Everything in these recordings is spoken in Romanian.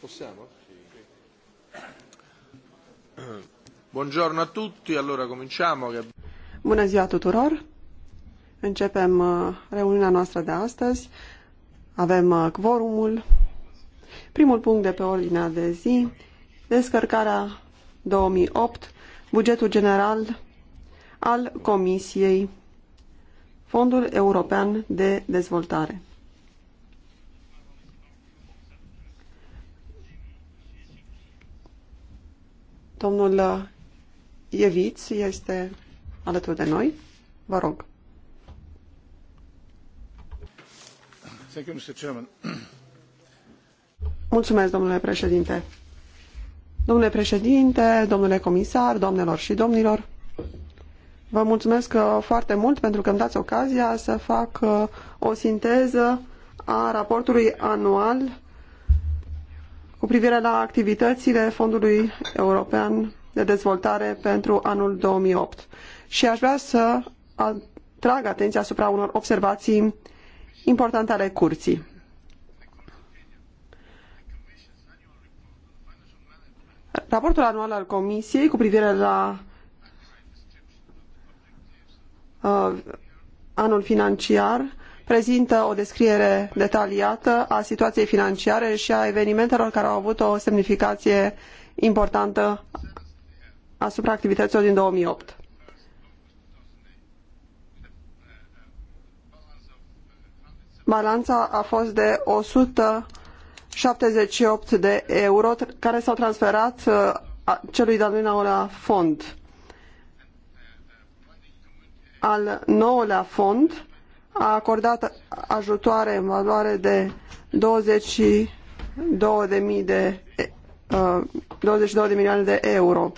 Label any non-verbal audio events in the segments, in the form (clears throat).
Possiamo? Buongiorno a tutti, allora cominciamo. Bună ziua tuturor! Începem uh, reuniunea noastră de astăzi. Avem uh, quorumul. Primul punct de pe ordinea de zi, descărcarea 2008, bugetul general al Comisiei, Fondul European de Dezvoltare. Domnul Ieviț este alături de noi. Vă rog. Mulțumesc, domnule președinte. Domnule președinte, domnule comisar, doamnelor și domnilor, vă mulțumesc uh, foarte mult pentru că îmi dați ocazia să fac uh, o sinteză a raportului anual cu privire la activitățile Fondului European de Dezvoltare pentru anul 2008. Și aș vrea să atrag atenția asupra unor observații importante ale curții. Raportul anual al Comisiei cu privire la uh, anul financiar prezintă o descriere detaliată a situației financiare și a evenimentelor care au avut o semnificație importantă asupra activităților din 2008. Balanța a fost de 100 78 de euro care s-au transferat uh, celui de-al doilea fond. Al nouălea fond a acordat ajutoare în valoare de 22.000 de 22 uh, de milioane de euro.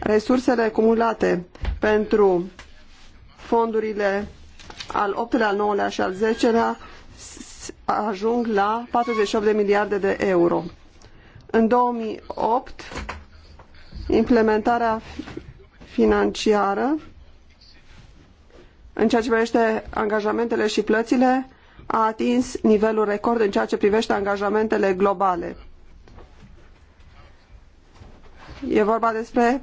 Resursele acumulate pentru fondurile al 8-lea, al 9-lea și al 10-lea ajung la 48 de miliarde de euro. În 2008, implementarea financiară în ceea ce privește angajamentele și plățile a atins nivelul record în ceea ce privește angajamentele globale. E vorba despre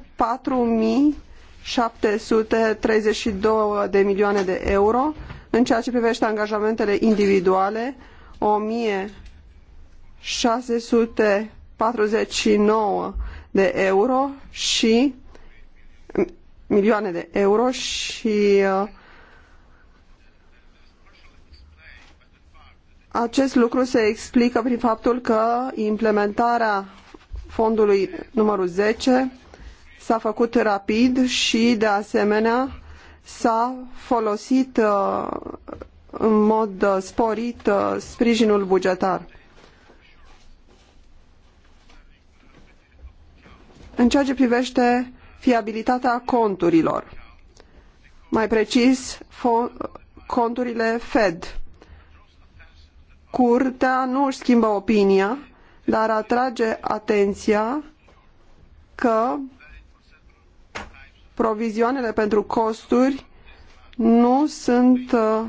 4.732 de milioane de euro, în ceea ce privește angajamentele individuale, 1649 de euro și milioane de euro și uh, acest lucru se explică prin faptul că implementarea fondului numărul 10 s-a făcut rapid și de asemenea s-a folosit uh, în mod uh, sporit uh, sprijinul bugetar. În ceea ce privește fiabilitatea conturilor, mai precis conturile Fed, Curtea nu își schimbă opinia, dar atrage atenția că provizioanele pentru costuri nu sunt uh,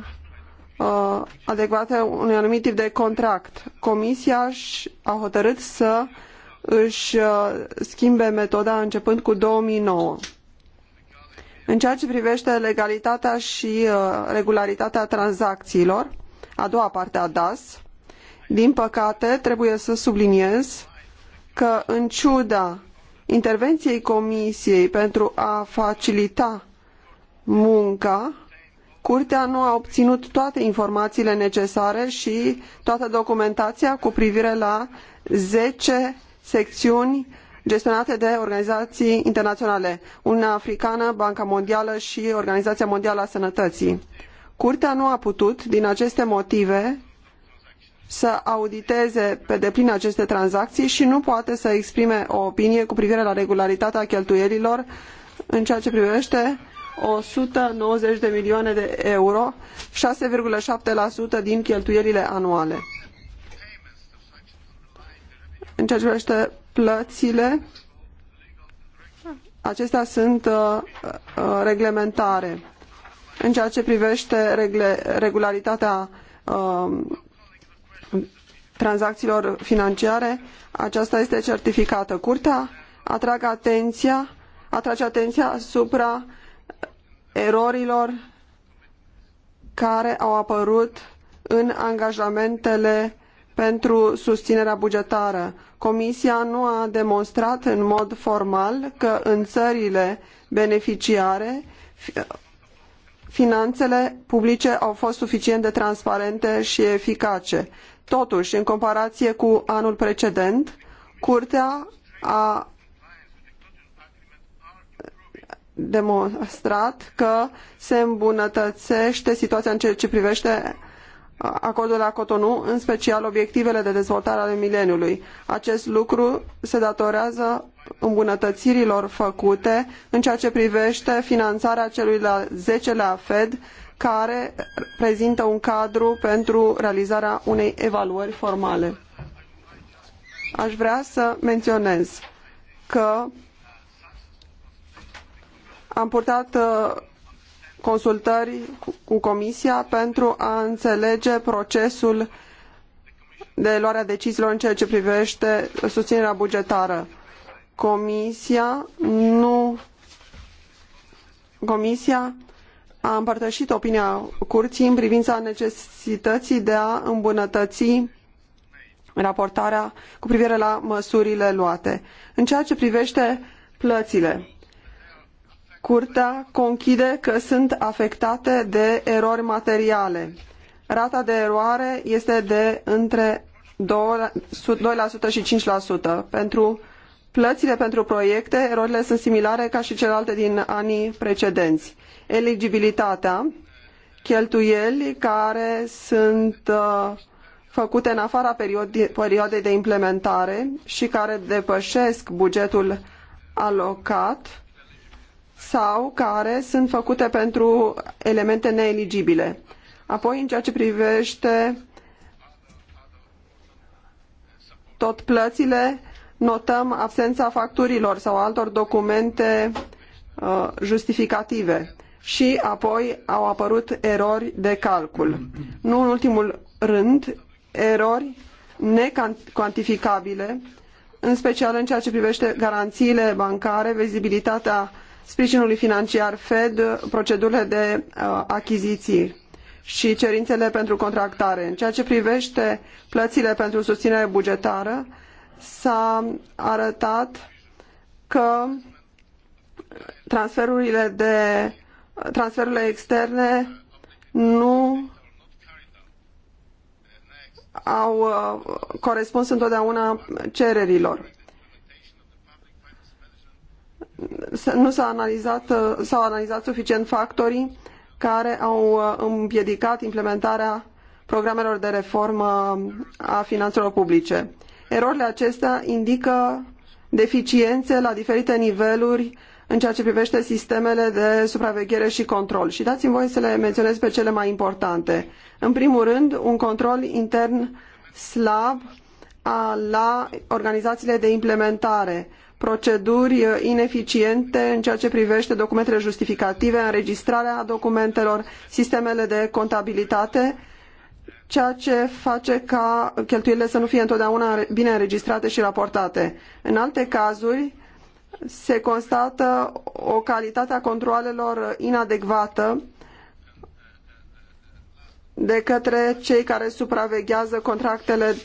uh, adecvate unui anumit tip de contract. Comisia a hotărât să își uh, schimbe metoda începând cu 2009. În ceea ce privește legalitatea și uh, regularitatea tranzacțiilor, a doua parte a DAS, din păcate trebuie să subliniez că în ciuda intervenției Comisiei pentru a facilita munca, Curtea nu a obținut toate informațiile necesare și toată documentația cu privire la zece secțiuni gestionate de organizații internaționale, Uniunea Africană, Banca Mondială și Organizația Mondială a Sănătății. Curtea nu a putut, din aceste motive, să auditeze pe deplin aceste tranzacții și nu poate să exprime o opinie cu privire la regularitatea cheltuielilor în ceea ce privește 190 de milioane de euro, 6,7% din cheltuielile anuale. În ceea ce privește plățile, acestea sunt uh, uh, reglementare. În ceea ce privește regularitatea uh, tranzacțiilor financiare, aceasta este certificată. Curtea Atrage atenția, atrage atenția asupra erorilor care au apărut în angajamentele pentru susținerea bugetară. Comisia nu a demonstrat în mod formal că în țările beneficiare finanțele publice au fost suficient de transparente și eficace. Totuși, în comparație cu anul precedent, Curtea a demonstrat că se îmbunătățește situația în ceea ce privește acordul la Cotonou, în special obiectivele de dezvoltare ale mileniului. Acest lucru se datorează îmbunătățirilor făcute în ceea ce privește finanțarea celui la 10-lea FED care prezintă un cadru pentru realizarea unei evaluări formale. Aș vrea să menționez că am purtat uh, consultări cu Comisia pentru a înțelege procesul de luarea deciziilor în ceea ce privește susținerea bugetară. Comisia nu Comisia a împărtășit opinia curții în privința necesității de a îmbunătăți raportarea cu privire la măsurile luate. În ceea ce privește plățile, Curtea conchide că sunt afectate de erori materiale. Rata de eroare este de între 2% și 5% pentru Plățile pentru proiecte, erorile sunt similare ca și celelalte din anii precedenți. Eligibilitatea, cheltuieli care sunt uh, făcute în afara perioadei de implementare și care depășesc bugetul alocat sau care sunt făcute pentru elemente neeligibile. Apoi, în ceea ce privește tot plățile, notăm absența facturilor sau altor documente uh, justificative și apoi au apărut erori de calcul. Nu în ultimul rând, erori necantificabile, în special în ceea ce privește garanțiile bancare, vizibilitatea sprijinului financiar Fed, procedurile de uh, achiziții și cerințele pentru contractare. În ceea ce privește plățile pentru susținere bugetară, s-a arătat că transferurile, de, transferurile externe nu au uh, corespuns întotdeauna cererilor. Nu s-a analizat, uh, s-au analizat suficient factorii care au uh, împiedicat implementarea programelor de reformă a finanțelor publice. Erorile acestea indică deficiențe la diferite niveluri în ceea ce privește sistemele de supraveghere și control. Și dați-mi voie să le menționez pe cele mai importante. În primul rând, un control intern slab la organizațiile de implementare, proceduri uh, ineficiente în ceea ce privește documentele justificative, înregistrarea documentelor, sistemele de contabilitate, ceea ce face ca cheltuielile să nu fie întotdeauna bine înregistrate și raportate. În alte cazuri, se constată o calitate a controalelor inadecvată de către cei care supraveghează contractele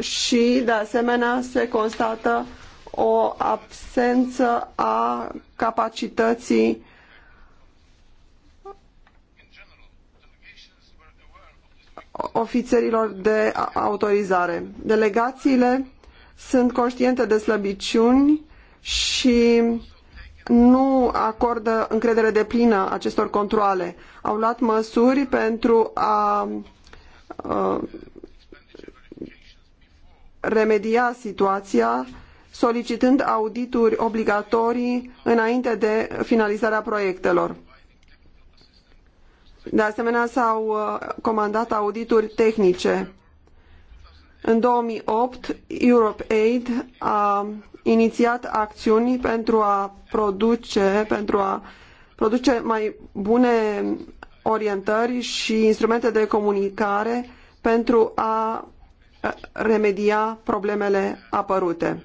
și, de asemenea, se constată o absență a capacității ofițerilor de autorizare. Delegațiile sunt conștiente de slăbiciuni și nu acordă încredere deplină acestor controle. Au luat măsuri pentru a, a remedia situația solicitând audituri obligatorii înainte de finalizarea proiectelor. De asemenea, s-au uh, comandat audituri tehnice. În 2008, EuropeAid a inițiat acțiuni pentru a produce, pentru a produce mai bune orientări și instrumente de comunicare pentru a uh, remedia problemele apărute.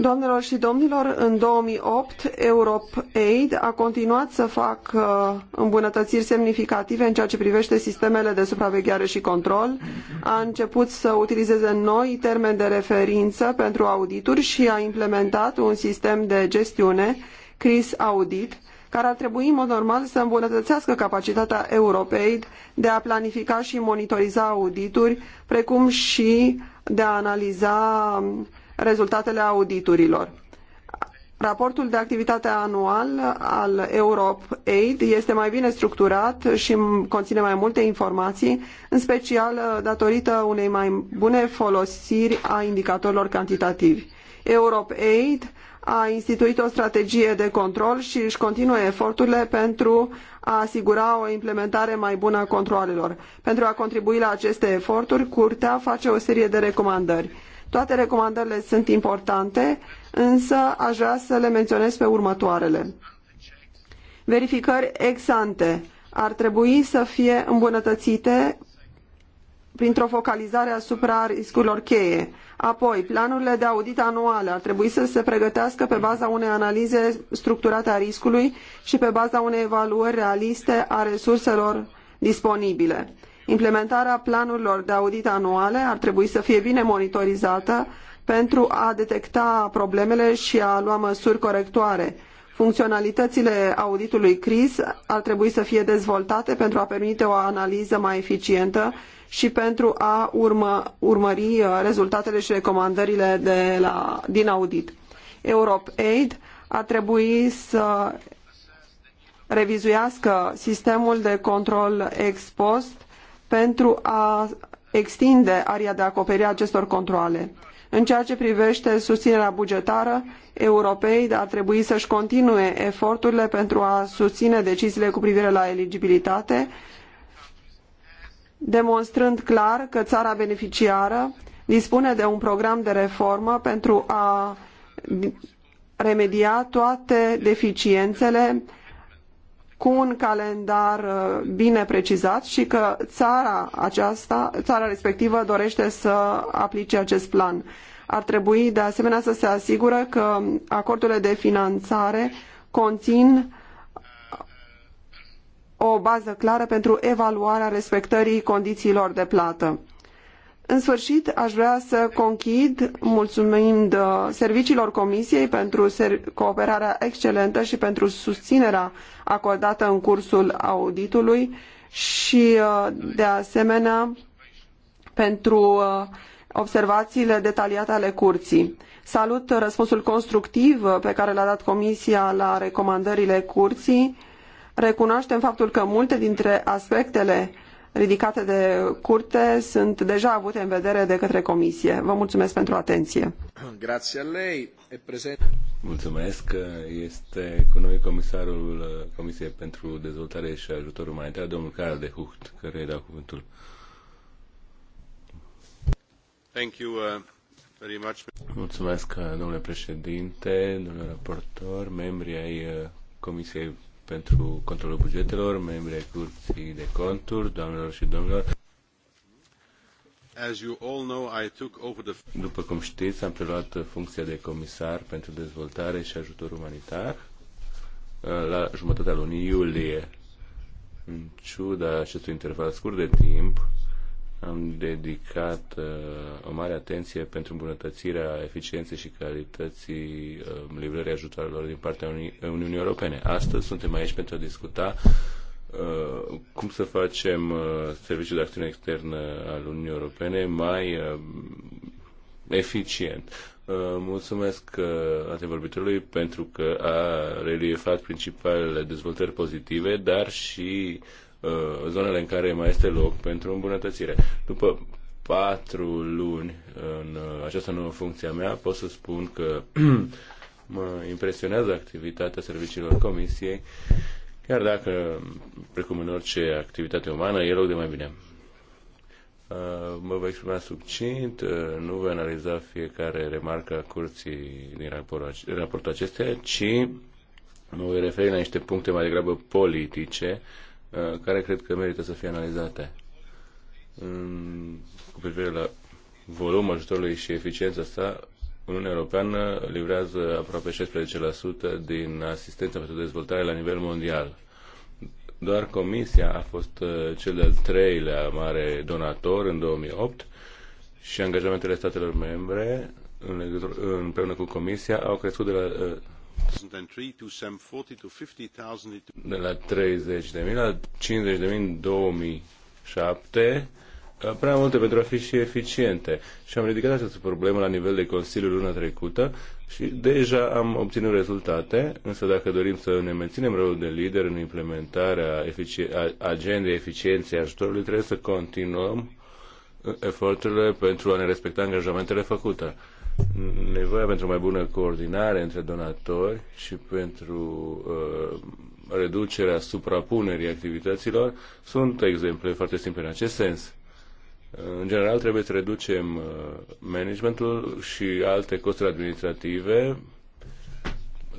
Doamnelor și domnilor, în 2008 Europaid a continuat să facă uh, îmbunătățiri semnificative în ceea ce privește sistemele de supraveghere și control, a început să utilizeze noi termeni de referință pentru audituri și a implementat un sistem de gestiune, CRIS Audit, care ar trebui în mod normal să îmbunătățească capacitatea EuropeAid de a planifica și monitoriza audituri, precum și de a analiza um, rezultatele auditurilor. Raportul de activitate anual al Europe Aid este mai bine structurat și conține mai multe informații, în special datorită unei mai bune folosiri a indicatorilor cantitativi. Europe Aid a instituit o strategie de control și își continuă eforturile pentru a asigura o implementare mai bună a controalelor. Pentru a contribui la aceste eforturi, Curtea face o serie de recomandări. Toate recomandările sunt importante, însă aș vrea să le menționez pe următoarele. Verificări ex ante ar trebui să fie îmbunătățite printr-o focalizare asupra riscurilor cheie. Apoi, planurile de audit anuale ar trebui să se pregătească pe baza unei analize structurate a riscului și pe baza unei evaluări realiste a resurselor disponibile. Implementarea planurilor de audit anuale ar trebui să fie bine monitorizată pentru a detecta problemele și a lua măsuri corectoare. Funcționalitățile auditului CRIS ar trebui să fie dezvoltate pentru a permite o analiză mai eficientă și pentru a urmă, urmări uh, rezultatele și recomandările de la, din audit. Europe Aid ar trebui să revizuiască sistemul de control ex post pentru a extinde aria de acoperire a acestor controle. În ceea ce privește susținerea bugetară, europei ar trebui să-și continue eforturile pentru a susține deciziile cu privire la eligibilitate, demonstrând clar că țara beneficiară dispune de un program de reformă pentru a remedia toate deficiențele cu un calendar uh, bine precizat și că țara aceasta, țara respectivă dorește să aplice acest plan. Ar trebui de asemenea să se asigură că acordurile de finanțare conțin o bază clară pentru evaluarea respectării condițiilor de plată. În sfârșit, aș vrea să conchid mulțumind uh, serviciilor Comisiei pentru cooperarea excelentă și pentru susținerea acordată în cursul auditului și, uh, de asemenea, pentru uh, observațiile detaliate ale curții. Salut răspunsul constructiv pe care l-a dat Comisia la recomandările curții. Recunoaștem faptul că multe dintre aspectele ridicate de curte sunt deja avute în vedere de către comisie. Vă mulțumesc pentru atenție. Mulțumesc. Este cu noi comisarul uh, Comisiei pentru Dezvoltare și Ajutor Umanitar, domnul Carl de Hucht, care îi dau cuvântul. Thank you, uh... Mulțumesc, uh, domnule președinte, domnule raportor, membri ai uh, Comisiei pentru controlul bugetelor, membri ai Curții de Conturi, doamnelor și domnilor. As you all know, I took over the... După cum știți, am preluat funcția de comisar pentru dezvoltare și ajutor umanitar uh, la jumătatea lunii iulie. În ciuda acestui interval scurt de timp, am dedicat uh, o mare atenție pentru îmbunătățirea eficienței și calității uh, livrării ajutoarelor din partea Uni- Uniunii Europene. Astăzi suntem aici pentru a discuta uh, cum să facem uh, serviciul de acțiune externă al Uniunii Europene mai uh, eficient. Uh, mulțumesc uh, antevorbitorului pentru că a reliefat principalele dezvoltări pozitive, dar și uh, Uh, zonele în care mai este loc pentru îmbunătățire. După patru luni în uh, această nouă funcție a mea, pot să spun că (clears throat) mă impresionează activitatea serviciilor comisiei, chiar dacă, precum în orice activitate umană, e loc de mai bine. Uh, mă voi exprima succint, nu voi analiza fiecare remarcă a curții din raportul acesteia, ci mă voi referi la niște puncte mai degrabă politice Uh, care cred că merită să fie analizate. Cu privire la volumul ajutorului și eficiența sa, Uniunea Europeană livrează aproape 16% din asistența pentru dezvoltare la nivel mondial. Doar Comisia a fost uh, cel de-al treilea mare donator în 2008 și angajamentele statelor membre în legătură, împreună cu Comisia au crescut de la uh, de la mii la 50.000 în 2007, prea multe pentru a fi și eficiente. Și am ridicat această problemă la nivel de Consiliu luna trecută și deja am obținut rezultate, însă dacă dorim să ne menținem rolul de lider în implementarea efici- agendei eficienței ajutorului, trebuie să continuăm uh, eforturile pentru a ne respecta angajamentele făcute nevoia pentru mai bună coordinare între donatori și pentru uh, reducerea suprapunerii activităților sunt exemple foarte simple în acest sens. În general trebuie să reducem uh, managementul și alte costuri administrative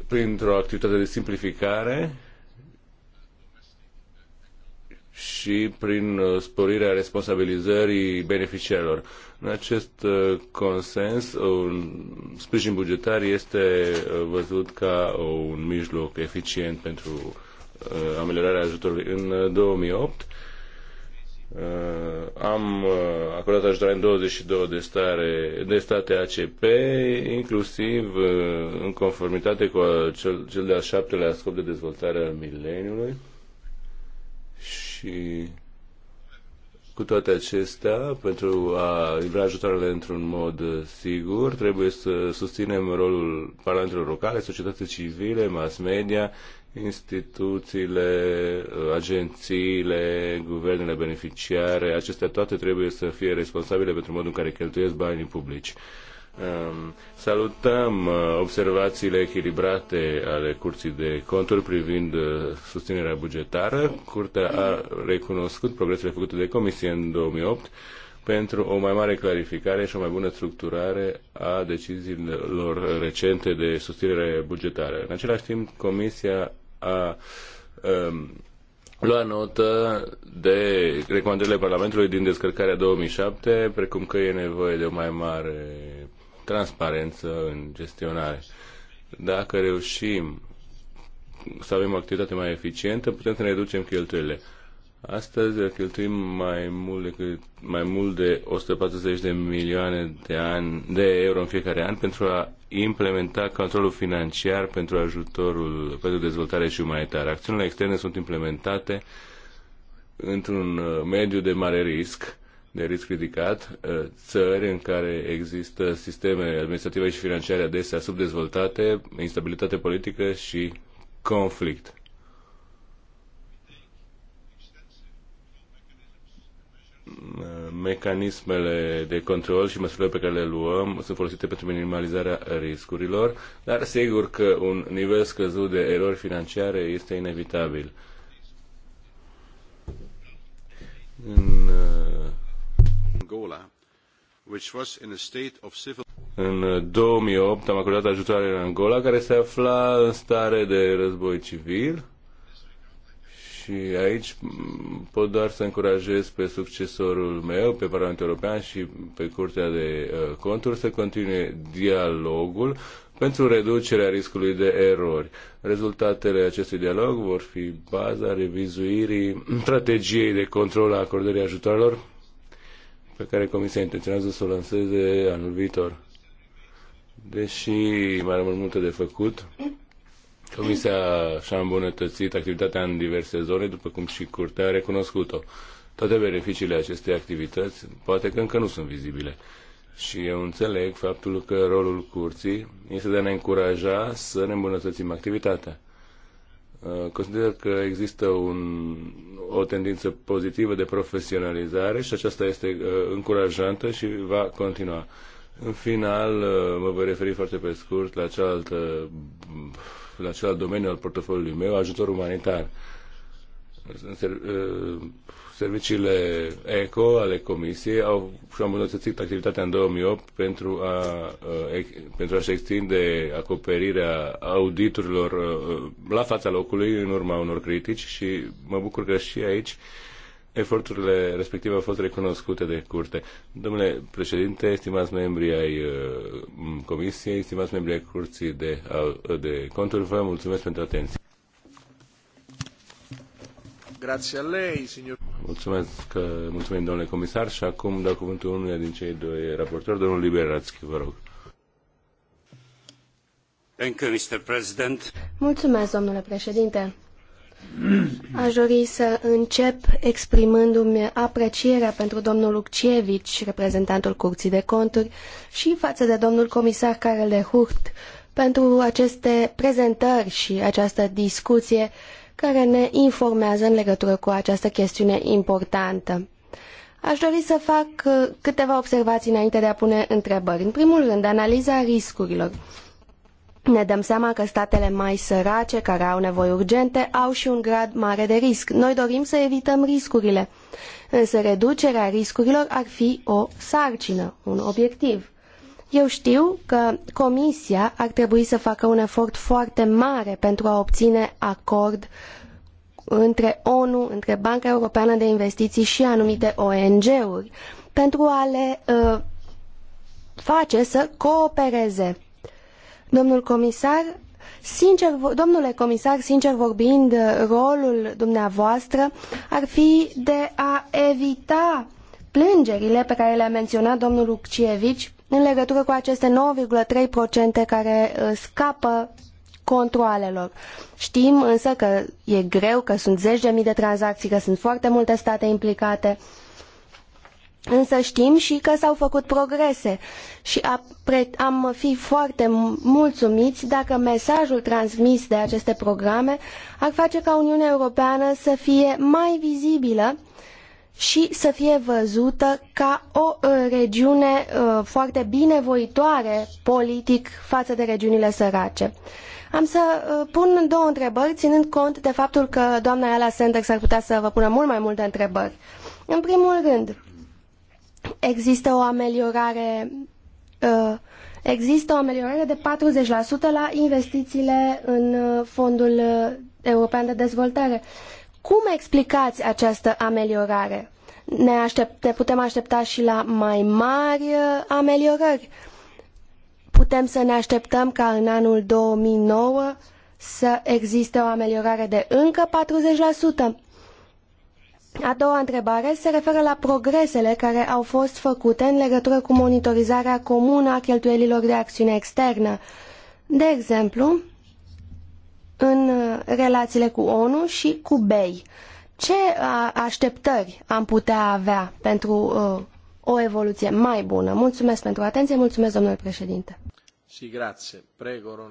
printr-o activitate de simplificare și prin uh, sporirea responsabilizării beneficiarilor. În acest uh, consens, uh, un sprijin bugetar este uh, văzut ca un mijloc eficient pentru ameliorarea ajutorului. În 2008 am acordat ajutoare în 22 de, stare, de state ACP, inclusiv în conformitate cu cel, cel de-al șaptelea scop de dezvoltare al mileniului și cu toate acestea, pentru a livra ajutoarele într-un mod sigur, trebuie să susținem rolul parlamentelor locale, societății civile, mass media, instituțiile, agențiile, guvernele beneficiare, acestea toate trebuie să fie responsabile pentru modul în care cheltuiesc banii publici. Ehm, salutăm uh, observațiile echilibrate ale Curții de Conturi privind uh, susținerea bugetară. Curtea a recunoscut progresele făcute de Comisie în 2008 pentru o mai mare clarificare și o mai bună structurare a deciziilor recente de susținere bugetară. În același timp, Comisia a um, luat notă de recomandările Parlamentului din descărcarea 2007, precum că e nevoie de o mai mare transparență în gestionare. Dacă reușim să avem o activitate mai eficientă, putem să ne reducem cheltuielile. Astăzi cheltuim mai mult, decât, mai mult de 140 de milioane de, ani, de euro în fiecare an pentru a implementa controlul financiar pentru ajutorul pentru dezvoltare și umanitară. Acțiunile externe sunt implementate într-un uh, mediu de mare risc de risc ridicat, uh, țări în care există sisteme administrative și financiare adesea subdezvoltate, instabilitate politică și conflict. mecanismele de control și măsurile pe care le luăm sunt folosite pentru minimalizarea riscurilor, dar sigur că un nivel scăzut de erori financiare este inevitabil. În uh, Angola, which was in a state of civil în 2008 am acordat ajutoare în Angola, care se afla în stare de război civil. Și aici pot doar să încurajez pe succesorul meu, pe Parlamentul European și pe Curtea de uh, Conturi să continue dialogul pentru reducerea riscului de erori. Rezultatele acestui dialog vor fi baza revizuirii (clears throat) strategiei de control a acordării ajutoarelor pe care Comisia intenționează să o lanseze anul viitor. Deși mai rămân multe de făcut, Comisia și-a îmbunătățit activitatea în diverse zone, după cum și Curtea a recunoscut-o. Toate beneficiile acestei activități poate că încă nu sunt vizibile. Și eu înțeleg faptul că rolul curții este de a ne încuraja să ne îmbunătățim activitatea. Uh, consider că există un, o tendință pozitivă de profesionalizare și aceasta este uh, încurajantă și va continua. În final, uh, mă voi referi foarte pe scurt la cealaltă la celălalt domeniu al portofoliului meu, ajutor umanitar serviciile ECO ale Comisiei au și-au îmbunătățit activitatea în 2008 pentru, a, pentru a-și extinde acoperirea auditurilor la fața locului în urma unor critici și mă bucur că și aici eforturile respective au fost recunoscute de curte. Domnule președinte, estimați membri ai Comisiei, estimați membri ai Curții de, de Conturi, vă mulțumesc pentru atenție. Grazie Mulțumesc, mulțumim, domnule comisar, și acum dau cuvântul unuia din cei doi raportori, domnul Liberațchi, vă rog. Thank Mr. President. Mulțumesc, domnule președinte. Aș dori să încep exprimându-mi aprecierea pentru domnul Lucievici, reprezentantul Curții de Conturi, și față de domnul comisar Karel de Hurt, pentru aceste prezentări și această discuție care ne informează în legătură cu această chestiune importantă. Aș dori să fac uh, câteva observații înainte de a pune întrebări. În primul rând, analiza riscurilor. Ne dăm seama că statele mai sărace, care au nevoi urgente, au și un grad mare de risc. Noi dorim să evităm riscurile, însă reducerea riscurilor ar fi o sarcină, un obiectiv. Eu știu că Comisia ar trebui să facă un efort foarte mare pentru a obține acord între ONU, între Banca Europeană de Investiții și anumite ONG-uri, pentru a le uh, face să coopereze. Domnul comisar, sincer, domnule comisar, sincer vorbind, rolul dumneavoastră ar fi de a evita uh, plângerile pe care le-a menționat domnul Lucievici în legătură cu aceste 9,3% care uh, scapă controalelor. Știm însă că e greu, că sunt zeci de mii de tranzacții, că sunt foarte multe state implicate, însă știm și că s-au făcut progrese și am fi foarte mulțumiți dacă mesajul transmis de aceste programe ar face ca Uniunea Europeană să fie mai vizibilă și să fie văzută ca o uh, regiune uh, foarte binevoitoare politic față de regiunile sărace. Am să uh, pun două întrebări, ținând cont de faptul că doamna Ayala Sanders ar putea să vă pună mult mai multe întrebări. În primul rând, există o ameliorare există o ameliorare de 40% la investițiile în fondul european de dezvoltare. Cum explicați această ameliorare? ne, aștept, ne putem aștepta și la mai mari uh, ameliorări. Putem să ne așteptăm ca în anul 2009 să existe o ameliorare de încă 40%. A doua întrebare se referă la progresele care au fost făcute în legătură cu monitorizarea comună a cheltuielilor de acțiune externă. De exemplu, în uh, relațiile cu ONU și cu BEI. Ce așteptări am putea avea pentru uh, o evoluție mai bună? Mulțumesc pentru atenție, mulțumesc domnule președinte. Si, grație. Prego, (coughs)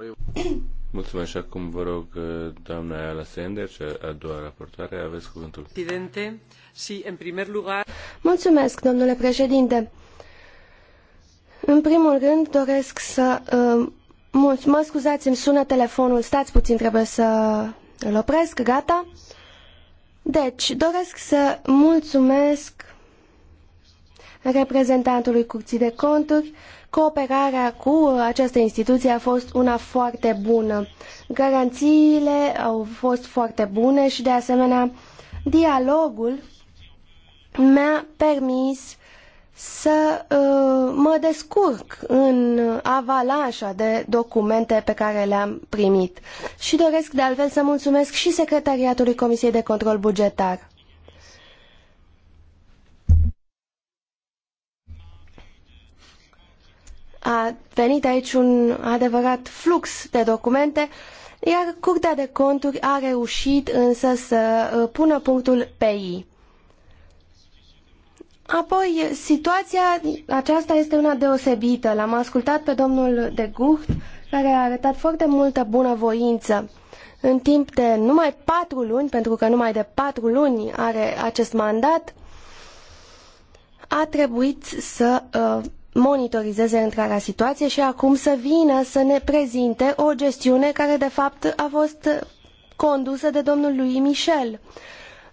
Mulțumesc și acum vă rog, uh, doamna Ayala Sender, a doua raportare, aveți cuvântul. Presidente, si, în primer lugar... Mulțumesc, domnule președinte. În primul rând doresc să... Uh, mă scuzați, îmi sună telefonul, stați puțin, trebuie să îl opresc, gata. Deci, doresc să mulțumesc reprezentantului Curții de Conturi. Cooperarea cu această instituție a fost una foarte bună. Garanțiile au fost foarte bune și, de asemenea, dialogul mi-a permis să uh, mă descurc în avalanșa de documente pe care le-am primit. Și doresc de altfel să mulțumesc și secretariatului Comisiei de Control Bugetar. A venit aici un adevărat flux de documente, iar Curtea de Conturi a reușit însă să uh, pună punctul pe ei. Apoi, situația aceasta este una deosebită. L-am ascultat pe domnul de Gucht, care a arătat foarte multă bunăvoință. În timp de numai patru luni, pentru că numai de patru luni are acest mandat, a trebuit să uh, monitorizeze întreaga situație și acum să vină să ne prezinte o gestiune care de fapt a fost condusă de domnul lui Michel. Uh,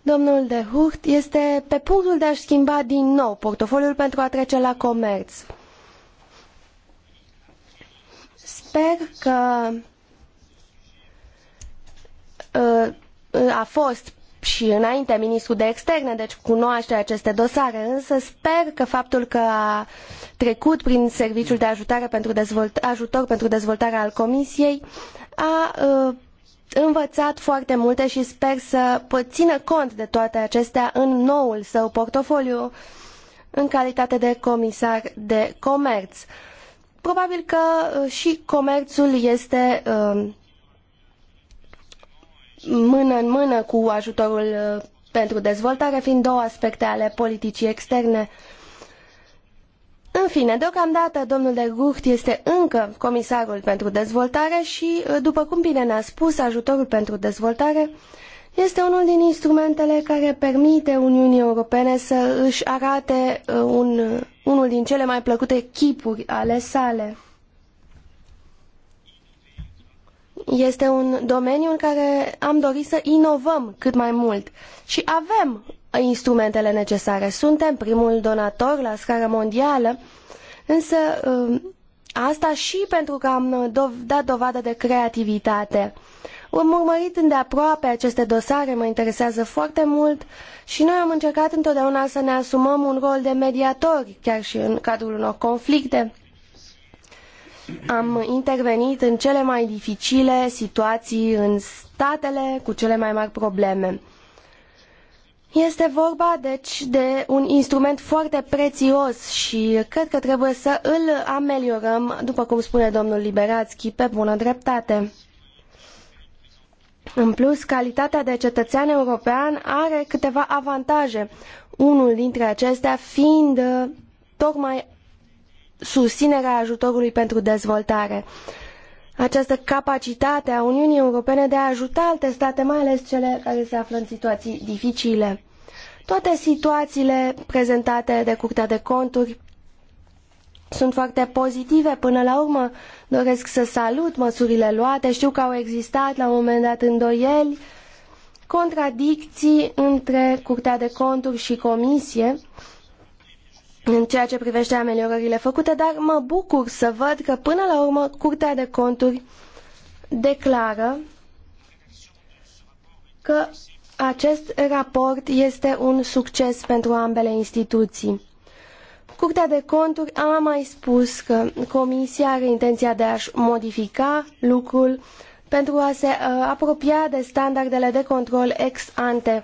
Domnul de Hurt este pe punctul de a-și schimba din nou portofoliul pentru a trece la comerț. Sper că uh, a fost și înainte ministru de externe, deci cunoaște aceste dosare, însă sper că faptul că a trecut prin serviciul de ajutor pentru, dezvoltare al Comisiei a uh, învățat foarte multe și sper să țină cont de toate acestea în noul său portofoliu în calitate de comisar de comerț. Probabil că uh, și comerțul este uh, mână în mână cu ajutorul uh, pentru dezvoltare, fiind două aspecte ale politicii externe în fine, deocamdată domnul de Gucht este încă comisarul pentru dezvoltare și, uh, după cum bine ne-a spus, ajutorul pentru dezvoltare este unul din instrumentele care permite Uniunii Europene să își arate uh, un, uh, unul din cele mai plăcute chipuri ale sale. Este un domeniu în care am dorit să inovăm cât mai mult și avem instrumentele necesare. Suntem primul donator la scară mondială, însă um, asta și pentru că am uh, dat dovadă de creativitate. Am urmărit îndeaproape aceste dosare, mă interesează foarte mult și noi am încercat întotdeauna să ne asumăm un rol de mediator, chiar și în cadrul unor conflicte. Am intervenit în cele mai dificile situații în statele cu cele mai mari probleme. Este vorba, deci, de un instrument foarte prețios și cred că trebuie să îl ameliorăm, după cum spune domnul Liberațchi, pe bună dreptate. În plus, calitatea de cetățean european are câteva avantaje, unul dintre acestea fiind tocmai susținerea ajutorului pentru dezvoltare această capacitate a Uniunii Europene de a ajuta alte state, mai ales cele care se află în situații dificile. Toate situațiile prezentate de Curtea de Conturi sunt foarte pozitive până la urmă. Doresc să salut măsurile luate. Știu că au existat la un moment dat îndoieli, contradicții între Curtea de Conturi și Comisie în ceea ce privește ameliorările făcute, dar mă bucur să văd că până la urmă Curtea de Conturi declară că acest raport este un succes pentru ambele instituții. Curtea de Conturi a mai spus că Comisia are intenția de a-și modifica lucrul pentru a se uh, apropia de standardele de control ex ante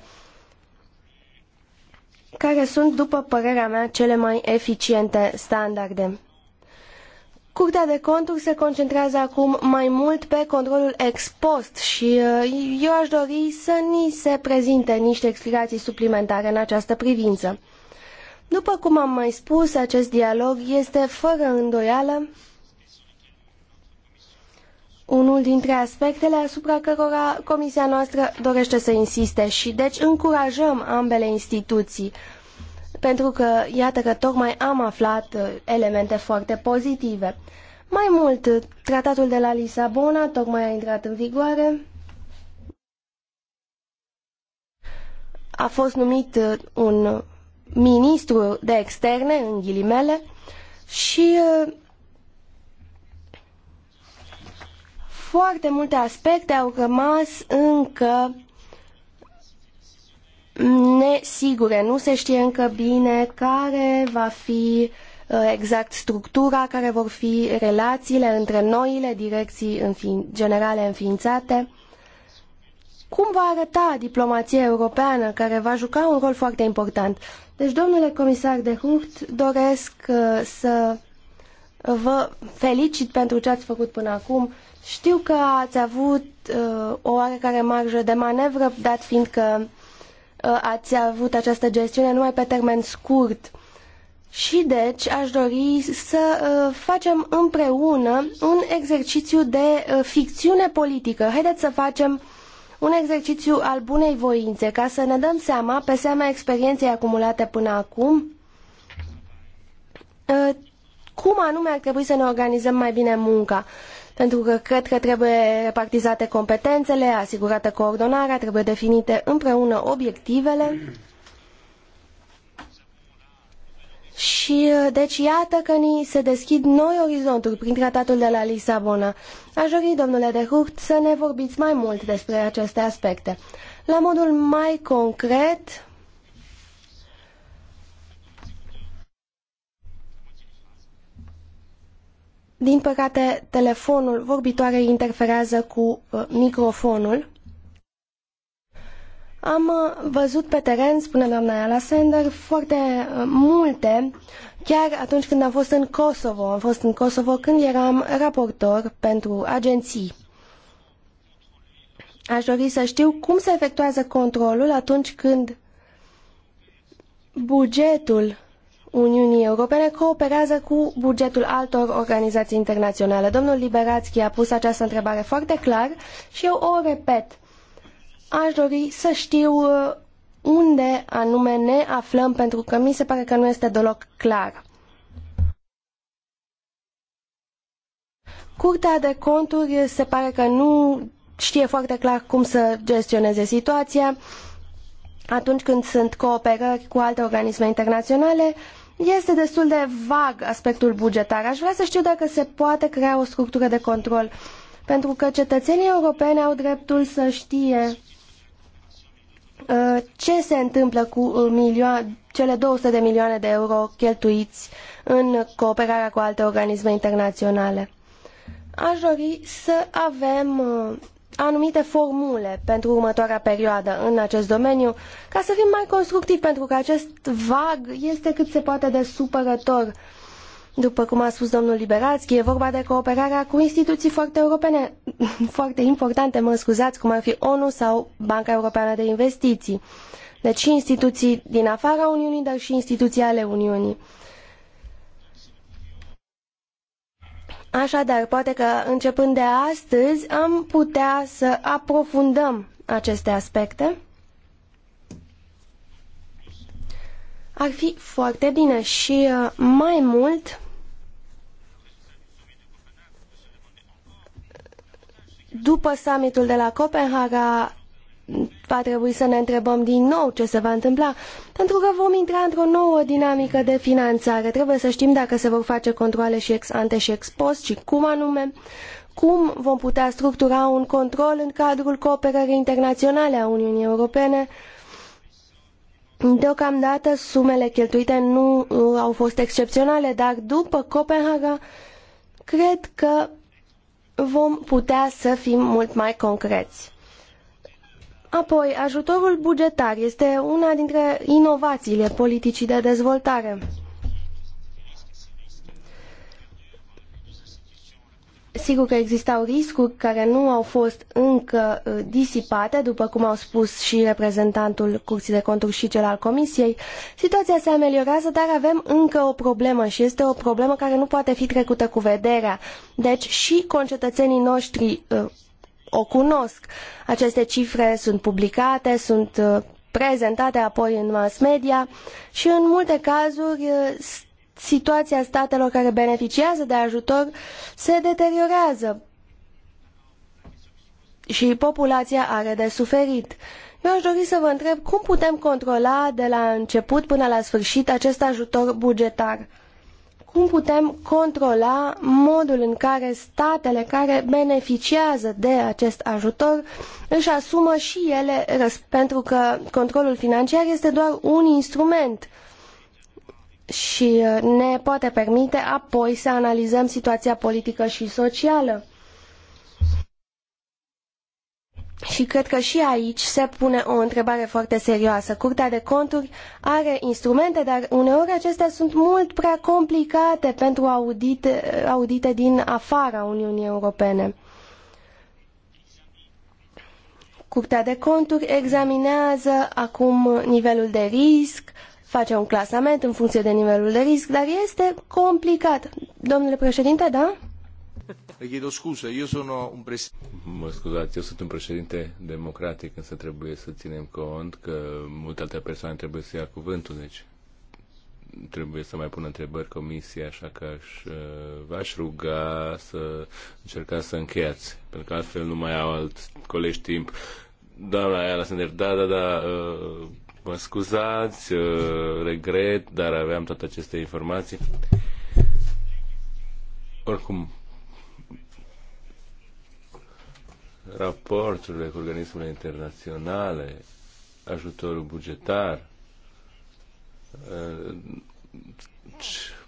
care sunt, după părerea mea, cele mai eficiente standarde. Curtea de conturi se concentrează acum mai mult pe controlul ex post și uh, eu aș dori să ni se prezinte niște explicații suplimentare în această privință. După cum am mai spus, acest dialog este fără îndoială unul dintre aspectele asupra cărora comisia noastră dorește să insiste și deci încurajăm ambele instituții pentru că iată că tocmai am aflat uh, elemente foarte pozitive. Mai mult, uh, tratatul de la Lisabona tocmai a intrat în vigoare. A fost numit uh, un ministru de externe, în ghilimele, și foarte multe aspecte au rămas încă nesigure. Nu se știe încă bine care va fi uh, exact structura, care vor fi relațiile între noile direcții generale înființate. Cum va arăta diplomația europeană, care va juca un rol foarte important? Deci, domnule comisar de Hucht, doresc uh, să vă felicit pentru ce ați făcut până acum știu că ați avut uh, o oarecare marjă de manevră, dat fiind că uh, ați avut această gestiune numai pe termen scurt. Și deci aș dori să uh, facem împreună un exercițiu de uh, ficțiune politică. Haideți să facem un exercițiu al bunei voințe, ca să ne dăm seama, pe seama experienței acumulate până acum, uh, cum anume ar trebui să ne organizăm mai bine munca. Uh, pentru că cred că trebuie repartizate competențele, asigurată coordonarea, trebuie definite împreună obiectivele. Și deci iată că ni se deschid noi orizonturi prin tratatul de la Lisabona. Aș dori, domnule de Hurt, să ne vorbiți mai mult despre aceste aspecte. La modul mai concret, Din păcate, telefonul vorbitoarei interferează cu uh, microfonul. Am uh, văzut pe teren, spune doamna Ayala Sender, foarte uh, multe, chiar atunci când am fost în Kosovo. Am fost în Kosovo când eram raportor pentru agenții. Aș dori să știu cum se efectuează controlul atunci când bugetul Uniunii Europene cooperează cu bugetul altor organizații internaționale. Domnul Liberațchi a pus această întrebare foarte clar și eu o repet. Aș dori să știu uh, unde anume ne aflăm, pentru că mi se pare că nu este deloc clar. Curtea de conturi se pare că nu știe foarte clar cum să gestioneze situația atunci când sunt cooperări cu alte organisme internaționale. Este destul de vag aspectul bugetar. Aș vrea să știu dacă se poate crea o structură de control, pentru că cetățenii europeni au dreptul să știe uh, ce se întâmplă cu uh, milioane, cele 200 de milioane de euro cheltuiți în cooperarea cu alte organisme internaționale. Aș dori să avem uh, anumite formule pentru următoarea perioadă în acest domeniu, ca să fim mai constructivi, pentru că acest vag este cât se poate de supărător. După cum a spus domnul Liberațchi, e vorba de cooperarea cu instituții foarte europene, (laughs) foarte importante, mă scuzați, cum ar fi ONU sau Banca Europeană de Investiții. Deci și instituții din afara Uniunii, dar și instituții ale Uniunii. Așadar, poate că începând de astăzi am putea să aprofundăm aceste aspecte. Ar fi foarte bine și uh, mai mult după summitul de la Copenhaga va trebui să ne întrebăm din nou ce se va întâmpla, pentru că vom intra într-o nouă dinamică de finanțare. Trebuie să știm dacă se vor face controle și ex ante și ex post și cum anume, cum vom putea structura un control în cadrul cooperării internaționale a Uniunii Europene. Deocamdată sumele cheltuite nu uh, au fost excepționale, dar după Copenhaga cred că vom putea să fim mult mai concreți. Apoi, ajutorul bugetar este una dintre inovațiile politicii de dezvoltare. Sigur că existau riscuri care nu au fost încă uh, disipate, după cum au spus și reprezentantul Curții de Conturi și cel al Comisiei. Situația se ameliorează, dar avem încă o problemă și este o problemă care nu poate fi trecută cu vederea. Deci și concetățenii noștri uh, o cunosc. Aceste cifre sunt publicate, sunt uh, prezentate apoi în mass media și în multe cazuri uh, situația statelor care beneficiază de ajutor se deteriorează și populația are de suferit. Eu aș dori să vă întreb cum putem controla de la început până la sfârșit acest ajutor bugetar cum putem controla modul în care statele care beneficiază de acest ajutor își asumă și ele, pentru că controlul financiar este doar un instrument și uh, ne poate permite apoi să analizăm situația politică și socială. Și cred că și aici se pune o întrebare foarte serioasă. Curtea de conturi are instrumente, dar uneori acestea sunt mult prea complicate pentru audite, audite din afara Uniunii Europene. Curtea de conturi examinează acum nivelul de risc, face un clasament în funcție de nivelul de risc, dar este complicat. Domnule președinte, da? Le chiedo scusa, eu sono un președinte... Mă scuzați, eu sunt un președinte democratic, însă trebuie să ținem cont că multe alte persoane trebuie să ia cuvântul, deci trebuie să mai pun întrebări comisiei, așa că aș, v-aș ruga să încercați să încheiați, pentru că altfel nu mai au alt colegi timp. Doamna Ayala Sender, da, da, da, uh, mă scuzați, uh, regret, dar aveam toate aceste informații. Oricum, raporturile cu organismele internaționale, ajutorul bugetar,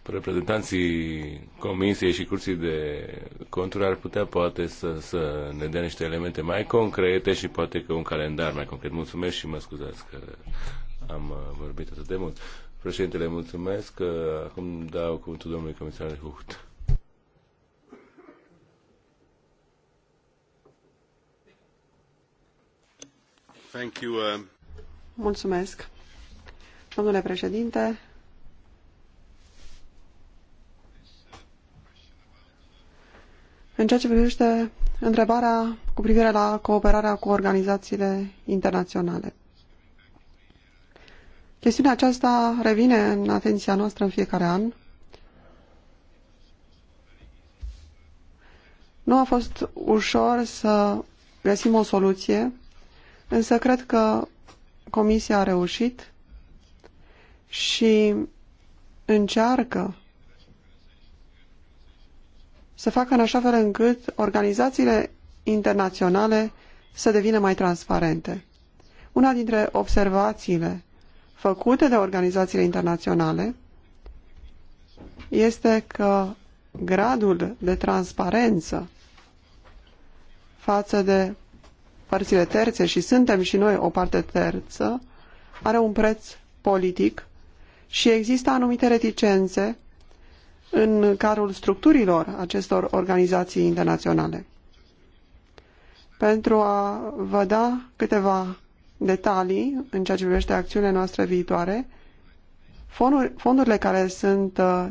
reprezentanții Comisiei și Curții de Conturi ar putea poate să, să ne dea niște elemente mai concrete și poate că un calendar mai concret. Mulțumesc și mă scuzați că am uh, vorbit atât de mult. Președintele, mulțumesc. că uh, Acum dau cuvântul domnului comisar Hucht. Thank you, uh... Mulțumesc. Domnule președinte, În ceea ce privește întrebarea cu privire la cooperarea cu organizațiile internaționale. Chestiunea aceasta revine în atenția noastră în fiecare an. Nu a fost ușor să găsim o soluție Însă cred că Comisia a reușit și încearcă să facă în așa fel încât organizațiile internaționale să devină mai transparente. Una dintre observațiile făcute de organizațiile internaționale este că gradul de transparență față de părțile terțe și suntem și noi o parte terță, are un preț politic și există anumite reticențe în cadrul structurilor acestor organizații internaționale. Pentru a vă da câteva detalii în ceea ce privește acțiunile noastre viitoare, fondurile care sunt uh,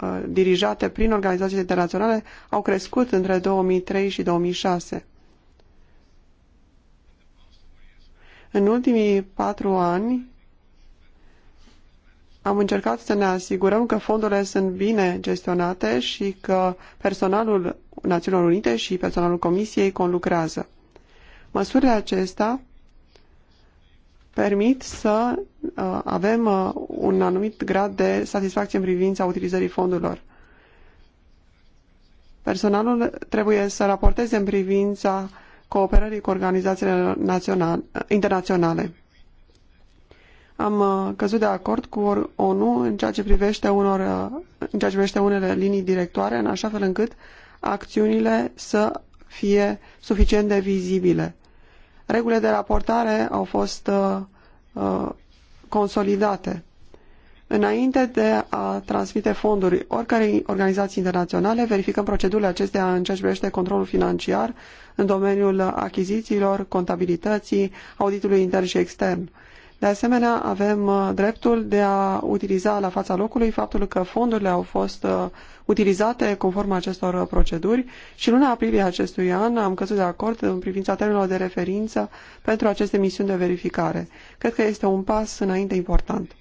uh, dirijate prin organizații internaționale au crescut între 2003 și 2006. În ultimii patru ani am încercat să ne asigurăm că fondurile sunt bine gestionate și că personalul Națiunilor Unite și personalul Comisiei conlucrează. Măsurile acestea permit să uh, avem uh, un anumit grad de satisfacție în privința utilizării fondurilor. Personalul trebuie să raporteze în privința cooperării cu organizațiile internaționale. Am uh, căzut de acord cu ONU în ceea ce privește, unor, uh, în ceea ce privește unele linii directoare, în așa fel încât acțiunile să fie suficient de vizibile. Regulile de raportare au fost uh, uh consolidate. Înainte de a transmite fonduri oricărei organizații internaționale, verificăm procedurile acestea în ceea ce privește controlul financiar în domeniul achizițiilor, contabilității, auditului intern și extern. De asemenea, avem uh, dreptul de a utiliza la fața locului faptul că fondurile au fost uh, utilizate conform acestor uh, proceduri și luna aprilie acestui an am căzut de acord în privința termenilor de referință pentru aceste misiuni de verificare. Cred că este un pas înainte important.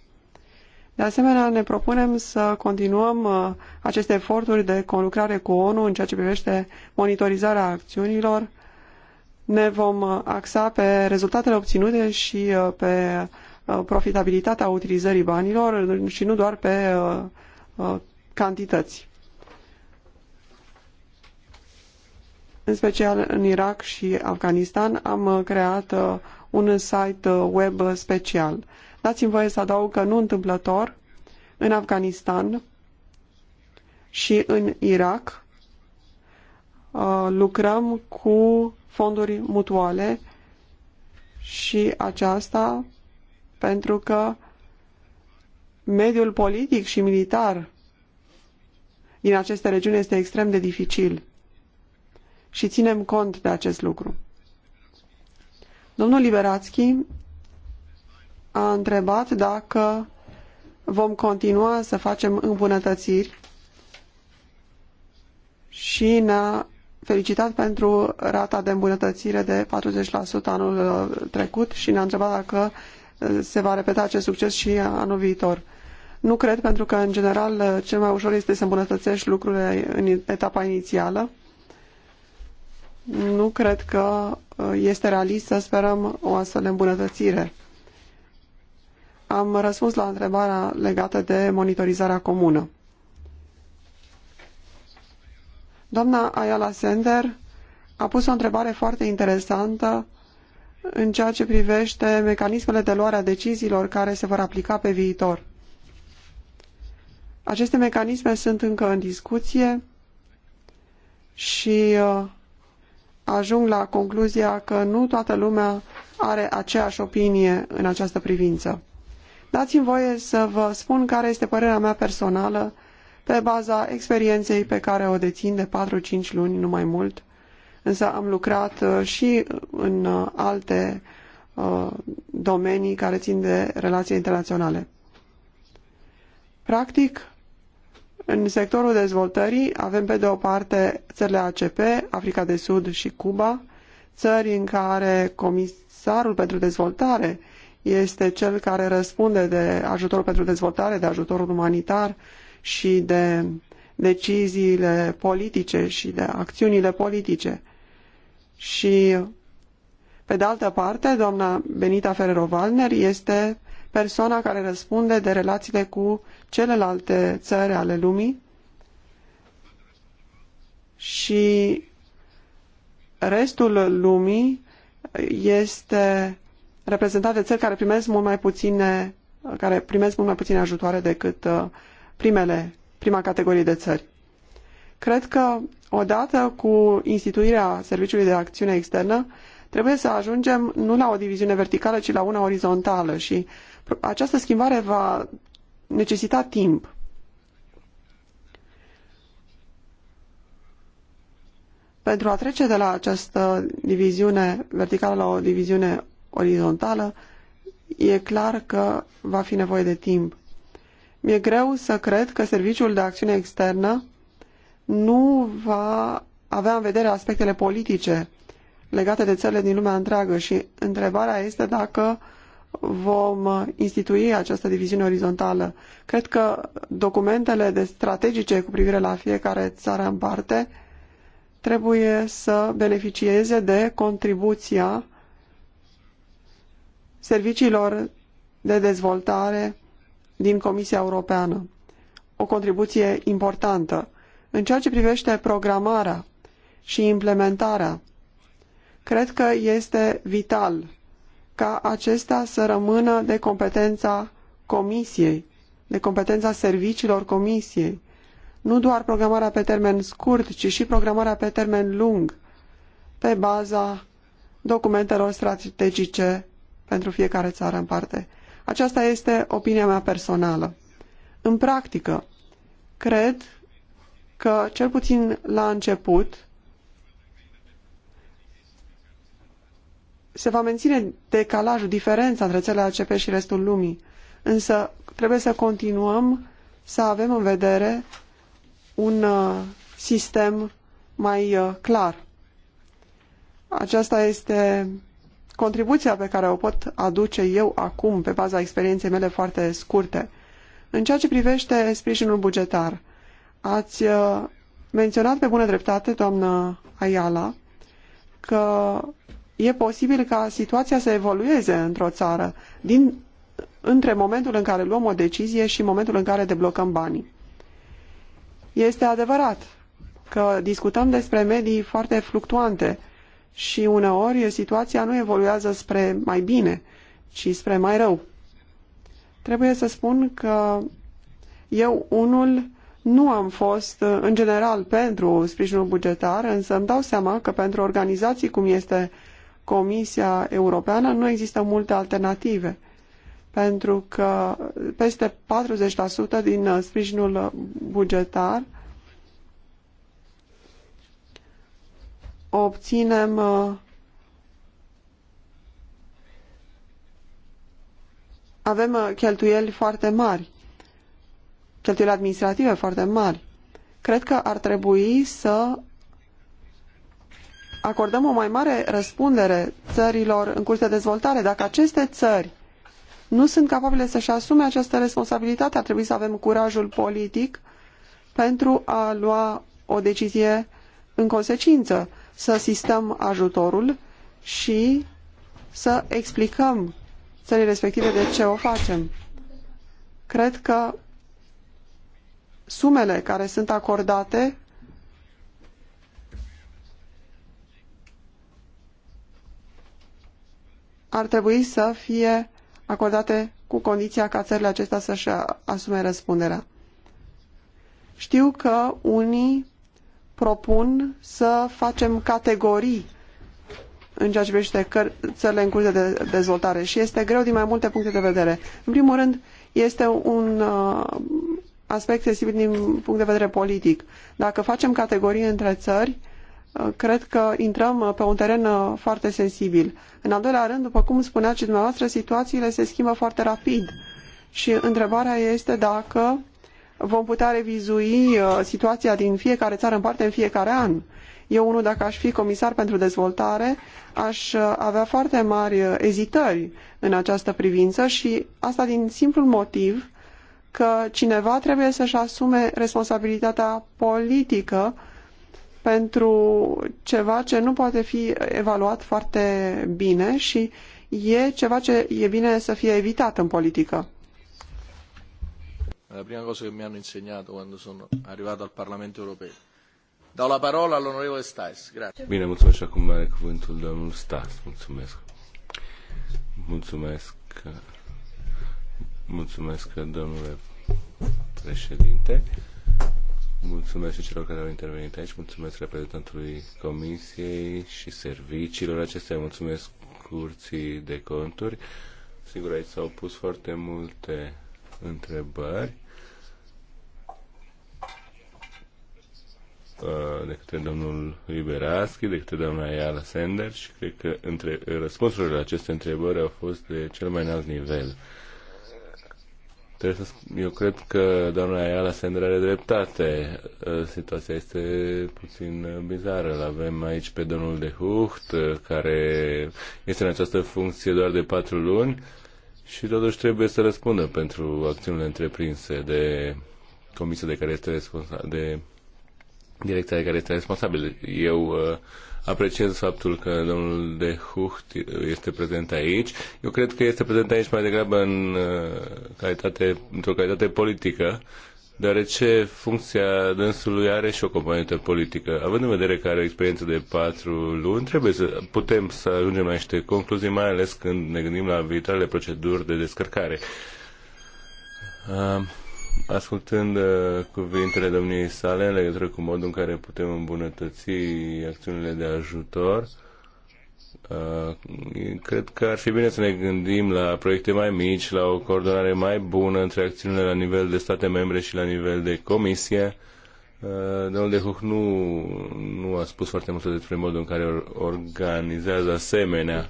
De asemenea, ne propunem să continuăm uh, aceste eforturi de conlucrare cu ONU în ceea ce privește monitorizarea acțiunilor. Ne vom uh, axa pe rezultatele obținute și uh, pe profitabilitatea utilizării banilor și nu doar pe cantități. În special în Irak și Afganistan am creat un site web special. Dați-mi voie să adaug că nu întâmplător, în Afganistan și în Irak uh, lucrăm cu fonduri mutuale și aceasta pentru că mediul politic și militar din aceste regiuni este extrem de dificil și ținem cont de acest lucru. Domnul Liberațchi a întrebat dacă vom continua să facem îmbunătățiri și ne-a felicitat pentru rata de îmbunătățire de 40% anul uh, trecut și ne-a întrebat dacă uh, se va repeta acest succes și anul viitor. Nu cred, pentru că, în general, uh, cel mai ușor este să îmbunătățești lucrurile în etapa inițială. Nu cred că este realist să sperăm o astfel de îmbunătățire am răspuns la întrebarea legată de monitorizarea comună. Doamna Ayala Sender a pus o întrebare foarte interesantă în ceea ce privește mecanismele de luare a deciziilor care se vor aplica pe viitor. Aceste mecanisme sunt încă în discuție și uh, ajung la concluzia că nu toată lumea are aceeași opinie în această privință. Dați-mi voie să vă spun care este părerea mea personală pe baza experienței pe care o dețin de 4-5 luni, nu mai mult. Însă am lucrat uh, și în uh, alte uh, domenii care țin de relații internaționale. Practic, în sectorul dezvoltării avem pe de o parte țările ACP, Africa de Sud și Cuba, țări în care comisarul pentru dezvoltare este cel care răspunde de ajutorul pentru dezvoltare, de ajutorul umanitar și de deciziile politice și de acțiunile politice. Și, pe de altă parte, doamna Benita Ferrero-Valner este persoana care răspunde de relațiile cu celelalte țări ale lumii și restul lumii este reprezentat de țări care primesc mult mai puține, care primesc mult mai puține ajutoare decât uh, primele, prima categorie de țări. Cred că odată cu instituirea Serviciului de Acțiune Externă, trebuie să ajungem nu la o diviziune verticală, ci la una orizontală și această schimbare va necesita timp. Pentru a trece de la această diviziune verticală la o diviziune orizontală, e clar că va fi nevoie de timp. Mi-e greu să cred că Serviciul de Acțiune Externă nu va avea în vedere aspectele politice legate de țările din lumea întreagă și întrebarea este dacă vom institui această diviziune orizontală. Cred că documentele de strategice cu privire la fiecare țară în parte trebuie să beneficieze de contribuția serviciilor de dezvoltare din Comisia Europeană. O contribuție importantă în ceea ce privește programarea și implementarea. Cred că este vital ca acesta să rămână de competența Comisiei, de competența serviciilor Comisiei. Nu doar programarea pe termen scurt, ci și programarea pe termen lung, pe baza documentelor strategice pentru fiecare țară în parte. Aceasta este opinia mea personală. În practică, cred că, cel puțin la început, se va menține decalajul, diferența între țările ACP și restul lumii. Însă trebuie să continuăm să avem în vedere un uh, sistem mai uh, clar. Aceasta este contribuția pe care o pot aduce eu acum, pe baza experienței mele foarte scurte. În ceea ce privește sprijinul bugetar, ați uh, menționat pe bună dreptate, doamnă Ayala, că e posibil ca situația să evolueze într-o țară din, între momentul în care luăm o decizie și momentul în care deblocăm banii. Este adevărat că discutăm despre medii foarte fluctuante, și uneori situația nu evoluează spre mai bine, ci spre mai rău. Trebuie să spun că eu unul nu am fost în general pentru sprijinul bugetar, însă îmi dau seama că pentru organizații cum este Comisia Europeană nu există multe alternative, pentru că peste 40% din sprijinul bugetar obținem uh, avem uh, cheltuieli foarte mari, cheltuieli administrative foarte mari. Cred că ar trebui să acordăm o mai mare răspundere țărilor în curs de dezvoltare. Dacă aceste țări nu sunt capabile să-și asume această responsabilitate, ar trebui să avem curajul politic pentru a lua o decizie în consecință să asistăm ajutorul și să explicăm țării respective de ce o facem. Cred că sumele care sunt acordate ar trebui să fie acordate cu condiția ca țările acestea să-și asume răspunderea. Știu că unii propun să facem categorii în ceea ce privește țările în curs de dezvoltare și este greu din mai multe puncte de vedere. În primul rând, este un uh, aspect sensibil din punct de vedere politic. Dacă facem categorii între țări, uh, cred că intrăm uh, pe un teren foarte sensibil. În al doilea rând, după cum spuneați și dumneavoastră, situațiile se schimbă foarte rapid și întrebarea este dacă vom putea revizui uh, situația din fiecare țară în parte în fiecare an. Eu, unul, dacă aș fi comisar pentru dezvoltare, aș uh, avea foarte mari uh, ezitări în această privință și asta din simplul motiv că cineva trebuie să-și asume responsabilitatea politică pentru ceva ce nu poate fi evaluat foarte bine și e ceva ce e bine să fie evitat în politică è eh, la prima cosa che mi hanno insegnato quando sono arrivato al Parlamento europeo. Dau la parola all'onorevole Stais. Grazie. Bine, mulțumesc acum are cuvântul domnul Stais. Mulțumesc. Mulțumesc. Mulțumesc, domnule președinte. Mulțumesc și celor care au intervenit aici, mulțumesc reprezentantului Comisiei și serviciilor acestea, mulțumesc Curții de Conturi. Sigur, aici s-au pus foarte multe întrebări Uh, de către domnul Iberaschi, de către doamna Iala Sender și cred că între, răspunsurile la aceste întrebări au fost de cel mai înalt nivel. Trebuie să, eu cred că doamna Iala Sender are dreptate. Uh, situația este puțin bizară. L avem aici pe domnul de Hucht, uh, care este în această funcție doar de patru luni și totuși trebuie să răspundă pentru acțiunile întreprinse de comisia de care este responsabil, de direcția de care este responsabil. Eu uh, apreciez faptul că domnul de Hucht este prezent aici. Eu cred că este prezent aici mai degrabă în uh, calitate, într-o calitate politică, deoarece funcția dânsului are și o componentă politică. Având în vedere că are o experiență de patru luni, trebuie să putem să ajungem la niște concluzii, mai ales când ne gândim la viitoarele proceduri de descărcare. Uh, ascultând uh, cuvintele domniei sale în legătură cu modul în care putem îmbunătăți acțiunile de ajutor, uh, cred că ar fi bine să ne gândim la proiecte mai mici, la o coordonare mai bună între acțiunile la nivel de state membre și la nivel de comisie. Uh, domnul de Huch nu, nu a spus foarte multe despre modul în care organizează asemenea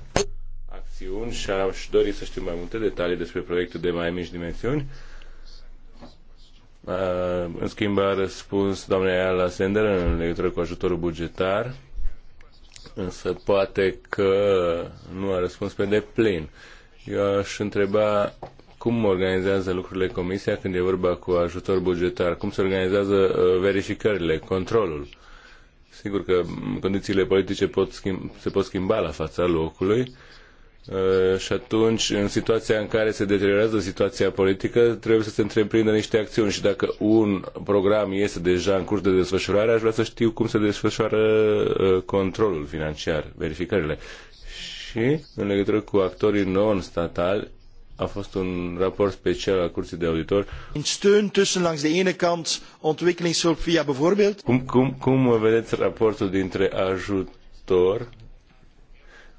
acțiuni și aș dori să știu mai multe detalii despre proiecte de mai mici dimensiuni. Uh, în schimb, a răspuns doamna Ayala Sender în legătură cu ajutorul bugetar, însă poate că nu a răspuns pe deplin. Eu aș întreba cum organizează lucrurile comisia când e vorba cu ajutor bugetar, cum se organizează uh, verificările, controlul. Sigur că condițiile politice pot schimba, se pot schimba la fața locului, Uh, și atunci, în situația în care se deteriorează situația politică, trebuie să se întreprindă niște acțiuni și dacă un program este deja în curs de desfășurare, aș vrea să știu cum se desfășoară uh, controlul financiar, verificările. Și, în legătură cu actorii non-statali, a fost un raport special al Curții de Auditor. Steun tussen de ene kant ontwikkelingshulp via bijvoorbeeld. Cum, cum, cum vedeți raportul dintre ajutor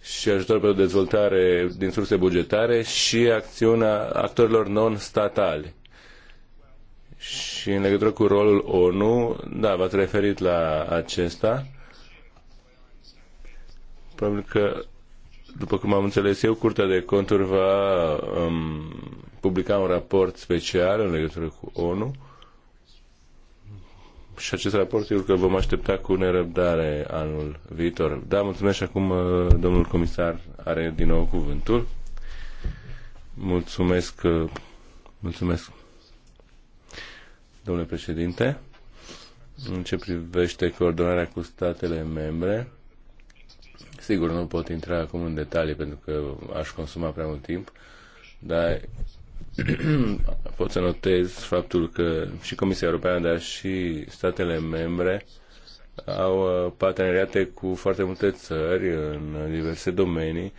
și ajutor pentru dezvoltare din surse bugetare și acțiunea actorilor non-statali. Și în legătură cu rolul ONU, da, v-ați referit la acesta. Probabil că, după cum am înțeles eu, Curtea de Conturi va um, publica un raport special în legătură cu ONU și acest raport sigur că vom aștepta cu nerăbdare anul viitor. Da, mulțumesc și acum uh, domnul comisar are din nou cuvântul. Mulțumesc, uh, mulțumesc, domnule președinte. În ce privește coordonarea cu statele membre, sigur nu pot intra acum în detalii pentru că aș consuma prea mult timp, dar pot să notez faptul că și Comisia Europeană, dar și statele membre au uh, parteneriate cu foarte multe țări în diverse domenii,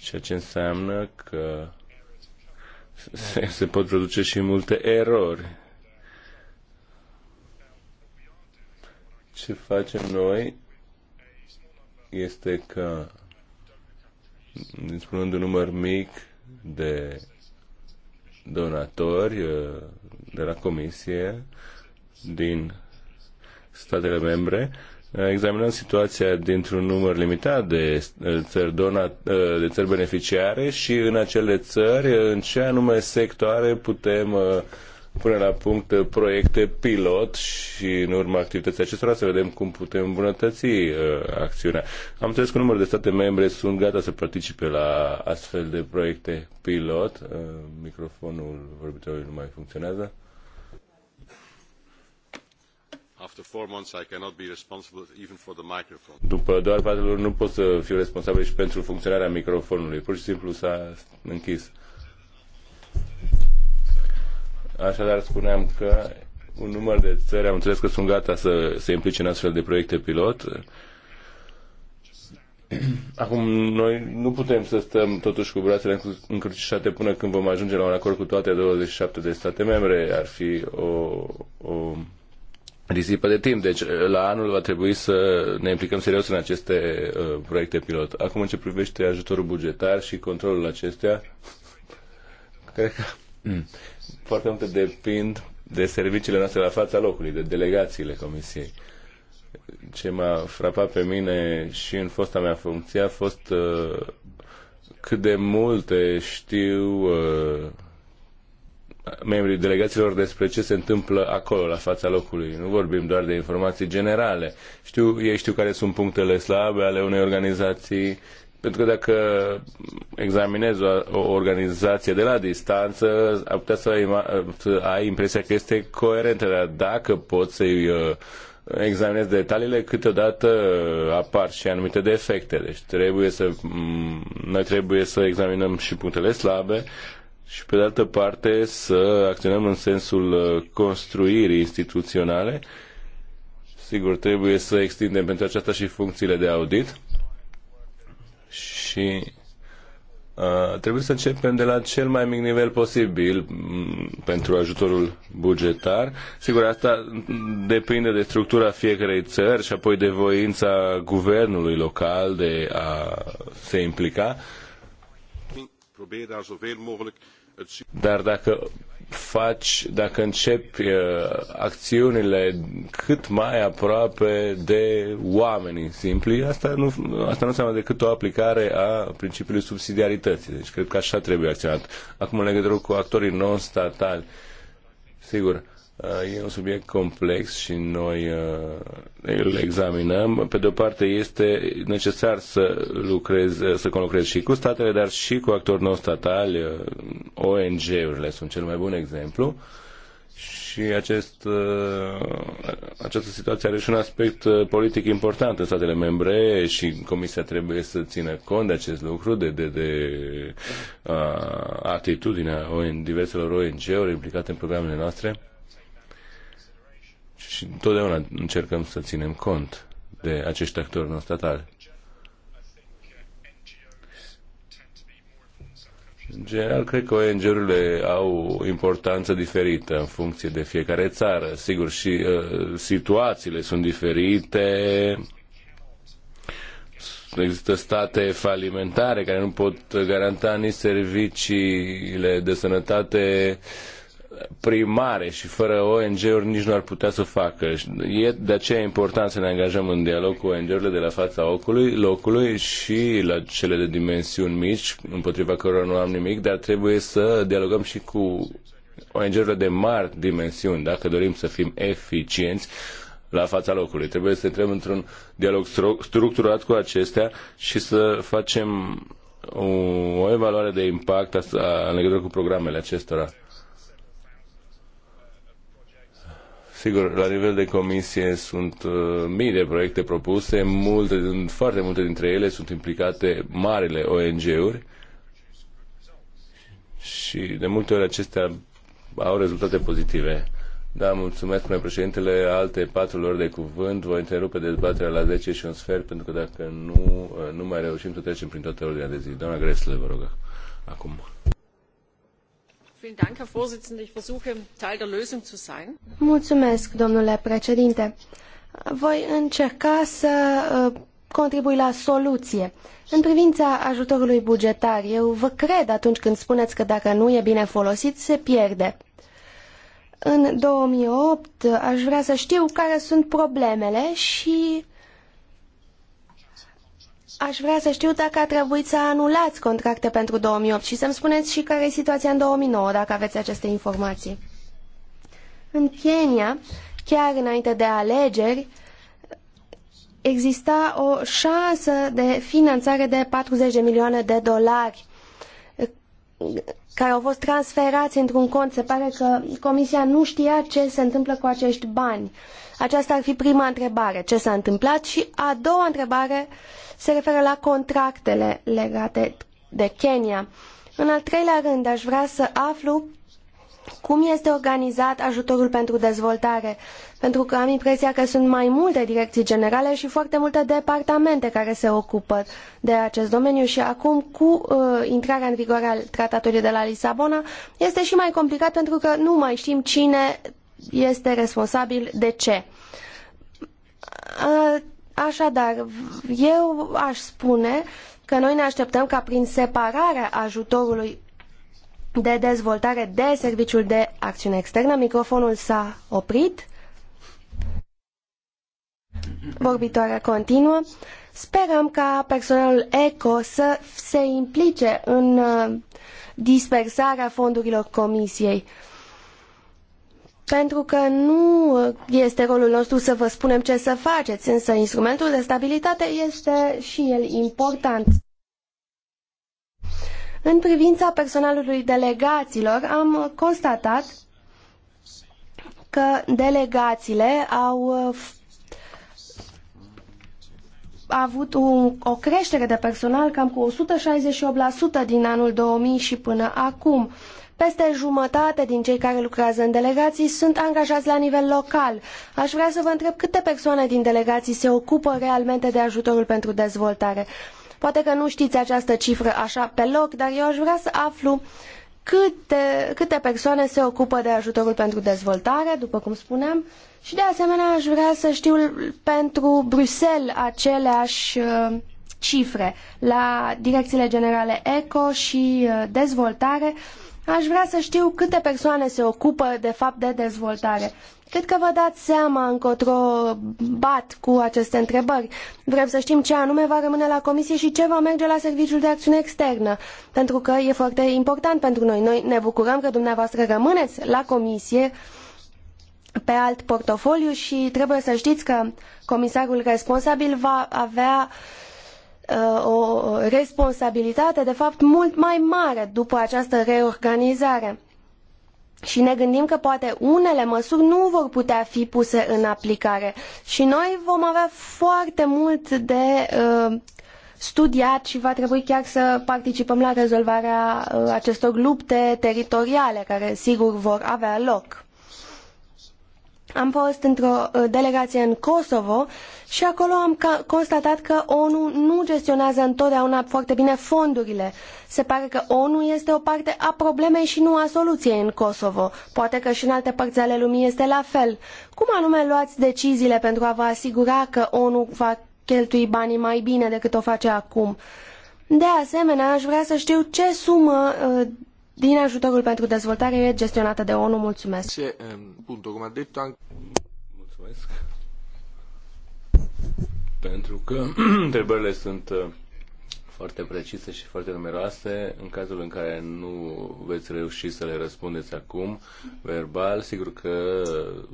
ceea ce înseamnă că se, se pot produce și multe erori. Ce facem noi este că, spunând un număr mic de donatori uh, de la Comisie din statele membre, uh, examinăm situația dintr-un număr limitat de uh, țări, donat, de țări beneficiare și în acele țări în ce anume sectoare putem pune la punct uh, proiecte pilot și în urma activității acestora să vedem cum putem îmbunătăți uh, acțiunea. Am înțeles că număr de state membre sunt gata să participe la astfel de proiecte pilot. Uh, microfonul vorbitorului nu mai funcționează. After four months, I cannot be responsible even for the microphone. După doar patru luni nu pot să fiu responsabil și pentru funcționarea microfonului. Pur și simplu s-a închis. Așadar, spuneam că un număr de țări am înțeles că sunt gata să se implice în astfel de proiecte pilot. Acum, noi nu putem să stăm totuși cu brațele încrucișate până când vom ajunge la un acord cu toate 27 de state membre. Ar fi o, o risipă de timp. Deci, la anul va trebui să ne implicăm serios în aceste uh, proiecte pilot. Acum, în ce privește ajutorul bugetar și controlul acestea, (laughs) cred că foarte multe depind de serviciile noastre la fața locului, de delegațiile Comisiei. Ce m-a frapat pe mine și în fosta mea funcție a fost uh, cât de multe știu uh, membrii delegațiilor despre ce se întâmplă acolo, la fața locului. Nu vorbim doar de informații generale. Știu, ei știu care sunt punctele slabe ale unei organizații, pentru că dacă examinezi o, o organizație de la distanță, ar putea să ai, să ai impresia că este coerentă, dar dacă poți să-i uh, examinezi detaliile, câteodată uh, apar și anumite defecte. Deci trebuie să, mm, noi trebuie să examinăm și punctele slabe și, pe de altă parte, să acționăm în sensul uh, construirii instituționale. Sigur, trebuie să extindem pentru aceasta și funcțiile de audit și uh, trebuie să începem de la cel mai mic nivel posibil pentru ajutorul bugetar. Sigur, asta depinde de structura fiecarei țări și apoi de voința guvernului local de a se implica. Dar dacă faci dacă începi uh, acțiunile cât mai aproape de oamenii simpli, asta nu, asta nu înseamnă decât o aplicare a principiului subsidiarității. Deci cred că așa trebuie acționat. Acum, în legătură cu actorii non-statali, sigur, uh, Uh, e un subiect complex și noi uh, îl examinăm. Pe de o parte este necesar să lucrez, uh, să conlucrez și cu statele, dar și cu actori non-statali. ONG-urile sunt cel mai bun exemplu. Și acest, această situație are și un aspect politic important în statele membre și Comisia trebuie să țină cont de acest lucru, de, de, de a, atitudinea diverselor ONG-uri implicate în programele noastre și întotdeauna încercăm să ținem cont de acești actori non-statali. În general, cred că ONG-urile au o importanță diferită în funcție de fiecare țară. Sigur, și uh, situațiile sunt diferite. Există state falimentare care nu pot garanta nici serviciile de sănătate uh, primare și fără ONG-uri nici nu ar putea să o facă. E de aceea important să ne angajăm în dialog cu ONG-urile de la fața ocului, locului și la cele de dimensiuni mici, împotriva cărora nu am nimic, dar trebuie să dialogăm și cu ONG-urile de mari dimensiuni, dacă dorim să fim eficienți la fața locului. Trebuie să intrăm într-un dialog structurat cu acestea și să facem o, o evaluare de impact a, a, în legătură cu programele acestora. Sigur, la nivel de comisie sunt uh, mii de proiecte propuse, multe, foarte multe dintre ele sunt implicate marile ONG-uri și de multe ori acestea au rezultate pozitive. Da, mulțumesc, domnule președintele. Alte patru lor de cuvânt. Voi întrerupe dezbaterea la 10 și un sfert, pentru că dacă nu, uh, nu mai reușim să trecem prin toată ordinea de zi. Doamna Gresle, vă rog, acum. Mulțumesc, domnule președinte. Voi încerca să uh, contribui la soluție. În privința ajutorului bugetar, eu vă cred atunci când spuneți că dacă nu e bine folosit, se pierde. În 2008 aș vrea să știu care sunt problemele și Aș vrea să știu dacă a trebuit să anulați contracte pentru 2008 și să-mi spuneți și care e situația în 2009, dacă aveți aceste informații. În Kenya, chiar înainte de alegeri, exista o șansă de finanțare de 40 de milioane de dolari care au fost transferați într-un cont. Se pare că Comisia nu știa ce se întâmplă cu acești bani. Aceasta ar fi prima întrebare, ce s-a întâmplat. Și a doua întrebare, uh, se referă la contractele legate de Kenya. În al treilea rând, aș vrea să aflu cum este organizat ajutorul pentru dezvoltare, pentru că am impresia că sunt mai multe direcții generale și foarte multe departamente care se ocupă de acest domeniu și acum cu uh, intrarea în vigoare al tratatului de la Lisabona este și mai complicat pentru că nu mai știm cine este responsabil de ce. Uh, Așadar, eu aș spune că noi ne așteptăm ca prin separarea ajutorului de dezvoltare de serviciul de acțiune externă, microfonul s-a oprit. Vorbitoarea continuă. Sperăm ca personalul ECO să se implice în uh, dispersarea fondurilor comisiei. Uh, pentru că nu este rolul nostru să vă spunem ce să faceți, însă instrumentul de stabilitate este și el important. În privința personalului delegaților, am constatat că delegațiile au avut o, o creștere de personal cam cu 168% din anul 2000 și până acum. Peste jumătate din cei care lucrează în delegații sunt angajați la nivel local. Aș vrea să vă întreb câte persoane din delegații se ocupă realmente de ajutorul pentru dezvoltare. Poate că nu știți această cifră așa pe loc, dar eu aș vrea să aflu câte, câte persoane se ocupă de ajutorul pentru dezvoltare, după cum spuneam, și de asemenea aș vrea să știu pentru Bruxelles aceleași uh, cifre la direcțiile generale ECO și uh, dezvoltare. Aș vrea să știu câte persoane se ocupă de fapt de dezvoltare. Cred că vă dați seama încotro bat cu aceste întrebări. Vrem să știm ce anume va rămâne la comisie și ce va merge la Serviciul de Acțiune Externă, pentru că e foarte important pentru noi. Noi ne bucurăm că dumneavoastră rămâneți la comisie pe alt portofoliu și trebuie să știți că comisarul responsabil va avea uh, Uh, o responsabilitate, de fapt, mult mai mare după această reorganizare. Și ne gândim că poate unele măsuri nu vor putea fi puse în aplicare. Și noi vom avea foarte mult de uh, studiat și va trebui chiar să participăm la rezolvarea uh, acestor lupte teritoriale, care sigur vor avea loc. Am fost într-o uh, delegație în Kosovo și acolo am constatat că ONU nu gestionează întotdeauna foarte bine fondurile. Se pare că ONU este o parte a problemei și nu a soluției în Kosovo. Poate că și în alte părți ale lumii este la fel. Cum anume luați deciziile pentru a vă asigura că ONU va cheltui banii mai bine decât o face acum? De asemenea, aș vrea să știu ce sumă uh, din ajutorul pentru dezvoltare gestionată de ONU. Mulțumesc! Mulțumesc! Pentru că (clears throat) întrebările sunt uh, foarte precise și foarte numeroase. În cazul în care nu veți reuși să le răspundeți acum, verbal, sigur că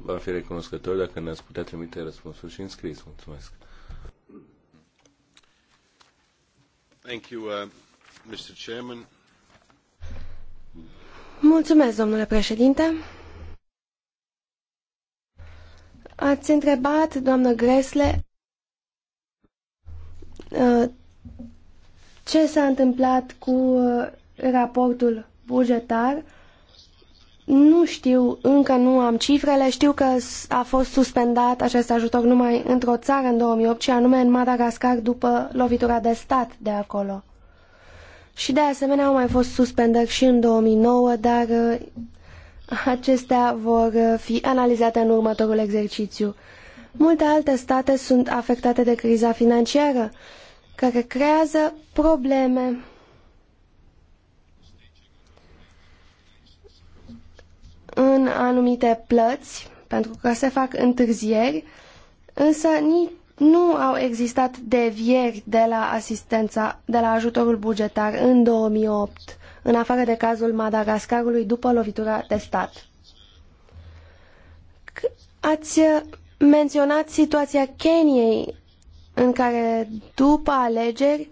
v-am fi recunoscători dacă ne-ați putea trimite răspunsul și în scris. Mulțumesc. Thank you, uh, Mr. Chairman. Mulțumesc, domnule președinte. Ați întrebat, doamnă Gresle, uh, ce s-a întâmplat cu uh, raportul bugetar. Nu știu, încă nu am cifrele, știu că a fost suspendat acest ajutor numai într-o țară în 2008, și anume în Madagascar după lovitura de stat de acolo. Și de asemenea au mai fost suspendări și în 2009, dar uh, acestea vor uh, fi analizate în următorul exercițiu. Multe alte state sunt afectate de criza financiară, care creează probleme. în anumite plăți, pentru că se fac întârzieri, însă nu au existat devieri de la asistența, de la ajutorul bugetar în 2008, în afară de cazul Madagascarului după lovitura de stat. Ați menționat situația Keniei, în care după alegeri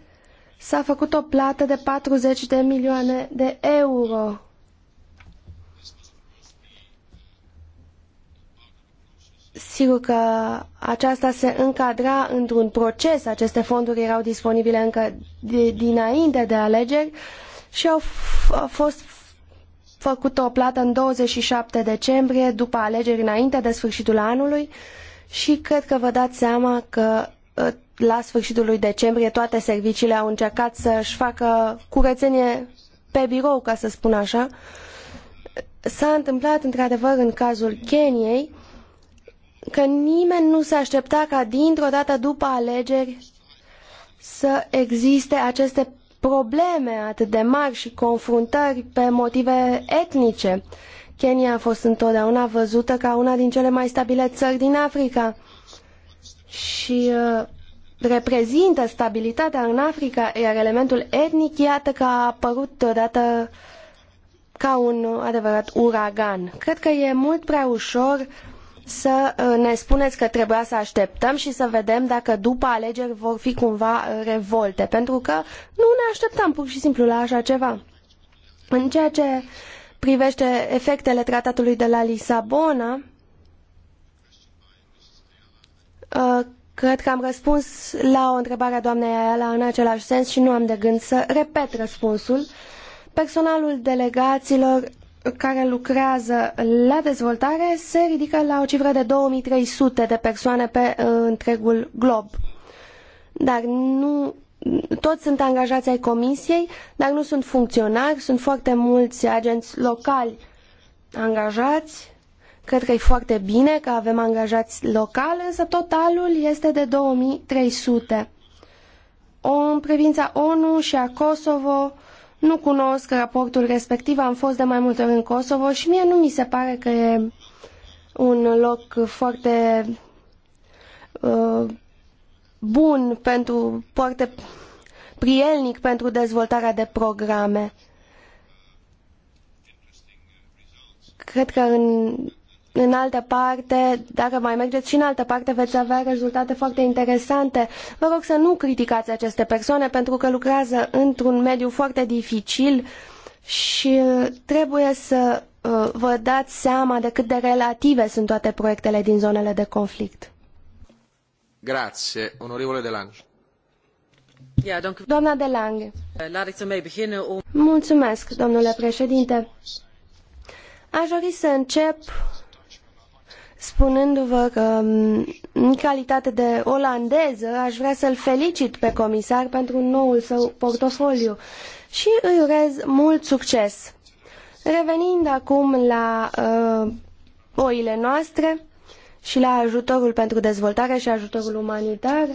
s-a făcut o plată de 40 de milioane de euro Sigur că aceasta se încadra într-un proces, aceste fonduri erau disponibile încă de, dinainte de alegeri și au, fost făcută o plată în 27 decembrie, după alegeri înainte de sfârșitul anului și cred că vă dați seama că ă, la sfârșitul lui decembrie toate serviciile au încercat să-și facă curățenie pe birou, ca să spun așa. S-a întâmplat într-adevăr în cazul Keniei, că nimeni nu se aștepta ca dintr-o dată după alegeri să existe aceste probleme atât de mari și confruntări pe motive etnice. Kenya a fost întotdeauna văzută ca una din cele mai stabile țări din Africa și uh, reprezintă stabilitatea în Africa, iar elementul etnic, iată că a apărut deodată ca un adevărat uragan. Cred că e mult prea ușor uh, să uh, ne spuneți că trebuia să așteptăm și să vedem dacă după alegeri vor fi cumva uh, revolte, pentru că nu ne așteptam pur și simplu la așa ceva. În ceea ce privește efectele tratatului de la Lisabona, uh, cred că am răspuns la o întrebare a doamnei Ayala în același sens și nu am de gând să repet răspunsul. Personalul delegaților care lucrează la dezvoltare se ridică la o cifră de 2300 de persoane pe uh, întregul glob. Dar nu toți sunt angajați ai comisiei, dar nu sunt funcționari, sunt foarte mulți agenți locali angajați. Cred că e foarte bine că avem angajați locali, însă totalul este de 2300. O, în privința ONU și a Kosovo, nu cunosc raportul respectiv, am fost de mai multe ori în Kosovo și mie nu mi se pare că e un loc foarte uh, bun pentru, foarte prielnic pentru dezvoltarea de programe. Cred că în în altă parte, dacă mai mergeți și în altă parte, veți avea rezultate foarte interesante. Vă rog să nu criticați aceste persoane pentru că lucrează într-un mediu foarte dificil și uh, trebuie să uh, vă dați seama de cât de relative sunt toate proiectele din zonele de conflict. Grazie, onorevole Delange. Doamna Delange. Eh, Mulțumesc, domnule președinte. Aș dori să încep spunându-vă că mm, în calitate de olandeză aș vrea să-l felicit pe comisar pentru noul său portofoliu și îi urez mult succes. Revenind acum la uh, oile noastre și la ajutorul pentru dezvoltare și ajutorul umanitar,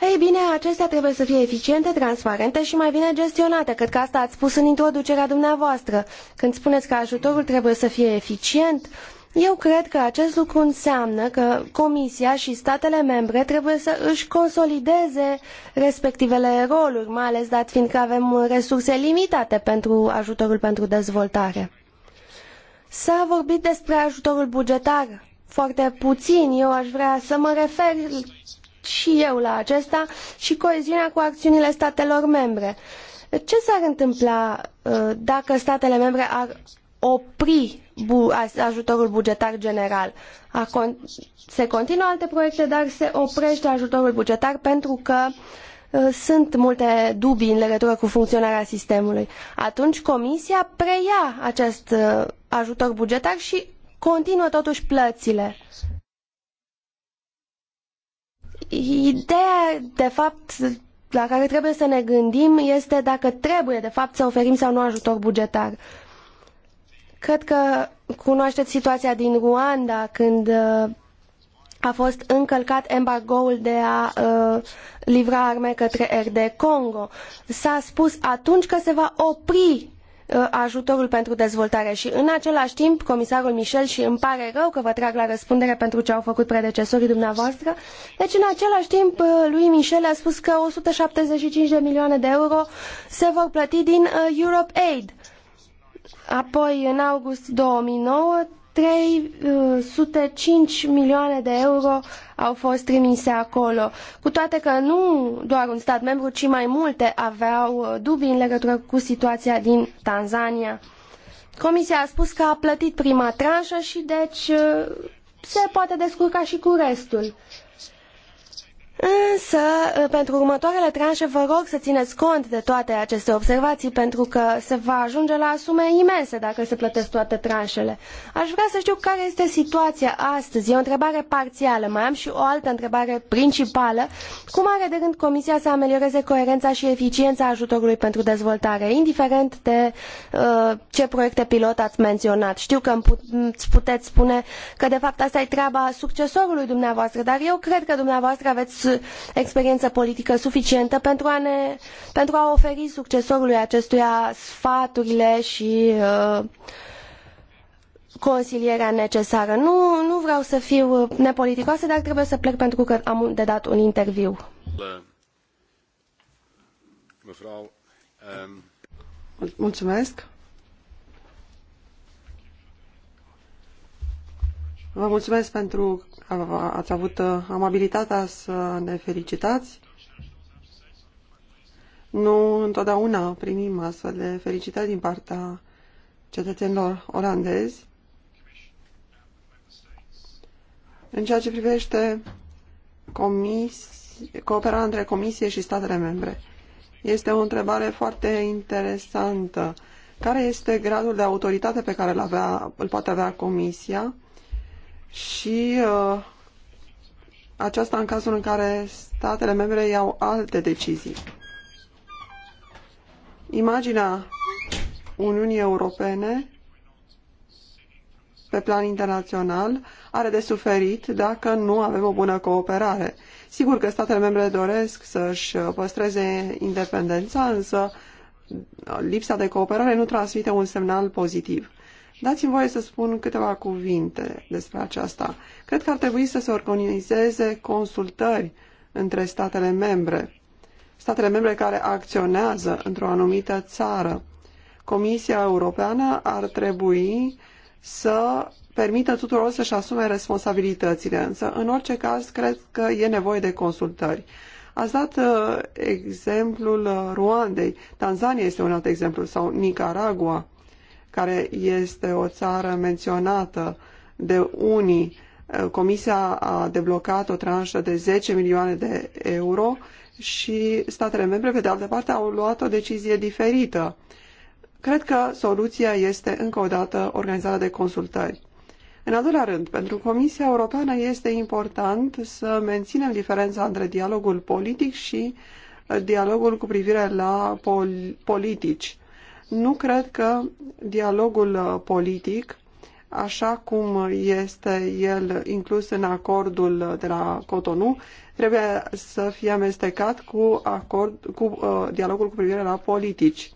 ei bine, acestea trebuie să fie eficiente, transparente și mai bine gestionate. Cred că asta ați spus în introducerea dumneavoastră. Când spuneți că ajutorul trebuie să fie eficient, eu cred că acest lucru înseamnă că Comisia și statele membre trebuie să își consolideze respectivele roluri, mai ales dat fiind că avem resurse limitate pentru ajutorul pentru dezvoltare. S-a vorbit despre ajutorul bugetar foarte puțin. Eu aș vrea să mă refer și eu la acesta și coeziunea cu acțiunile statelor membre. Ce s-ar întâmpla uh, dacă statele membre ar opri ajutorul bugetar general. se continuă alte proiecte, dar se oprește ajutorul bugetar pentru că uh, sunt multe dubii în legătură cu funcționarea sistemului. Atunci Comisia preia acest uh, ajutor bugetar și continuă totuși plățile. Ideea, de fapt, la care trebuie să ne gândim este dacă trebuie, de fapt, să oferim sau nu ajutor bugetar. Cred că cunoașteți situația din Rwanda când uh, a fost încălcat embargoul de a uh, livra arme către RD Congo. S-a spus atunci că se va opri uh, ajutorul pentru dezvoltare și în același timp comisarul Michel și îmi pare rău că vă trag la răspundere pentru ce au făcut predecesorii dumneavoastră. Deci în același timp uh, lui Michel a spus că 175 de milioane de euro se vor plăti din Europe Aid Apoi, în august 2009, 305 uh, milioane de euro au fost trimise acolo. Cu toate că nu doar un stat membru, ci mai multe aveau uh, dubii în legătură cu situația din Tanzania. Comisia a spus că a plătit prima tranșă și deci uh, se poate descurca și cu restul. Însă, pentru următoarele tranșe, vă rog să țineți cont de toate aceste observații, pentru că se va ajunge la sume imense dacă se plătesc toate tranșele. Aș vrea să știu care este situația astăzi. E o întrebare parțială. Mai am și o altă întrebare principală. Cum are de gând Comisia să amelioreze coerența și eficiența ajutorului pentru dezvoltare, indiferent de uh, ce proiecte pilot ați menționat? Știu că îți puteți spune că, de fapt, asta e treaba succesorului dumneavoastră, dar eu cred că dumneavoastră aveți experiență politică suficientă pentru a, ne, pentru a oferi succesorului acestuia sfaturile și uh, consilierea necesară. Nu, nu vreau să fiu nepoliticoasă, dar trebuie să plec pentru că am de dat un interviu. Ehm, Mulțumesc. Vă mulțumesc pentru că ați avut uh, amabilitatea să ne felicitați. Nu întotdeauna primim astfel de felicitări din partea cetățenilor olandezi. În ceea ce privește comisie, cooperarea între Comisie și statele membre, este o întrebare foarte interesantă. Care este gradul de autoritate pe care îl, avea, îl poate avea Comisia și uh, aceasta în cazul în care statele membre iau alte decizii. Imaginea Uniunii Europene pe plan internațional are de suferit dacă nu avem o bună cooperare. Sigur că statele membre doresc să-și păstreze independența, însă lipsa de cooperare nu transmite un semnal pozitiv. Dați-mi voie să spun câteva cuvinte despre aceasta. Cred că ar trebui să se organizeze consultări între statele membre, statele membre care acționează într-o anumită țară. Comisia Europeană ar trebui să permită tuturor să-și asume responsabilitățile, însă în orice caz cred că e nevoie de consultări. Ați dat uh, exemplul uh, Ruandei, Tanzania este un alt exemplu, sau Nicaragua care este o țară menționată de unii. Comisia a deblocat o tranșă de 10 milioane de euro și statele membre, pe de altă parte, au luat o decizie diferită. Cred că soluția este, încă o dată, organizarea de consultări. În al doilea rând, pentru Comisia Europeană este important să menținem diferența între dialogul politic și dialogul cu privire la pol politici. Nu cred că dialogul uh, politic, așa cum este el inclus în acordul uh, de la Cotonou, trebuie să fie amestecat cu, acord, cu uh, dialogul cu privire la politici.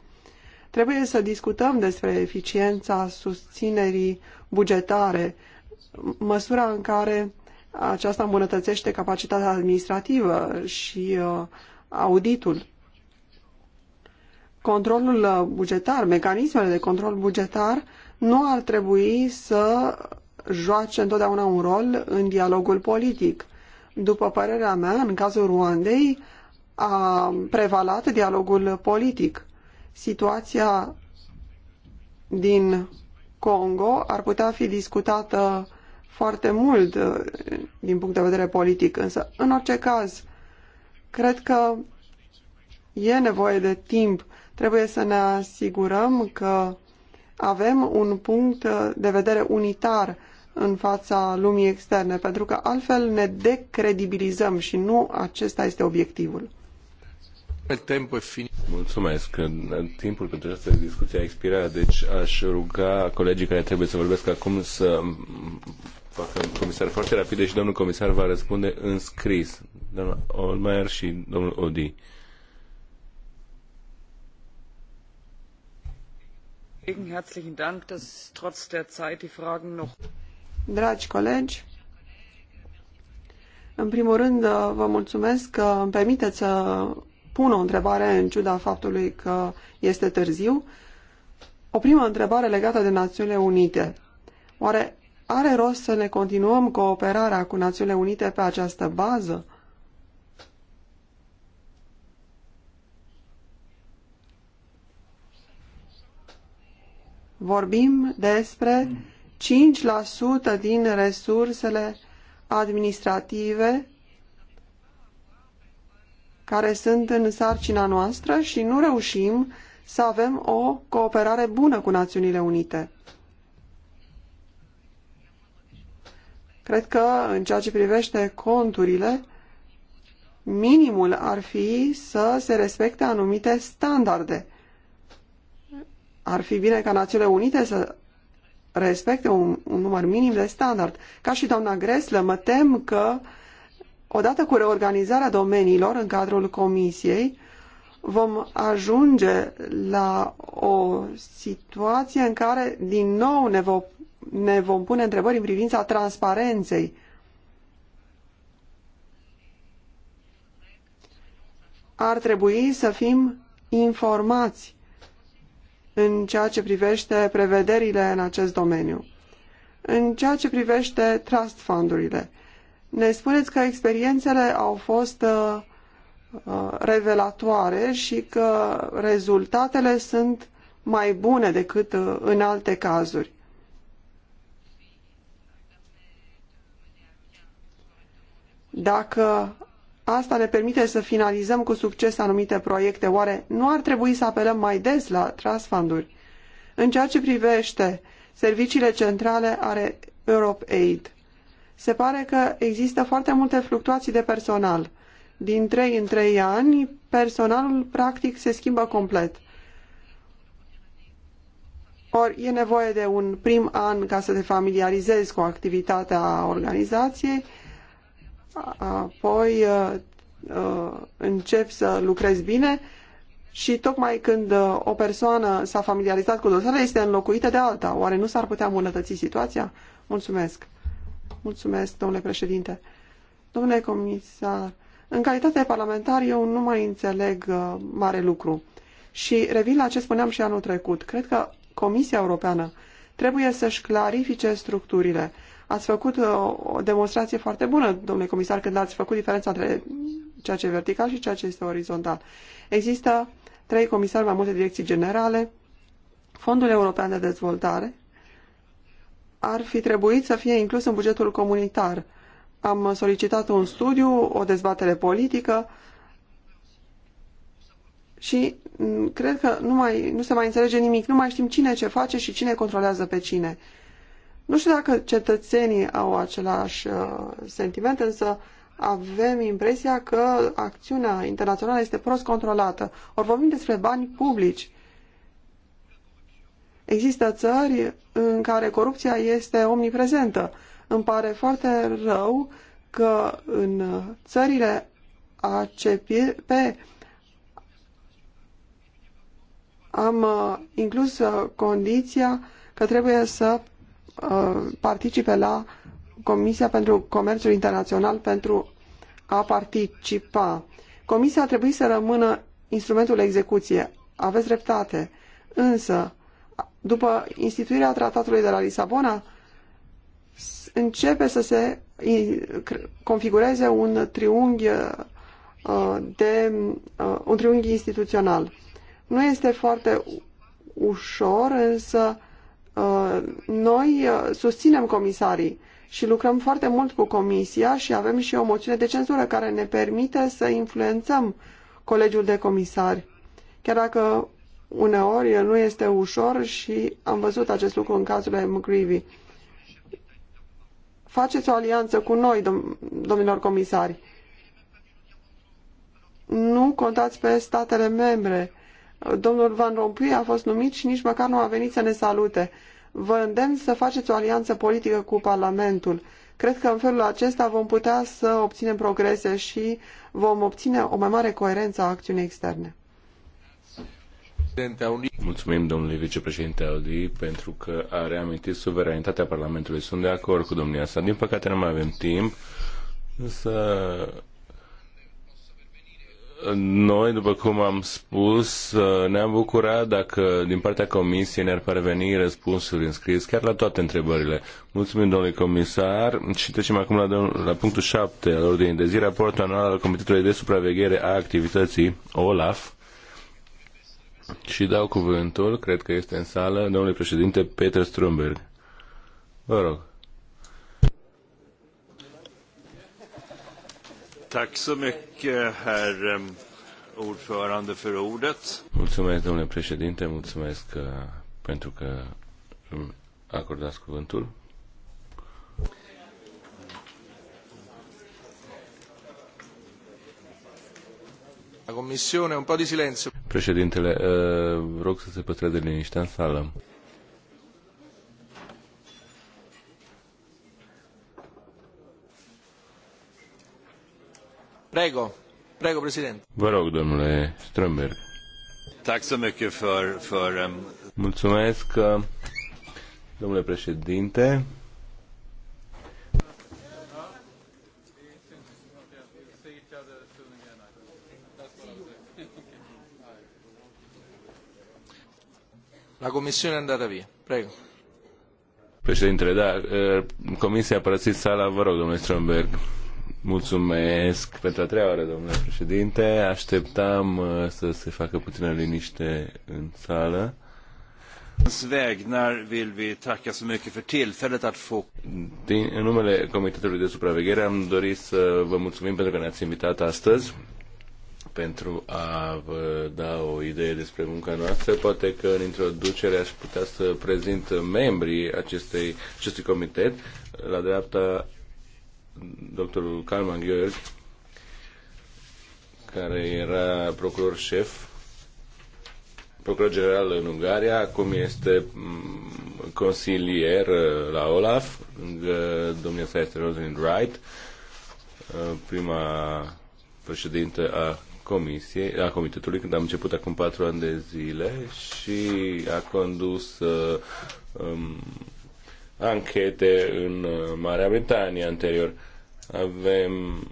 Trebuie să discutăm despre eficiența susținerii bugetare, măsura în care aceasta îmbunătățește capacitatea administrativă și uh, auditul controlul uh, bugetar, mecanismele de control bugetar nu ar trebui să joace întotdeauna un rol în dialogul politic. După părerea mea, în cazul Ruandei, a prevalat dialogul politic. Situația din Congo ar putea fi discutată foarte mult uh, din punct de vedere politic, însă, în orice caz, cred că e nevoie de timp Trebuie să ne asigurăm că avem un punct de vedere unitar în fața lumii externe, pentru că altfel ne decredibilizăm și nu acesta este obiectivul. Mulțumesc. Timpul pentru această discuție a expirat, deci aș ruga colegii care trebuie să vorbesc acum să facă un comisar foarte rapid și deci domnul comisar va răspunde în scris. domnul Olmeier și domnul Odi. Dragi colegi, în primul rând uh, vă mulțumesc că îmi permiteți să pun o întrebare în ciuda faptului că este târziu. O primă întrebare legată de Națiunile Unite. Oare are rost să ne continuăm cooperarea cu Națiunile Unite pe această bază? vorbim despre 5% mm. din resursele administrative care sunt în sarcina noastră și nu reușim să avem o cooperare bună cu Națiunile Unite. Cred că, în ceea ce privește conturile, minimul ar fi să se respecte anumite standarde ar fi bine ca Națiunile Unite să respecte un, un număr minim de standard. Ca și doamna Greslă, mă tem că odată cu reorganizarea domeniilor în cadrul Comisiei, vom ajunge la o situație în care din nou ne, vo, ne vom pune întrebări în privința transparenței. Ar trebui să fim informați în ceea ce privește prevederile în acest domeniu. În ceea ce privește trust fundurile, ne spuneți că experiențele au fost uh, uh revelatoare și că rezultatele sunt mai bune decât uh, în alte cazuri. Dacă asta ne permite să finalizăm cu succes anumite proiecte. Oare nu ar trebui să apelăm mai des la trust funduri? În ceea ce privește serviciile centrale ale Europe Aid, se pare că există foarte multe fluctuații de personal. Din trei în trei ani, personalul practic se schimbă complet. Ori e nevoie de un prim an ca să te familiarizezi cu activitatea organizației, apoi uh, uh, începi să lucrezi bine și tocmai când uh, o persoană s-a familiarizat cu dosarele, este înlocuită de alta. Oare nu s-ar putea îmbunătăți situația? Mulțumesc. Mulțumesc, domnule președinte. Domnule comisar, în calitate de parlamentar eu nu mai înțeleg mare lucru. Și revin la ce spuneam și anul trecut. Cred că Comisia Europeană trebuie să-și clarifice structurile Ați făcut uh, o demonstrație foarte bună, domnule comisar, când ați făcut diferența între ceea ce e vertical și ceea ce este orizontal. Există trei comisari mai multe direcții generale, Fondul European de Dezvoltare ar fi trebuit să fie inclus în bugetul comunitar. Am solicitat un studiu, o dezbatere politică și mm, cred că nu, mai, nu se mai înțelege nimic. Nu mai știm cine ce face și cine controlează pe cine. Nu știu dacă cetățenii au același uh, sentiment, însă avem impresia că acțiunea internațională este prost controlată. Ori vorbim despre bani publici. Există țări în care corupția este omniprezentă. Îmi pare foarte rău că în țările ACP am uh, inclus uh, condiția că trebuie să Uh, participe la Comisia pentru Comerțul Internațional pentru a participa. Comisia trebuie să rămână instrumentul execuție. Aveți dreptate. Însă, după instituirea tratatului de la Lisabona, începe să se configureze un triunghi uh, de uh, un triunghi instituțional. Nu este foarte ușor, însă Uh, noi uh, susținem comisarii și lucrăm foarte mult cu comisia și avem și o moțiune de cenzură care ne permite să influențăm colegiul de comisari. Chiar dacă uneori nu este ușor și am văzut acest lucru în cazul lui McGreevy. Faceți o alianță cu noi, domnilor comisari. Nu contați pe statele membre. Domnul Van Rompuy a fost numit și nici măcar nu a venit să ne salute. Vă îndemn să faceți o alianță politică cu Parlamentul. Cred că în felul acesta vom putea să obținem progrese și vom obține o mai mare coerență a acțiunii externe. Mulțumim, domnule vicepreședinte Audi, pentru că a reamintit suveranitatea Parlamentului. Sunt de acord cu domnia sa. Din păcate nu mai avem timp, însă noi, după cum am spus, uh, ne-am bucurat dacă din partea Comisiei ne-ar parveni răspunsuri înscris chiar la toate întrebările. Mulțumim, domnului comisar, și trecem acum la, la punctul 7 al ordinii de zi, raportul anual al Comitetului de Supraveghere a Activității OLAF. Și dau cuvântul, cred că este în sală, domnului președinte Peter Strumberg. Vă rog. Tack så mycket, herr ordförande, för ordet. Mulțumesc, domnule președinte, mulțumesc uh, pentru că îmi acordați cuvântul. La comisiune, un po' di silenzio. Președintele, uh, rog să se păstreze liniștea în sală. Prego, prego, președinte. Vă rog, domnule Strömberg. Mulțumesc, uh, domnule președinte. La comisiune a andata via. Prego. Președintele, da, uh, comisia a părăsit sala, vă rog, domnule Strömberg. Mulțumesc pentru a treia oară, domnule președinte. Așteptam uh, să se facă puțină liniște în sală. Din, în numele Comitetului de Supraveghere am dorit să vă mulțumim pentru că ne-ați invitat astăzi pentru a vă da o idee despre munca noastră. Poate că în introducere aș putea să prezint membrii acestei, acestui comitet. La dreapta doctorul Kalman Gheorg, care era procuror șef, procuror general în Ungaria, acum este mm, consilier uh, la OLAF, domnia sa este Rosalind Wright, uh, prima președintă a comisiei, a comitetului, când am început acum patru ani de zile și a condus uh, um, anchete în Marea Britanie anterior. Avem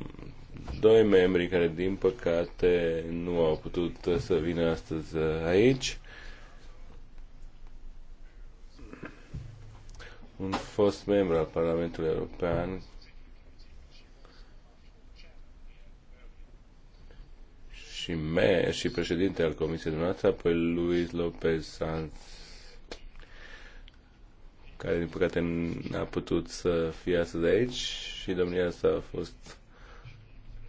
doi membri care, din păcate, nu au putut să vină astăzi aici. Un fost membru al Parlamentului European și, me, și președinte al Comisiei dumneavoastră, apoi Luis Lopez Sanz care din păcate n-a putut să fie astăzi aici și domnia sa a fost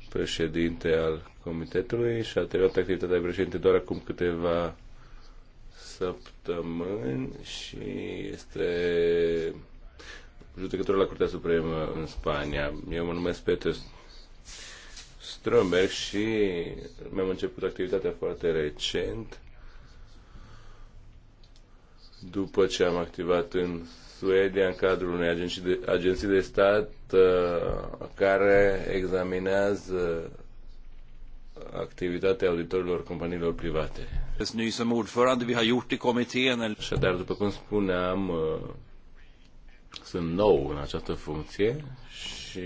președinte al comitetului și a terminat activitatea de președinte doar acum câteva săptămâni și este judecător la Curtea Supremă în Spania. Eu mă numesc Peter Strömberg și mi-am început activitatea foarte recent după ce am activat în Suedia în cadrul unei agenții de, agenții de stat uh, care examinează activitatea auditorilor companiilor private. Som ordförande Așadar, după cum spuneam, uh, sunt nou în această funcție și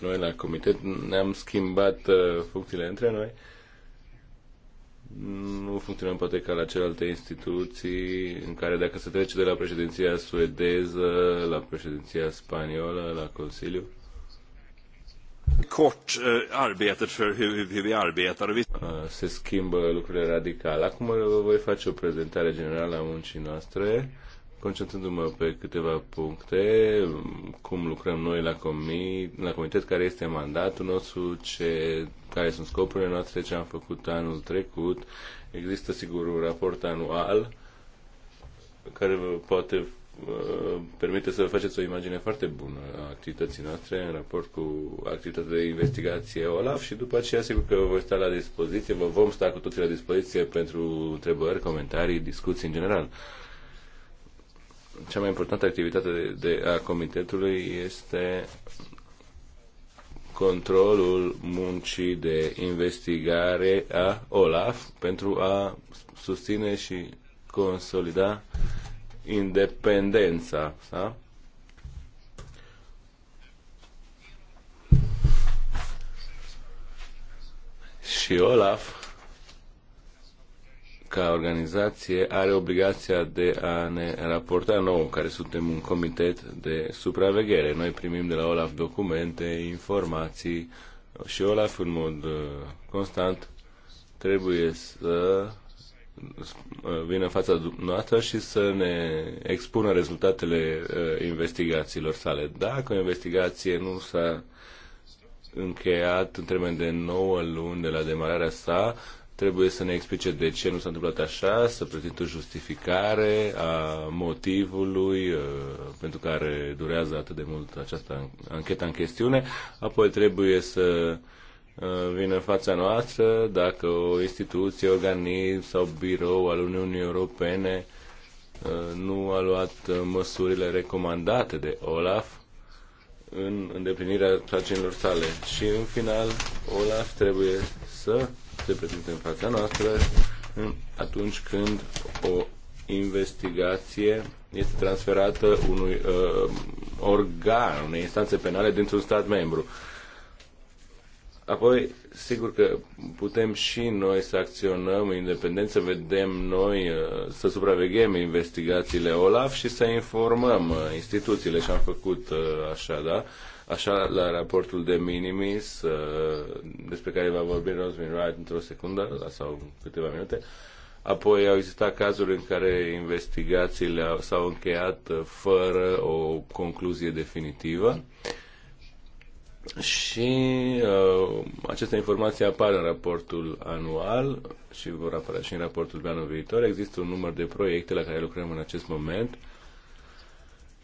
noi la comitet ne-am schimbat uh, funcțiile între noi. Uh, nu funcționăm poate ca la celelalte instituții în care dacă se trece de la președinția suedeză la președinția spaniolă, la Consiliu. Cort, eh, arbetet för hur, hur vi arbetar. Eh, se schimbă lucrurile radical. Acum vă voi face o prezentare generală a muncii noastre concentrându-mă pe câteva puncte, cum lucrăm noi la, comi- la comitet, care este mandatul nostru, ce, care sunt scopurile noastre, ce am făcut anul trecut. Există, sigur, un raport anual care vă poate uh, permite să vă faceți o imagine foarte bună a activității noastre în raport cu activitatea de investigație OLAF și după aceea sigur că vă sta la dispoziție, vă vom sta cu toții la dispoziție pentru întrebări, comentarii, discuții în general cea mai importantă activitate de, de a comitetului este controlul muncii de investigare a OLAF pentru a susține și consolida independența. Da? Și Olaf ca organizație are obligația de a ne raporta nouă, care suntem un comitet de supraveghere. Noi primim de la OLAF documente, informații și OLAF în mod uh, constant trebuie să uh, vină în fața noastră și să ne expună rezultatele uh, investigațiilor sale. Dacă o investigație nu s-a încheiat în termen de 9 luni de la demararea sa, trebuie să ne explice de ce nu s-a întâmplat așa, să prezinte o justificare a motivului uh, pentru care durează atât de mult această anchetă în chestiune, apoi trebuie să uh, vină în fața noastră dacă o instituție, organism sau birou al Uniunii Europene uh, nu a luat măsurile recomandate de Olaf în îndeplinirea sarcinilor sale. Și în final, Olaf trebuie să se prezintă în fața noastră atunci când o investigație este transferată unui uh, organ, unei instanțe penale dintr-un stat membru. Apoi, sigur că putem și noi să acționăm independent, să vedem noi, uh, să supraveghem investigațiile OLAF și să informăm uh, instituțiile și am făcut uh, așa, da? Așa, la raportul de minimis, uh, despre care va vorbi Rosmin Wright într-o secundă sau câteva minute, Apoi au existat cazuri în care investigațiile s-au încheiat uh, fără o concluzie definitivă și uh, aceste informații apar în raportul anual și vor apărea și în raportul pe anul viitor. Există un număr de proiecte la care lucrăm în acest moment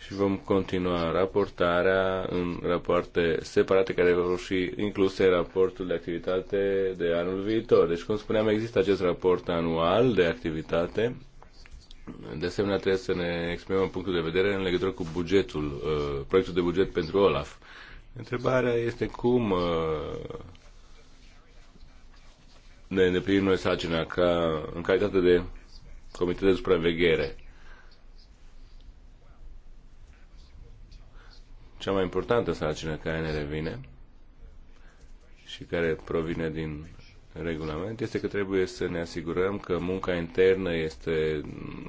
și vom continua raportarea în rapoarte separate care vor fi incluse în raportul de activitate de anul viitor. Deci, cum spuneam, există acest raport anual de activitate. De asemenea, trebuie să ne exprimăm punctul de vedere în legătură cu bugetul, uh, proiectul de buget pentru OLAF. Întrebarea este cum uh, ne îndeplinim noi sarcina ca, în calitate de comitet de supraveghere cea mai importantă sarcină care ne revine și care provine din regulament este că trebuie să ne asigurăm că munca internă este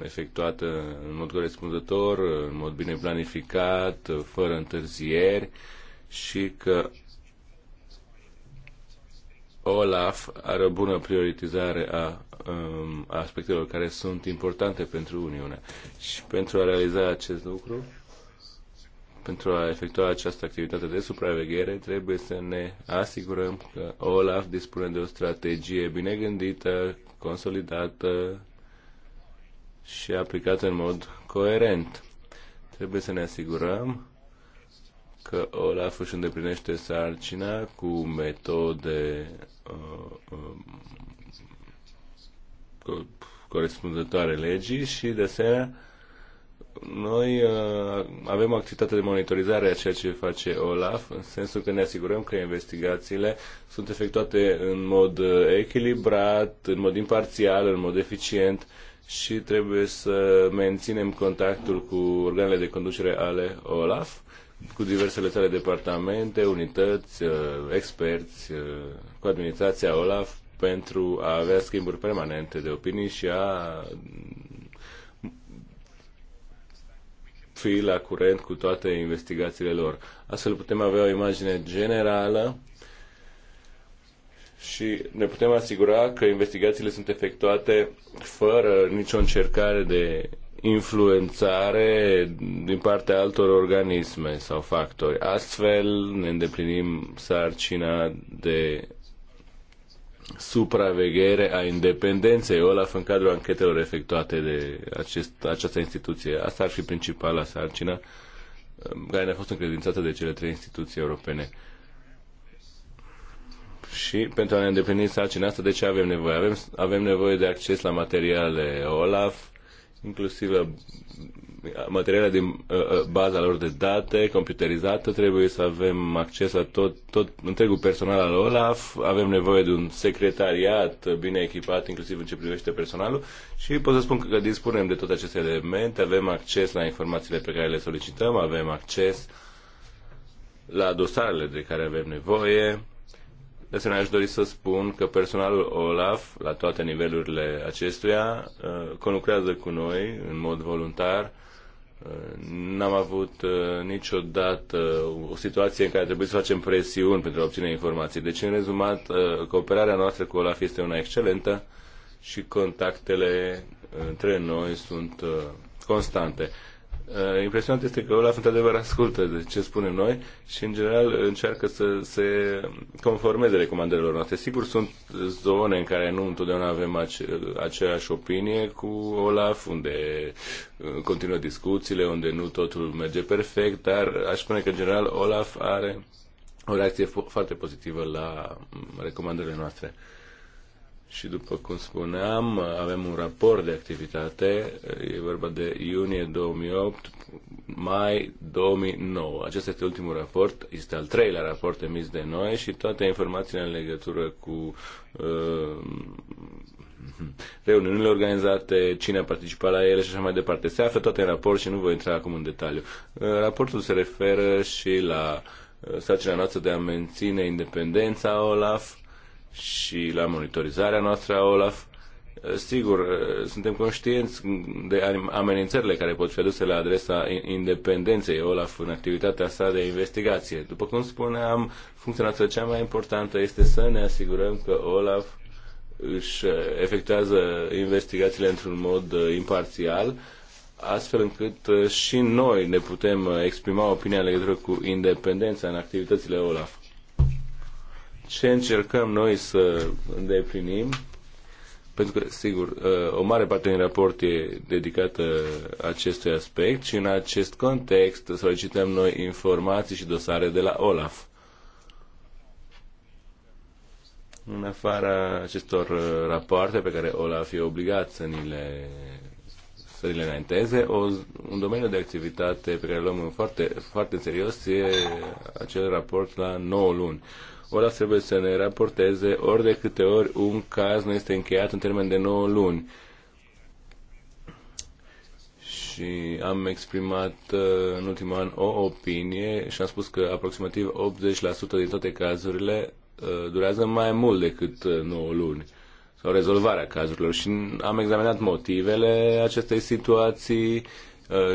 efectuată în mod corespunzător, în mod bine planificat, fără întârzieri și că OLAF are o bună prioritizare a um, aspectelor care sunt importante pentru Uniune. Și pentru a realiza acest lucru, pentru a efectua această activitate de supraveghere, trebuie să ne asigurăm că OLAF dispune de o strategie bine gândită, consolidată și aplicată în mod coerent. Trebuie să ne asigurăm că OLAF își îndeplinește sarcina cu metode uh, uh, corespunzătoare legii și, de asemenea, noi uh, avem o activitate de monitorizare a ceea ce face OLAF, în sensul că ne asigurăm că investigațiile sunt efectuate în mod uh, echilibrat, în mod imparțial, în mod eficient și trebuie să menținem contactul cu organele de conducere ale OLAF, cu diversele sale departamente, unități, uh, experți, uh, cu administrația OLAF pentru a avea schimburi permanente de opinii și a fi la curent cu toate investigațiile lor. Astfel putem avea o imagine generală și ne putem asigura că investigațiile sunt efectuate fără nicio încercare de influențare din partea altor organisme sau factori. Astfel ne îndeplinim sarcina de supraveghere a independenței OLAF în cadrul anchetelor efectuate de acest, această instituție. Asta ar fi principala sarcină um, care ne-a fost încredințată de cele trei instituții europene. Și pentru a ne îndeplini sarcina asta, de ce avem nevoie? Avem, avem nevoie de acces la materiale OLAF, inclusiv la materiale din uh, uh, baza lor de date computerizată, trebuie să avem acces la tot, tot întregul personal al OLAF, avem nevoie de un secretariat bine echipat, inclusiv în ce privește personalul și pot să spun că dispunem de toate aceste elemente, avem acces la informațiile pe care le solicităm, avem acces la dosarele de care avem nevoie, de asemenea, aș dori să spun că personalul OLAF, la toate nivelurile acestuia, uh, conlucrează cu noi în mod voluntar N-am avut uh, niciodată uh, o situație în care trebuie să facem presiuni pentru a obține informații. Deci, în rezumat, uh, cooperarea noastră cu OLAF este una excelentă și contactele între noi sunt constante. Uh, impresionant este că Olaf într-adevăr ascultă de ce spunem noi și în general încearcă să se conformeze recomandărilor noastre. Sigur sunt zone în care nu întotdeauna avem ace- aceeași opinie cu Olaf, unde uh, continuă discuțiile, unde nu totul merge perfect, dar aș spune că în general Olaf are o reacție foarte pozitivă la mm, recomandările noastre. Și după cum spuneam, avem un raport de activitate, e vorba de iunie 2008, mai 2009. Acesta este ultimul raport, este al treilea raport emis de noi și toate informațiile în legătură cu uh, reuniunile organizate, cine a participat la ele și așa mai departe. Se află toate în raport și nu voi intra acum în detaliu. Uh, raportul se referă și la uh, sarcina noastră de a menține independența OLAF, și la monitorizarea noastră a OLAF. Eh, sigur, eh, suntem conștienți de amenințările care pot fi aduse la adresa independenței OLAF în activitatea sa de investigație. După cum spuneam, funcția noastră cea mai importantă este să ne asigurăm că OLAF își eh, efectuează investigațiile într-un mod imparțial, astfel încât și noi ne putem exprima opinia în legătură cu independența în activitățile OLAF ce încercăm noi să îndeplinim, pentru că, sigur, uh, o mare parte din raport e dedicată acestui aspect și în acest context solicităm noi informații și dosare de la OLAF. În afara acestor uh, rapoarte pe care OLAF e obligat să ni le să le înainteze, o, un domeniu de activitate pe care îl luăm foarte, foarte serios e acel raport la 9 luni ora trebuie să ne raporteze ori de câte ori un caz nu este încheiat în termen de 9 luni. Și am exprimat uh, în ultimul an o opinie și am spus că aproximativ 80% din toate cazurile uh, durează mai mult decât 9 uh, luni sau rezolvarea cazurilor și am examinat motivele acestei situații,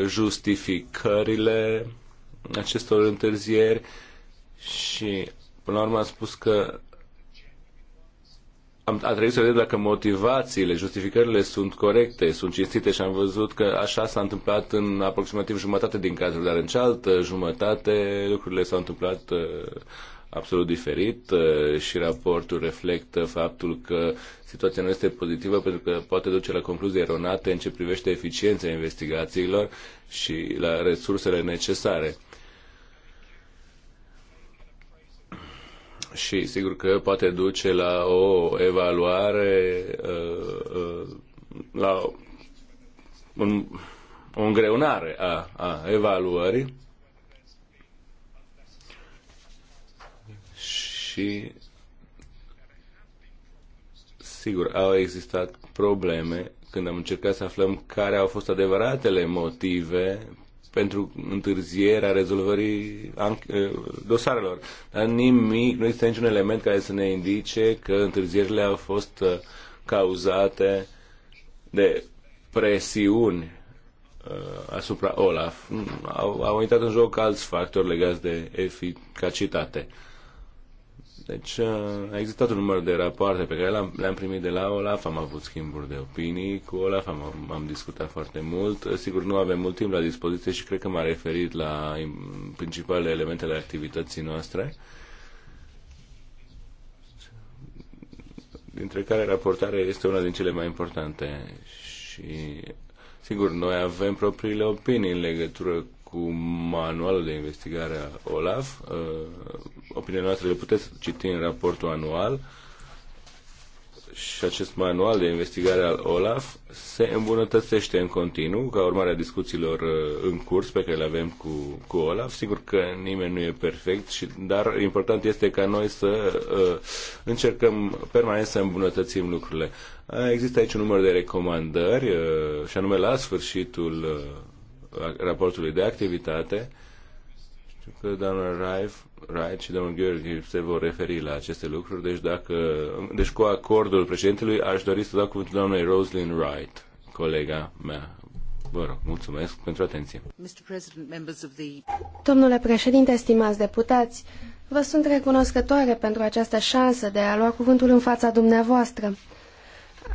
justificările acestor întârzieri și Până la urmă a spus că am, a trebuit să vedem dacă motivațiile, justificările sunt corecte, sunt cinstite și am văzut că așa s-a întâmplat în aproximativ jumătate din cazuri, dar în cealaltă jumătate lucrurile s-au întâmplat uh, absolut diferit uh, și raportul reflectă faptul că situația nu este pozitivă pentru că poate duce la concluzii eronate în ce privește eficiența investigațiilor și la resursele necesare. și sigur că poate duce la o evaluare, uh, uh, la un, o îngreunare a, a evaluării și sigur au existat probleme când am încercat să aflăm care au fost adevăratele motive pentru întârzierea rezolvării eh, dosarelor. Dar nimic, nu există niciun element care să ne indice că întârzierile au fost eh, cauzate de presiuni eh, asupra Olaf. Au, au intrat în joc alți factori legați de eficacitate. Deci uh, a existat un număr de rapoarte pe care le-am, le primit de la Olaf, am avut schimburi de opinii cu Olaf, am, am discutat foarte mult. Sigur, nu avem mult timp la dispoziție și cred că m-a referit la principalele elemente ale activității noastre. dintre care raportarea este una din cele mai importante. Și, sigur, noi avem propriile opinii în legătură cu manualul de investigare a OLAF. Uh, opinia noastră le puteți citi în raportul anual și acest manual de investigare al OLAF se îmbunătățește în continuu ca urmare a discuțiilor uh, în curs pe care le avem cu, cu OLAF. Sigur că nimeni nu e perfect, și, dar important este ca noi să uh, încercăm permanent să îmbunătățim lucrurile. Uh, există aici un număr de recomandări uh, și anume la sfârșitul uh, raportului de activitate. Știu că doamna Raif, Raif și domnul Gheorghe se vor referi la aceste lucruri, deci, dacă, deci cu acordul președintelui aș dori să dau cuvântul doamnei Roslyn Wright, colega mea. Vă rog, mulțumesc pentru atenție. Domnule președinte, stimați deputați, vă sunt recunoscătoare pentru această șansă de a lua cuvântul în fața dumneavoastră.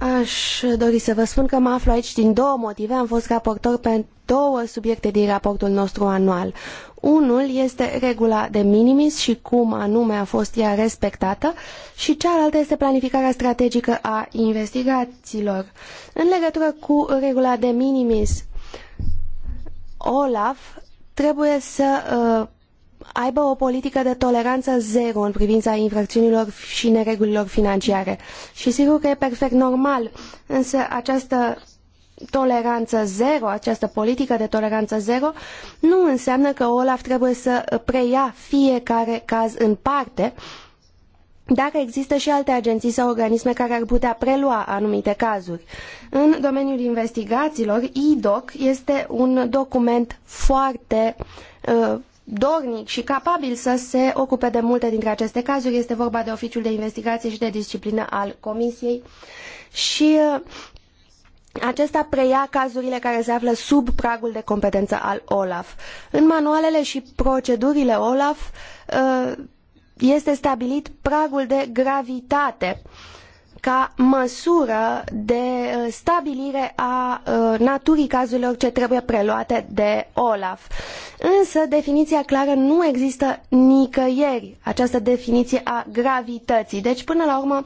Aș dori să vă spun că mă aflu aici din două motive. Am fost raportor pe două subiecte din raportul nostru anual. Unul este regula de minimis și cum anume a fost ea respectată și cealaltă este planificarea strategică a investigațiilor. În legătură cu regula de minimis, Olaf trebuie să uh, aibă o politică de toleranță zero în privința infracțiunilor și neregulilor financiare. Și sigur că e perfect normal, însă această toleranță zero, această politică de toleranță zero, nu înseamnă că Olaf trebuie să preia fiecare caz în parte, dacă există și alte agenții sau organisme care ar putea prelua anumite cazuri. În domeniul investigațiilor, IDOC este un document foarte uh, dornic și capabil să se ocupe de multe dintre aceste cazuri. Este vorba de oficiul de investigație și de disciplină al comisiei și uh, acesta preia cazurile care se află sub pragul de competență al OLAF. În manualele și procedurile OLAF uh, este stabilit pragul de gravitate uh, ca măsură de uh, stabilire a uh, naturii cazurilor ce trebuie preluate de OLAF. Însă definiția clară nu există nicăieri, această definiție a gravității. Deci, până la urmă,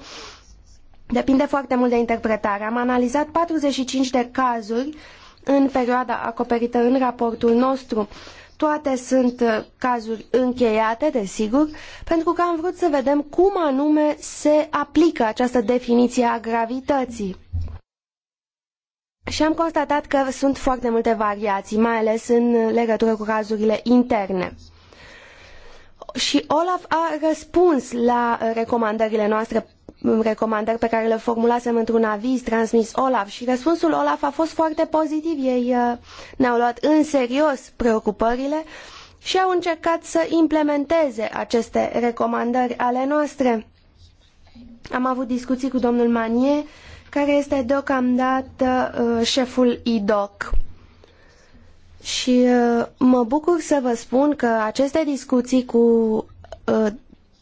depinde foarte mult de interpretare. Am analizat 45 de cazuri în perioada acoperită în raportul nostru toate sunt uh, cazuri încheiate, desigur, pentru că am vrut să vedem cum anume se aplică această definiție a gravității. Și am constatat că sunt foarte multe variații, mai ales în legătură cu cazurile interne. Și Olaf a răspuns la recomandările noastre recomandări pe care le formulasem într-un aviz transmis Olaf și răspunsul Olaf a fost foarte pozitiv. Ei uh, ne-au luat în serios preocupările și au încercat să implementeze aceste recomandări ale noastre. Am avut discuții cu domnul Manie, care este deocamdată uh, șeful IDOC. Și uh, mă bucur să vă spun că aceste discuții cu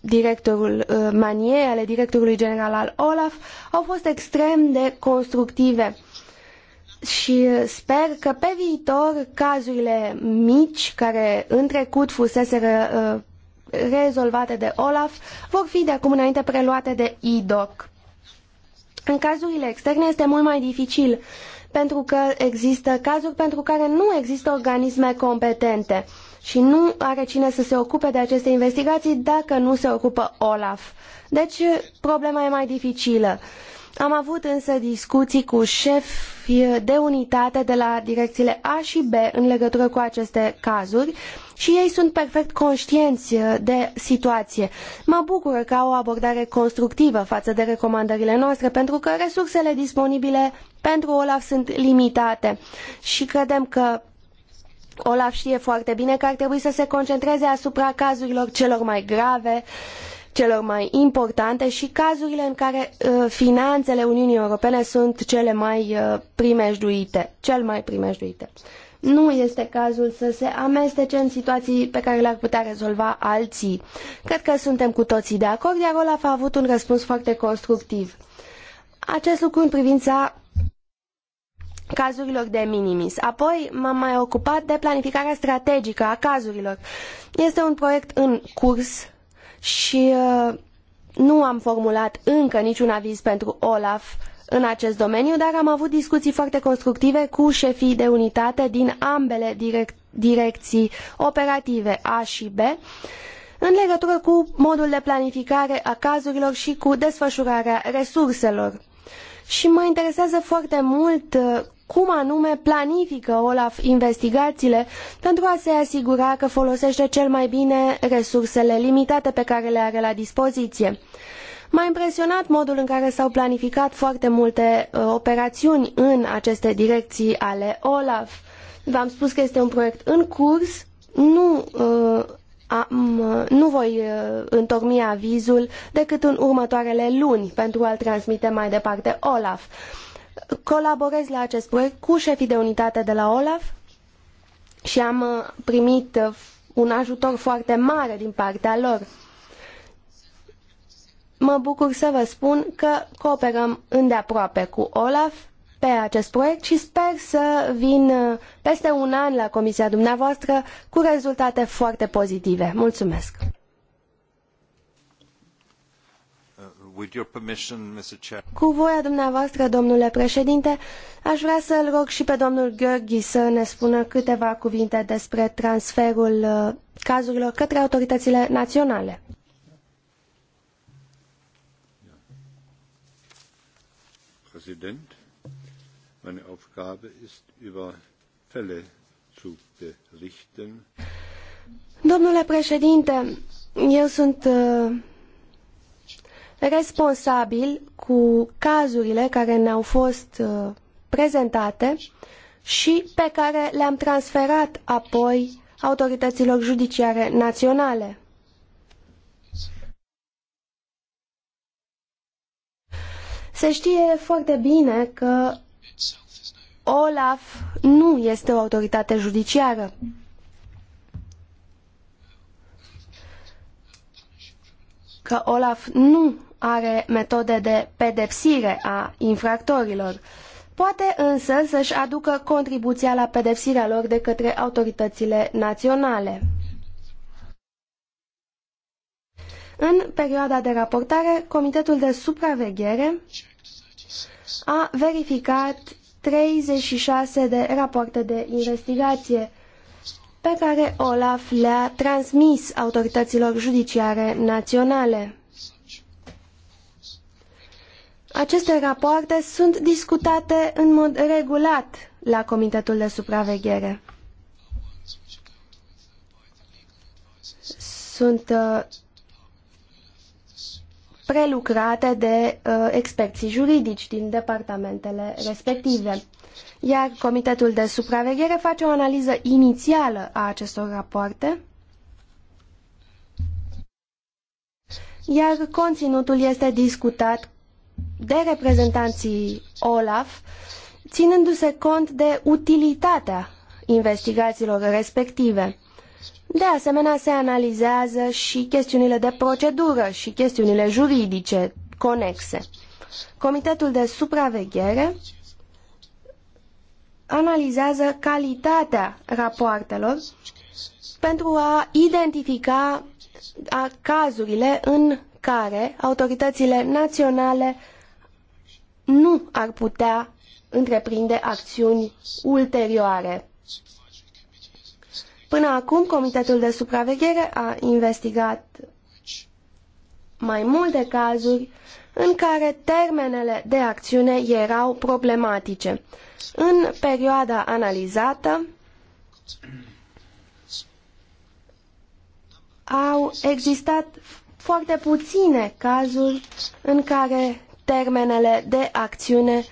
directorul uh, Manier, ale directorului general al Olaf, au fost extrem de constructive. Și uh, sper că pe viitor cazurile mici care în trecut fuseseră uh, rezolvate de Olaf vor fi de acum înainte preluate de IDOC. În cazurile externe este mult mai dificil pentru că există cazuri pentru care nu există organisme competente și nu are cine să se ocupe de aceste investigații dacă nu se ocupă Olaf. Deci problema e mai dificilă. Am avut însă discuții cu șefi de unitate de la direcțiile A și B în legătură cu aceste cazuri și ei sunt perfect conștienți de situație. Mă bucur că au o abordare constructivă față de recomandările noastre pentru că resursele disponibile pentru OLAF sunt limitate și credem că Olaf știe foarte bine că ar trebui să se concentreze asupra cazurilor celor mai grave, celor mai importante și cazurile în care uh, finanțele Uniunii Europene sunt cele mai uh, primejduite, cel mai primejduite. Nu este cazul să se amestece în situații pe care le-ar putea rezolva alții. Cred că suntem cu toții de acord, iar Olaf a avut un răspuns foarte constructiv. Acest lucru în privința cazurilor de minimis. Apoi m-am mai ocupat de planificarea strategică a cazurilor. Este un proiect în curs și uh, nu am formulat încă niciun aviz pentru OLAF în acest domeniu, dar am avut discuții foarte constructive cu șefii de unitate din ambele direc- direcții operative A și B în legătură cu modul de planificare a cazurilor și cu desfășurarea resurselor. Și mă interesează foarte mult uh, cum anume planifică Olaf investigațiile pentru a se asigura că folosește cel mai bine resursele limitate pe care le are la dispoziție. M-a impresionat modul în care s-au planificat foarte multe uh, operațiuni în aceste direcții ale Olaf. V-am spus că este un proiect în curs, nu, uh, am, uh, nu voi uh, întocmi avizul decât în următoarele luni pentru a-l transmite mai departe Olaf. Uh, colaborez la acest proiect cu șefii de unitate de la OLAF și am uh, primit uh, un ajutor foarte mare din partea lor. Mă bucur să vă spun că cooperăm îndeaproape cu OLAF pe acest proiect și sper să vin uh, peste un an la comisia dumneavoastră cu rezultate foarte pozitive. Mulțumesc! Cu voia dumneavoastră, domnule președinte, aș vrea să-l rog și pe domnul Gheorghi să ne spună câteva cuvinte despre transferul uh, cazurilor către autoritățile naționale. Präsident, meine Aufgabe ist, über Fälle zu berichten. Domnule președinte, eu sunt uh, responsabil cu cazurile care ne-au fost uh, prezentate și pe care le-am transferat apoi autorităților judiciare naționale. Se știe foarte bine că Olaf nu este o autoritate judiciară. Că Olaf nu are metode de pedepsire a infractorilor. Poate însă să-și aducă contribuția la pedepsirea lor de către autoritățile naționale. În perioada de raportare, Comitetul de Supraveghere a verificat 36 de rapoarte de investigație pe care Olaf le-a transmis autorităților judiciare naționale. Aceste rapoarte sunt discutate în mod regulat la Comitetul de Supraveghere. Sunt uh, prelucrate de uh, experții juridici din departamentele respective. Iar Comitetul de Supraveghere face o analiză inițială a acestor rapoarte, iar conținutul este discutat de reprezentanții OLAF, ținându-se cont de utilitatea investigațiilor respective. De asemenea, se analizează și chestiunile de procedură și chestiunile juridice conexe. Comitetul de supraveghere analizează calitatea rapoartelor pentru a identifica cazurile în care autoritățile naționale nu ar putea întreprinde acțiuni ulterioare. Până acum, Comitetul de Supraveghere a investigat mai multe cazuri în care termenele de acțiune erau problematice. În perioada analizată au existat foarte puține cazuri în care termenele de acțiune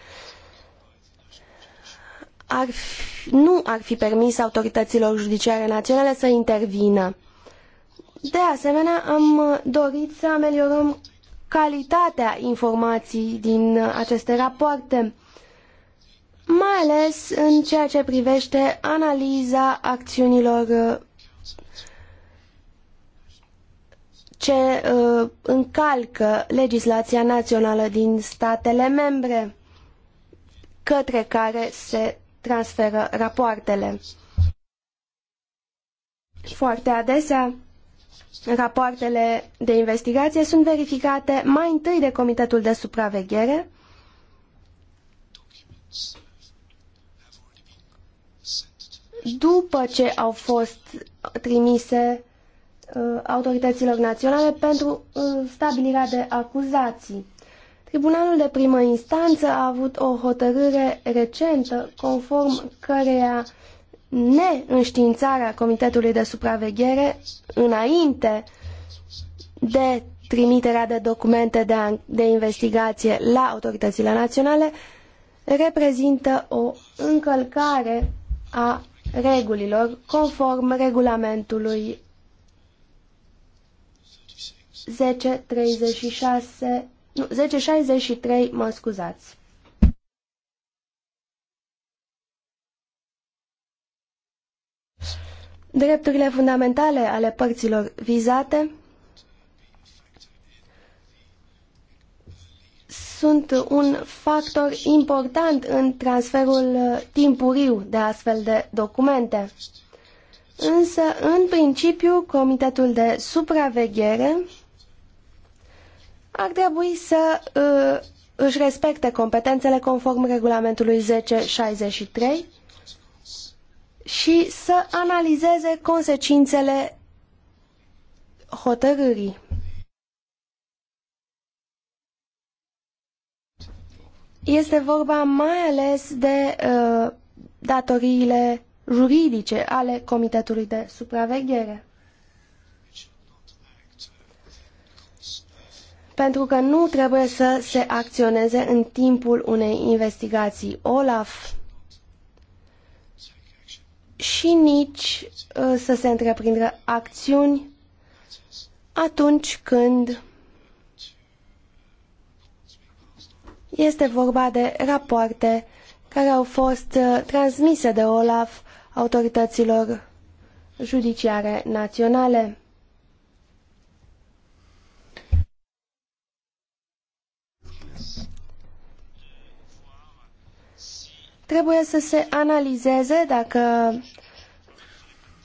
ar fi, nu ar fi permis autorităților judiciare naționale să intervină. De asemenea, am dorit să ameliorăm calitatea informației din aceste rapoarte, mai ales în ceea ce privește analiza acțiunilor ce uh, încalcă legislația națională din statele membre către care se transferă rapoartele. Foarte adesea, rapoartele de investigație sunt verificate mai întâi de Comitetul de Supraveghere, după ce au fost trimise Uh, autorităților naționale pentru uh, stabilirea de acuzații. Tribunalul de primă instanță a avut o hotărâre recentă conform căreia neînștiințarea Comitetului de Supraveghere înainte de trimiterea de documente de, de investigație la autoritățile naționale reprezintă o încălcare a regulilor conform regulamentului 10.36, nu, 10.63, mă scuzați. Drepturile fundamentale ale părților vizate sunt un factor important în transferul timpuriu de astfel de documente. Însă, în principiu, Comitetul de Supraveghere ar trebui să uh, își respecte competențele conform regulamentului 1063 și să analizeze consecințele hotărârii. Este vorba mai ales de uh, datoriile juridice ale Comitetului de Supraveghere. pentru că nu trebuie să se acționeze în timpul unei investigații OLAF și nici uh, să se întreprindă acțiuni atunci când este vorba de rapoarte care au fost uh, transmise de OLAF autorităților judiciare naționale. Trebuie să se analizeze dacă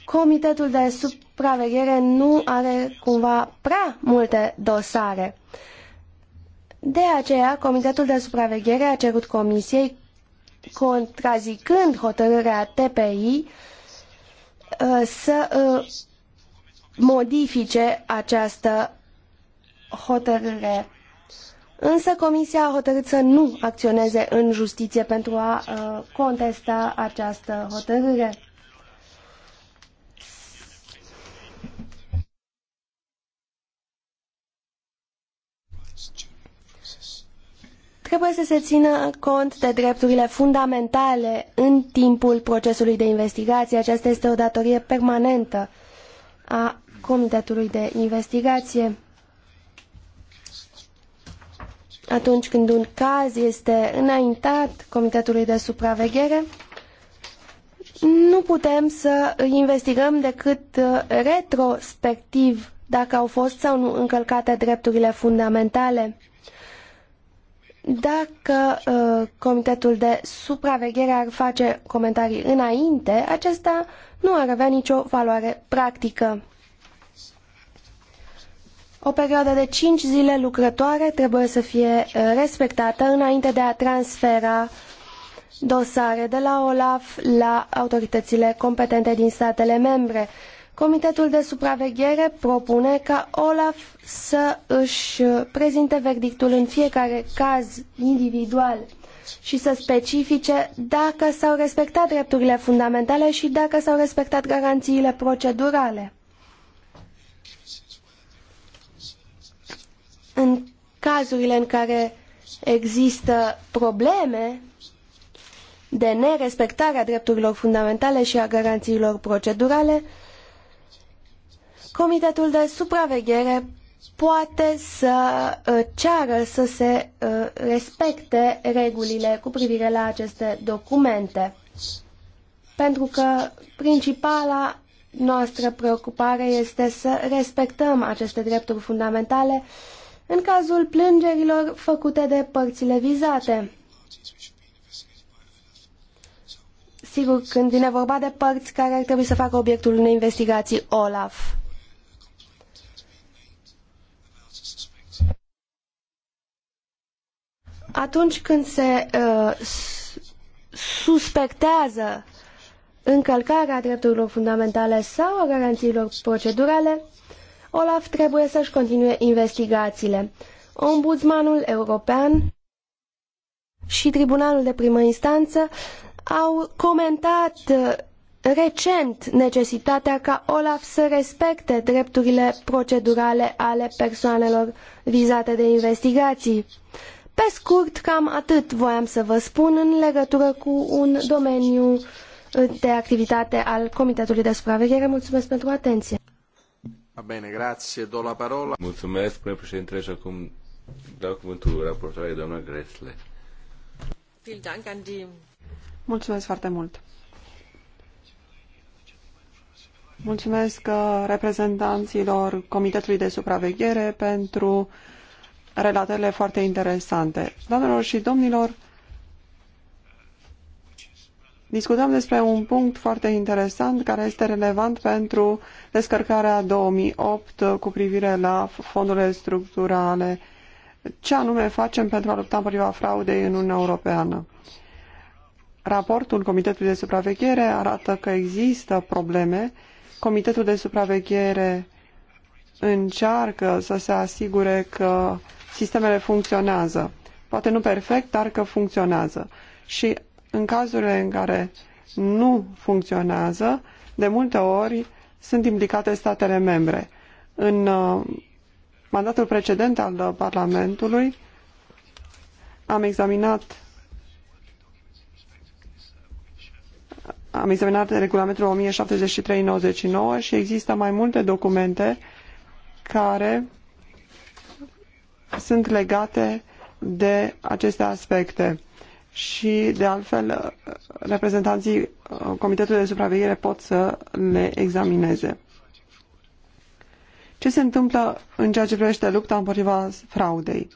Comitetul de Supraveghere nu are cumva prea multe dosare. De aceea, Comitetul de Supraveghere a cerut Comisiei, contrazicând hotărârea TPI, uh, să uh, modifice această hotărâre Însă Comisia a hotărât să nu acționeze în justiție pentru a uh, contesta această hotărâre. Trebuie să se țină cont de drepturile fundamentale în timpul procesului de investigație. Aceasta este o datorie permanentă a Comitetului de Investigație atunci când un caz este înaintat Comitetului de Supraveghere, nu putem să investigăm decât uh, retrospectiv dacă au fost sau nu încălcate drepturile fundamentale. Dacă uh, Comitetul de Supraveghere ar face comentarii înainte, acesta nu ar avea nicio valoare practică. O perioadă de cinci zile lucrătoare trebuie să fie uh, respectată înainte de a transfera dosare de la OLAF la autoritățile competente din statele membre. Comitetul de supraveghere propune ca OLAF să își uh, prezinte verdictul în fiecare caz individual și să specifice dacă s-au respectat drepturile fundamentale și dacă s-au respectat garanțiile procedurale. În cazurile în care există probleme de nerespectare a drepturilor fundamentale și a garanțiilor procedurale, Comitetul de supraveghere poate să uh, ceară să se uh, respecte regulile cu privire la aceste documente. Pentru că principala noastră preocupare este să respectăm aceste drepturi fundamentale uh, în cazul plângerilor făcute de părțile vizate. Sigur, când vine vorba de părți care ar trebui să facă obiectul unei investigații OLAF. Atunci când se uh, suspectează încălcarea drepturilor fundamentale sau a garanțiilor procedurale, Olaf trebuie să-și continue investigațiile. Ombudsmanul European și Tribunalul de Primă Instanță au comentat uh, recent necesitatea ca Olaf să respecte drepturile procedurale ale persoanelor vizate de investigații. Pe scurt, cam atât voiam să vă spun în legătură cu un domeniu de activitate al Comitetului de Supraveghere. Mulțumesc pentru atenție! Va bene, grazie, do la parola. Mulțumesc, spune președintele, și acum dau cuvântul raportoarei doamna Gresle. Mulțumesc foarte mult. Mulțumesc uh, reprezentanților Comitetului de Supraveghere pentru relatele foarte interesante. Doamnelor și domnilor, Discutăm despre un punct foarte interesant care este relevant pentru descărcarea 2008 cu privire la fondurile structurale. Ce anume facem pentru a lupta împotriva fraudei în Uniunea Europeană? Raportul Comitetului de Supraveghere arată că există probleme. Comitetul de Supraveghere încearcă să se asigure că sistemele funcționează. Poate nu perfect, dar că funcționează. Și în cazurile în care nu funcționează, de multe ori sunt implicate statele membre. În uh, mandatul precedent al Parlamentului am examinat am examinat regulamentul 1073-99 și există mai multe documente care sunt legate de aceste aspecte și, de altfel, reprezentanții uh, Comitetului de Supraveghere pot să le examineze. Ce se întâmplă în ceea ce privește lupta împotriva fraudei?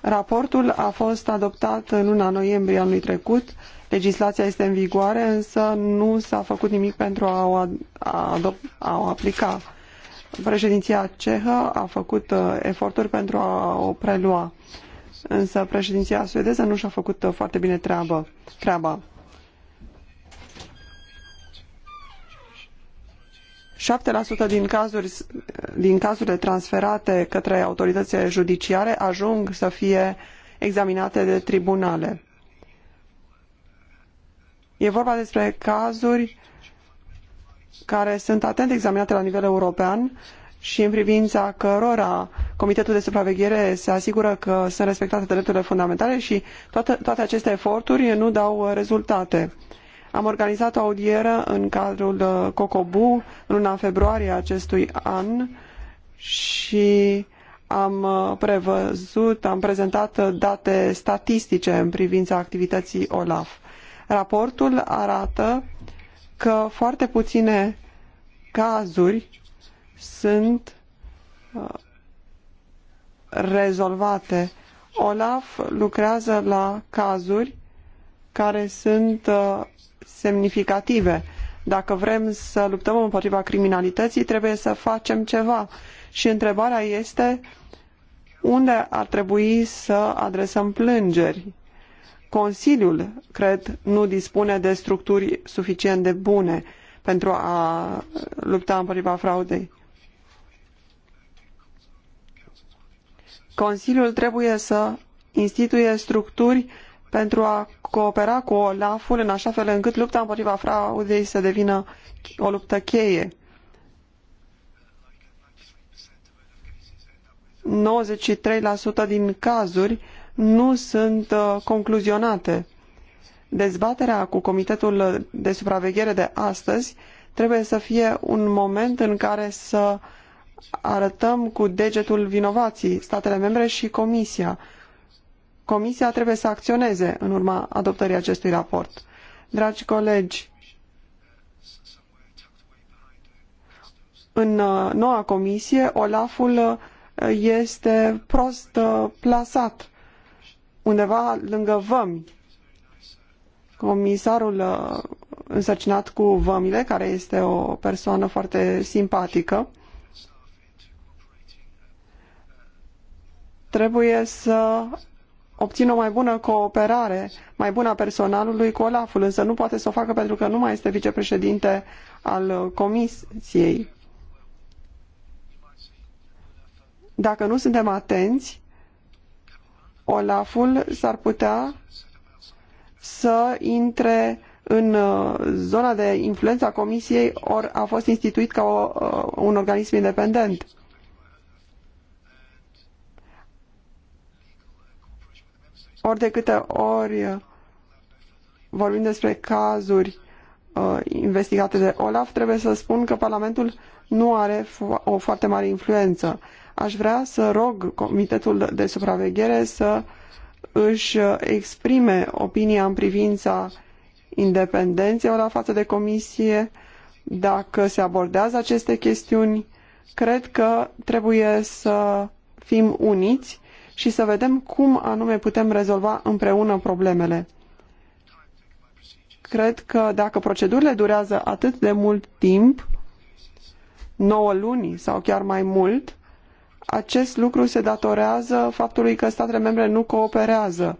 Raportul a fost adoptat în luna noiembrie anului trecut. Legislația este în vigoare, însă nu s-a făcut nimic pentru a o, a, a o aplica. Președinția cehă a făcut uh, eforturi pentru a o prelua. Uh, însă președinția suedeză nu și-a făcut uh, foarte bine treabă, treaba. 7% din, cazuri, din cazurile transferate către autoritățile judiciare ajung să fie examinate de tribunale. E vorba despre cazuri care sunt atent examinate la nivel european și în privința cărora Comitetul de Supraveghere se asigură că sunt respectate drepturile fundamentale și toate, toate aceste eforturi nu dau uh, rezultate. Am organizat o audieră în cadrul uh, COCOBU în luna februarie acestui an și am uh, prevăzut, am prezentat date statistice în privința activității OLAF. Raportul arată că foarte puține cazuri sunt uh, rezolvate. Olaf lucrează la cazuri care sunt uh, semnificative. Dacă vrem să luptăm împotriva criminalității, trebuie să facem ceva. Și întrebarea este unde ar trebui să adresăm plângeri. Consiliul, cred, nu dispune de structuri suficient de bune pentru a lupta împotriva fraudei. Consiliul trebuie să instituie structuri pentru a coopera cu OLAF-ul în așa fel încât lupta împotriva fraudei să devină o luptă cheie. 93% din cazuri nu sunt uh, concluzionate. Dezbaterea cu Comitetul de Supraveghere de astăzi trebuie să fie un moment în care să arătăm cu degetul vinovații statele membre și Comisia. Comisia trebuie să acționeze în urma adoptării acestui raport. Dragi colegi, în uh, noua comisie, Olaful uh, este prost uh, plasat, undeva lângă vămi. Comisarul însărcinat cu vămile, care este o persoană foarte simpatică, Trebuie să obțină o mai bună cooperare, mai bună a personalului cu Olaful, însă nu poate să o facă pentru că nu mai este vicepreședinte al comisiei. Dacă nu suntem atenți, Olaful s-ar putea să intre în uh, zona de influență a comisiei, ori a fost instituit ca o, uh, un organism independent. Ori de câte ori uh, vorbim despre cazuri uh, investigate de Olaf, trebuie să spun că Parlamentul nu are fo o foarte mare influență. Aș vrea să rog Comitetul de Supraveghere să își uh, exprime opinia în privința independenței la față de comisie, dacă se abordează aceste chestiuni, cred că trebuie să fim uniți și să vedem cum anume putem rezolva împreună problemele. Cred că dacă procedurile durează atât de mult timp, 9 luni sau chiar mai mult, acest lucru se datorează faptului că statele membre nu cooperează.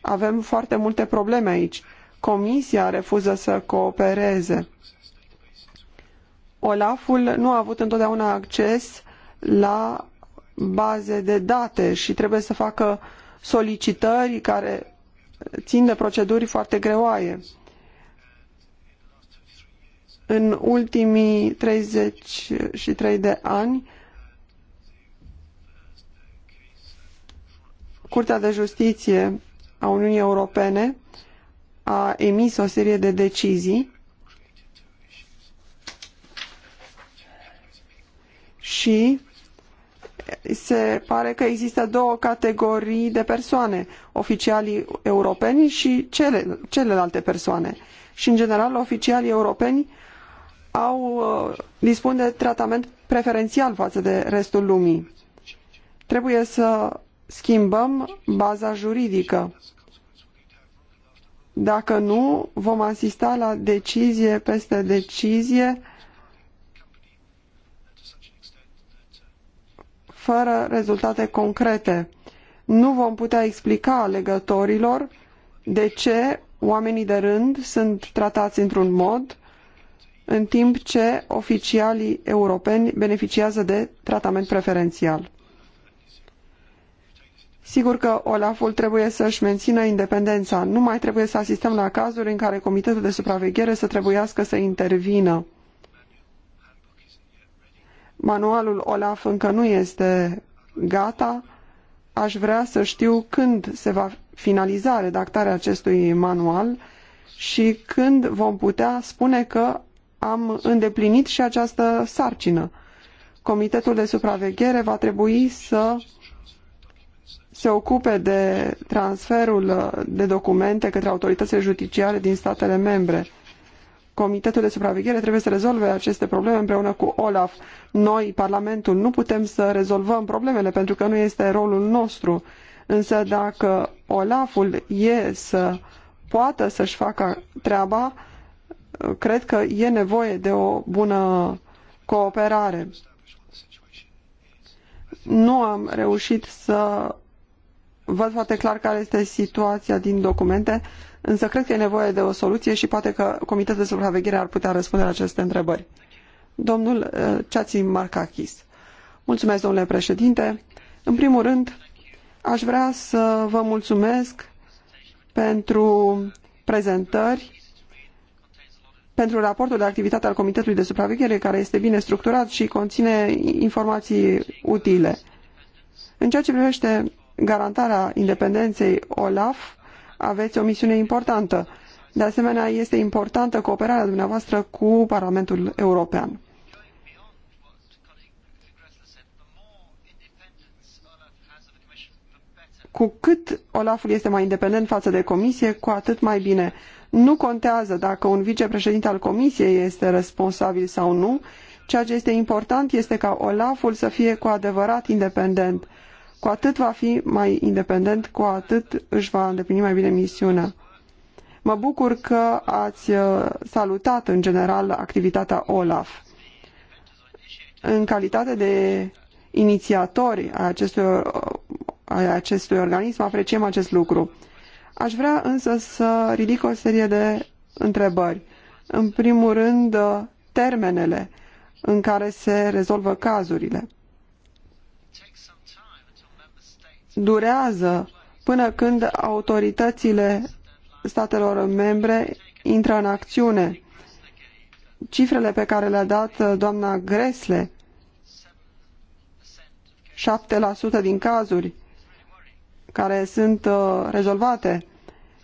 Avem foarte multe probleme aici. Comisia refuză să coopereze. Olaful nu a avut întotdeauna acces la baze de date și trebuie să facă solicitări care țin de proceduri foarte greoaie. În ultimii 33 de ani, Curtea de Justiție a Uniunii Europene a emis o serie de decizii și se pare că există două categorii de persoane, oficialii europeni și cele, celelalte persoane. Și, în general, oficialii europeni au, uh, dispun de tratament preferențial față de restul lumii. Trebuie să schimbăm baza juridică. Dacă nu, vom asista la decizie peste decizie fără rezultate concrete. Nu vom putea explica alegătorilor de ce oamenii de rând sunt tratați într-un mod, în timp ce oficialii europeni beneficiază de tratament preferențial. Sigur că Olaful trebuie să-și mențină independența. Nu mai trebuie să asistăm la cazuri în care Comitetul de Supraveghere să trebuiască să intervină. Manualul OLAF încă nu este gata. Aș vrea să știu când se va finaliza redactarea acestui manual și când vom putea spune că am îndeplinit și această sarcină. Comitetul de supraveghere va trebui să se ocupe de transferul de documente către autoritățile judiciare din statele membre. Comitetul de supraveghere trebuie să rezolve aceste probleme împreună cu Olaf. Noi, Parlamentul, nu putem să rezolvăm problemele pentru că nu este rolul nostru. Însă dacă Olaful e să poată să-și facă treaba, cred că e nevoie de o bună cooperare. Nu am reușit să văd foarte clar care este situația din documente, însă cred că e nevoie de o soluție și poate că Comitetul de Supraveghere ar putea răspunde la aceste întrebări. Domnul uh, Ceații Marcachis. Mulțumesc, domnule președinte. În primul rând, aș vrea să vă mulțumesc pentru prezentări, pentru raportul de activitate al Comitetului de Supraveghere, care este bine structurat și conține informații utile. În ceea ce privește garantarea independenței OLAF, aveți o misiune importantă. De asemenea, este importantă cooperarea dumneavoastră cu Parlamentul European. Cu cât Olaful este mai independent față de comisie, cu atât mai bine. Nu contează dacă un vicepreședinte al comisiei este responsabil sau nu. Ceea ce este important este ca Olaful să fie cu adevărat independent cu atât va fi mai independent, cu atât își va îndeplini mai bine misiunea. Mă bucur că ați uh, salutat în general activitatea OLAF. În calitate de inițiatori a acestui, uh, a acestui organism, apreciem acest lucru. Aș vrea însă să ridic o serie de întrebări. În primul rând, uh, termenele în care se rezolvă cazurile. durează până când autoritățile statelor membre intră în acțiune. Cifrele pe care le-a dat uh, doamna Gresle, 7% din cazuri care sunt uh, rezolvate,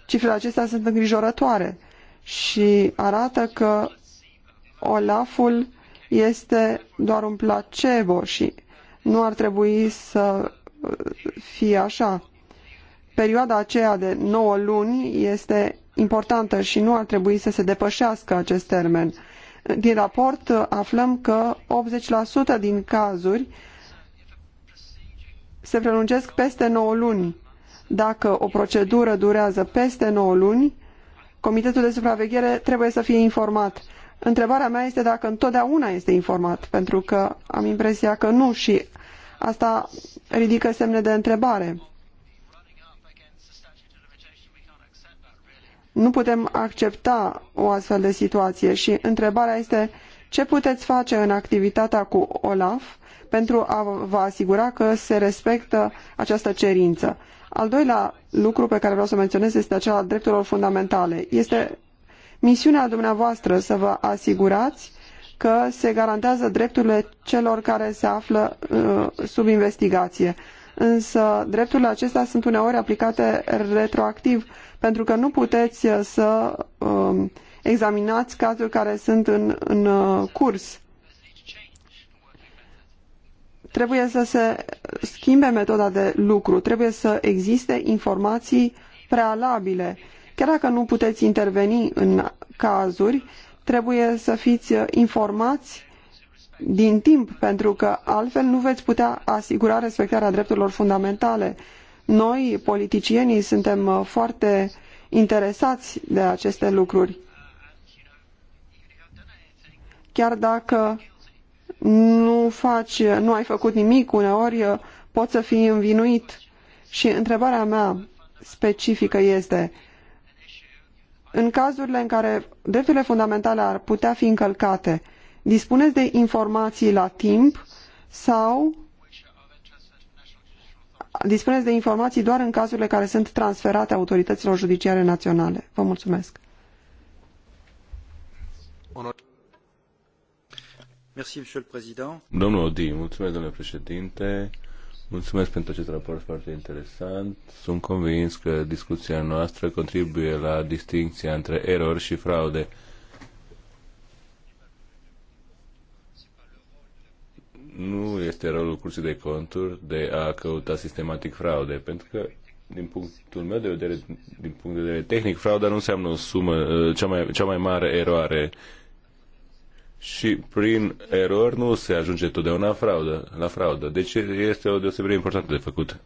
cifrele acestea sunt îngrijorătoare și arată că Olaful este doar un placebo și nu ar trebui să fi așa. Perioada aceea de 9 luni este importantă și nu ar trebui să se depășească acest termen. Din raport uh, aflăm că 80% din cazuri se prelungesc peste 9 luni. Dacă o procedură durează peste 9 luni, Comitetul de supraveghere trebuie să fie informat. Întrebarea mea este dacă întotdeauna este informat, pentru că am impresia că nu și Asta ridică semne de întrebare. Nu putem accepta o astfel de situație și întrebarea este ce puteți face în activitatea cu OLAF pentru a vă asigura că se respectă această cerință. Al doilea lucru pe care vreau să menționez este acela al drepturilor fundamentale. Este misiunea dumneavoastră să vă asigurați că se garantează drepturile celor care se află uh, sub investigație. Însă drepturile acestea sunt uneori aplicate retroactiv, pentru că nu puteți uh, să um, examinați cazuri care sunt în, în uh, curs. Trebuie să se schimbe metoda de lucru, trebuie să existe informații prealabile. Chiar dacă nu puteți interveni în cazuri, trebuie să fiți uh, informați din timp, pentru că altfel nu veți putea asigura respectarea drepturilor fundamentale. Noi, politicienii, suntem uh, foarte interesați de aceste lucruri. Chiar dacă nu, faci, nu ai făcut nimic, uneori uh, poți să fii învinuit. Și întrebarea mea specifică este, în cazurile în care drepturile fundamentale ar putea fi încălcate, dispuneți de informații la timp sau dispuneți de informații doar în cazurile care sunt transferate autorităților judiciare naționale. Vă mulțumesc. Domnul Odi, mulțumesc, domnule președinte. Mulțumesc pentru acest raport foarte interesant. Sunt convins că discuția noastră contribuie la distinția între erori și fraude. Nu este rolul cursului de conturi de a căuta sistematic fraude, pentru că din punctul meu de vedere, din punct de vedere tehnic, frauda nu înseamnă o sumă, cea mai, cea mai mare eroare și prin erori nu se ajunge totdeauna fraudă, la fraudă. Deci este o deosebire importantă de făcut.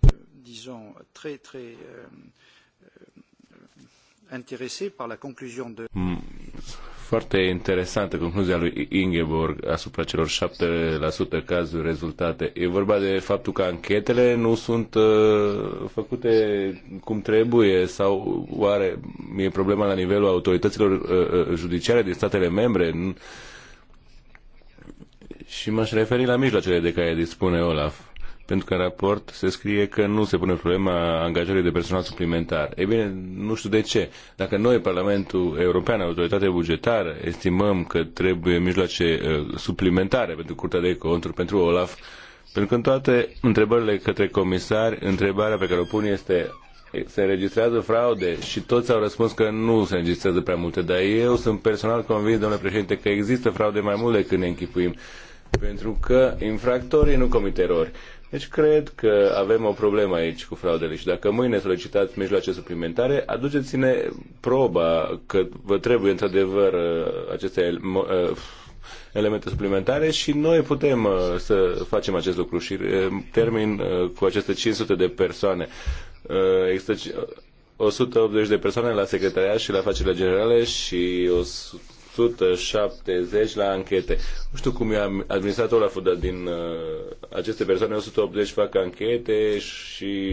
Euh, mm, foarte interesantă concluzia lui Ingeborg asupra celor 7% cazuri rezultate. E vorba de faptul că anchetele nu sunt uh, făcute cum trebuie sau oare e problema la nivelul autorităților uh, uh, judiciare din statele membre? Și m-aș referi la mijloacele de care dispune Olaf pentru că în raport se scrie că nu se pune problema angajării de personal suplimentar. Ei bine, nu știu de ce. Dacă noi, Parlamentul European, autoritatea bugetară, estimăm că trebuie mijloace uh, suplimentare pentru Curtea de Conturi, pentru OLAF, pentru că în toate întrebările către comisari, întrebarea pe care o pun este se înregistrează fraude și toți au răspuns că nu se înregistrează prea multe, dar eu sunt personal convins, domnule președinte, că există fraude mai mult decât ne închipuim pentru că infractorii nu comit erori. Deci cred că avem o problemă aici cu fraudele și dacă mâine solicitați mijloace suplimentare, aduceți-ne proba că vă trebuie într-adevăr uh, aceste uh, elemente suplimentare și noi putem uh, să facem acest lucru și termin cu aceste 500 de persoane. Există 180 de persoane la secretariat și la afacerile generale și 170 la anchete. Nu știu cum i-a administrat Olaf, dar din uh, aceste persoane 180 fac anchete și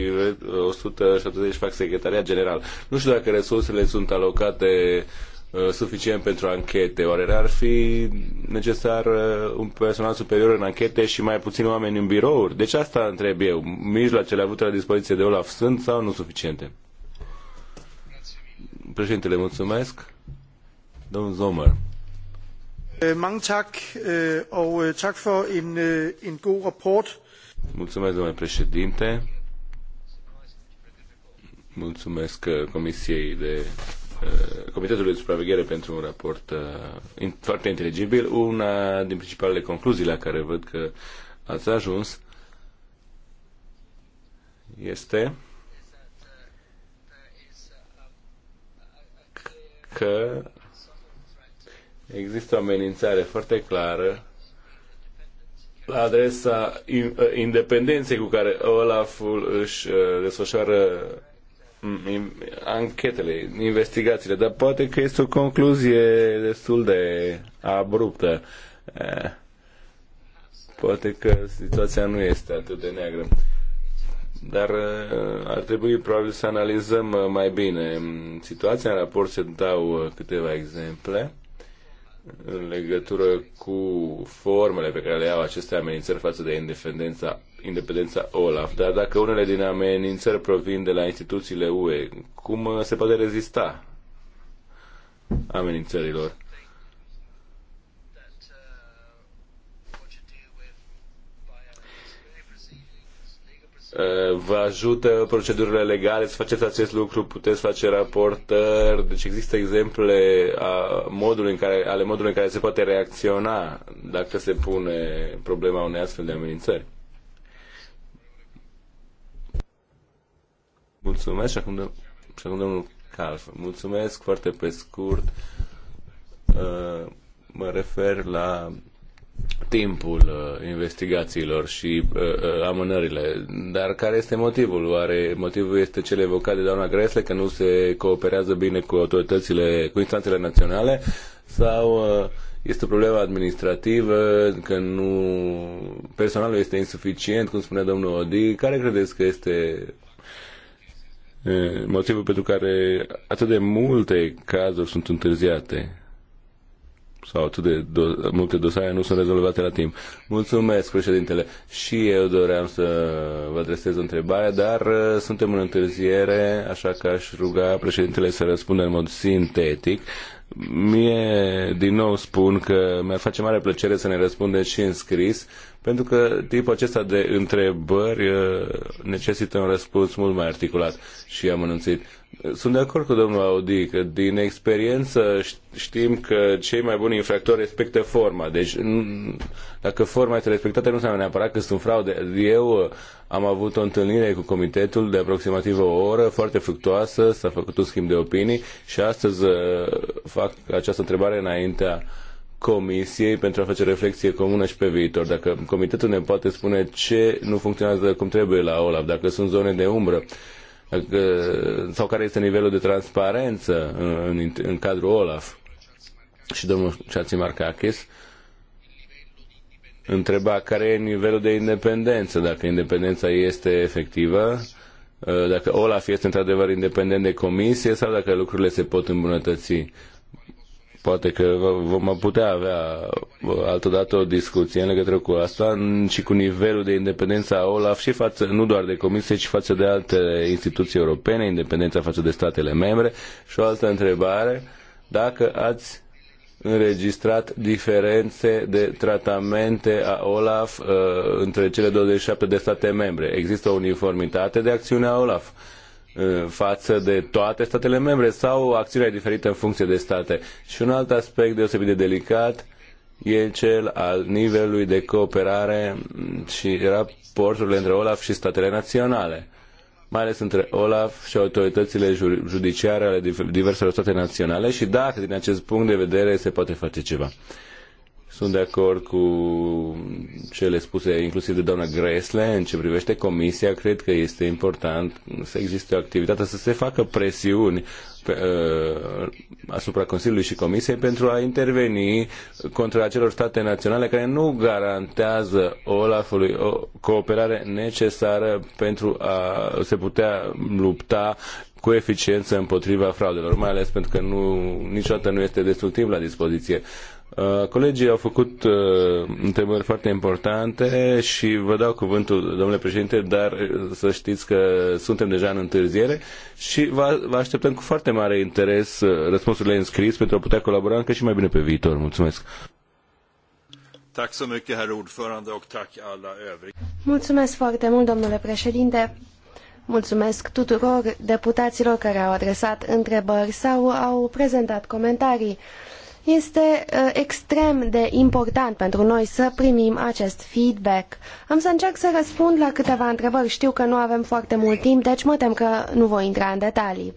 170 fac secretaria general. Nu știu dacă resursele sunt alocate uh, suficient pentru anchete. Oare ar fi necesar uh, un personal superior în anchete și mai puțini oameni în birouri? Deci asta întreb eu. Mijloacele avute la dispoziție de Olaf sunt sau nu suficiente? Președintele, mulțumesc. Øh, mange tak, øh, og øh, tak for en, en god rapport. Mulțumesc, domnule președinte. Mulțumesc uh, Comisiei de uh, Comitetului de Supraveghere pentru un raport uh, foarte inteligibil. Una din principalele concluzii la care văd că ați ajuns este că Există o amenințare foarte clară la adresa independenței cu care Olaful își uh, desfășoară mm, anchetele, investigațiile, dar poate că este o concluzie destul de abruptă. Eh, poate că situația nu este atât de neagră. Dar eh, ar trebui probabil să analizăm eh, mai bine mm, situația. În raport se dau câteva exemple în legătură cu formele pe care le au aceste amenințări față de independența, independența OLAF, dar dacă unele din amenințări provin de la instituțiile UE, cum se poate rezista amenințărilor? Eh, vă ajută procedurile legale să faceți acest lucru, puteți face raportări, deci există exemple a modului în care, ale modului în care se poate reacționa dacă se pune problema unei astfel de amenințări. Mulțumesc și acum, și acum domnul Calf. Mulțumesc foarte pe scurt. Eh, mă refer la timpul uh, investigațiilor și uh, uh, amânările. Dar care este motivul? Oare motivul este cel evocat de doamna Gresle că nu se cooperează bine cu autoritățile, cu instanțele naționale? Sau uh, este o problemă administrativă, că nu personalul este insuficient, cum spunea domnul Odi? Care credeți că este uh, motivul pentru care atât de multe cazuri sunt întârziate? sau atât de do- multe dosare nu sunt rezolvate la timp. Mulțumesc, președintele. Și eu doream să vă adresez o întrebare, dar uh, suntem în întârziere, așa că aș ruga președintele să răspundă în mod sintetic, Mie, din nou, spun că mi-ar face mare plăcere să ne răspundeți și în scris, pentru că tipul acesta de întrebări uh, necesită un răspuns mult mai articulat și am anunțit. Sunt de acord cu domnul Audi că din experiență știm că cei mai buni infractori respectă forma. Deci dacă forma este respectată nu înseamnă neapărat că sunt fraude. Eu am avut o întâlnire cu comitetul de aproximativ o oră, foarte fructoasă, s-a făcut un schimb de opinii și astăzi uh, fac această întrebare înaintea Comisiei pentru a face reflexie comună și pe viitor. Dacă comitetul ne poate spune ce nu funcționează cum trebuie la OLAF, dacă sunt zone de umbră, dacă, sau care este nivelul de transparență în, uh, în, în cadrul OLAF. Și domnul Ceații Marcachis întreba care e nivelul de independență, dacă independența este efectivă, uh, dacă Olaf este într-adevăr independent de comisie sau dacă lucrurile se pot îmbunătăți. Poate că vom putea avea uh, altădată o discuție în legătură cu asta și cu nivelul de independență a OLAF și față, nu doar de comisie, ci față de alte instituții europene, independența față de statele membre. Și o altă întrebare, dacă ați înregistrat diferențe de tratamente a OLAF uh, între cele 27 de state membre. Există o uniformitate de acțiune a OLAF uh, față de toate statele membre sau acțiunea e diferită în funcție de state. Și un alt aspect deosebit de delicat e cel al nivelului de cooperare și raporturile între OLAF și statele naționale. Uh, mai ales între OLAF și autoritățile judiciare ale diverselor state naționale și dacă din acest punct de vedere se poate face ceva. Sunt de acord cu cele spuse inclusiv de doamna Gresle în ce privește comisia. Cred că este important să existe o activitate, să se facă presiuni pe, uh, asupra Consiliului și Comisiei pentru a interveni contra acelor state naționale care nu garantează Olafului o cooperare necesară pentru a se putea lupta cu eficiență împotriva fraudelor, mai ales pentru că nu, niciodată nu este destul timp la dispoziție. Uh, Uh, colegii au făcut uh, întrebări foarte importante și vă dau cuvântul, domnule președinte, dar uh, să știți că suntem deja în întârziere și vă, vă așteptăm cu foarte mare interes răspunsurile înscris pentru a putea colabora încă și mai bine pe viitor. Mulțumesc! Mulțumesc foarte mult, domnule președinte! Mulțumesc tuturor deputaților care au adresat întrebări sau au prezentat comentarii. Este ă, extrem de important pentru noi să primim acest feedback. Am să încerc să răspund la câteva întrebări. Știu că nu avem foarte mult timp, deci mă tem că nu voi intra în detalii.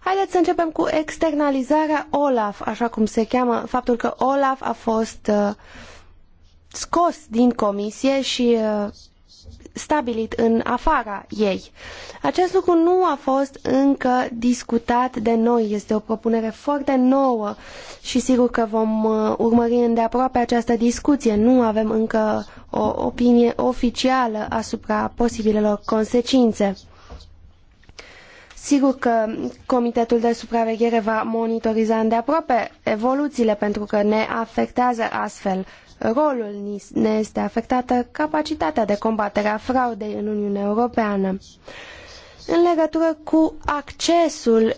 Haideți să începem cu externalizarea OLAF, așa cum se cheamă, faptul că OLAF a fost ă, scos din comisie și ă, stabilit în afara ei. Acest lucru nu a fost încă discutat de noi. Este o propunere foarte nouă și sigur că vom uh, urmări îndeaproape această discuție. Nu avem încă o opinie oficială asupra posibilelor consecințe. Sigur că Comitetul de Supraveghere va monitoriza îndeaproape evoluțiile pentru că ne afectează astfel rolul ne este afectată capacitatea de combatere a fraudei în Uniunea Europeană. În legătură cu accesul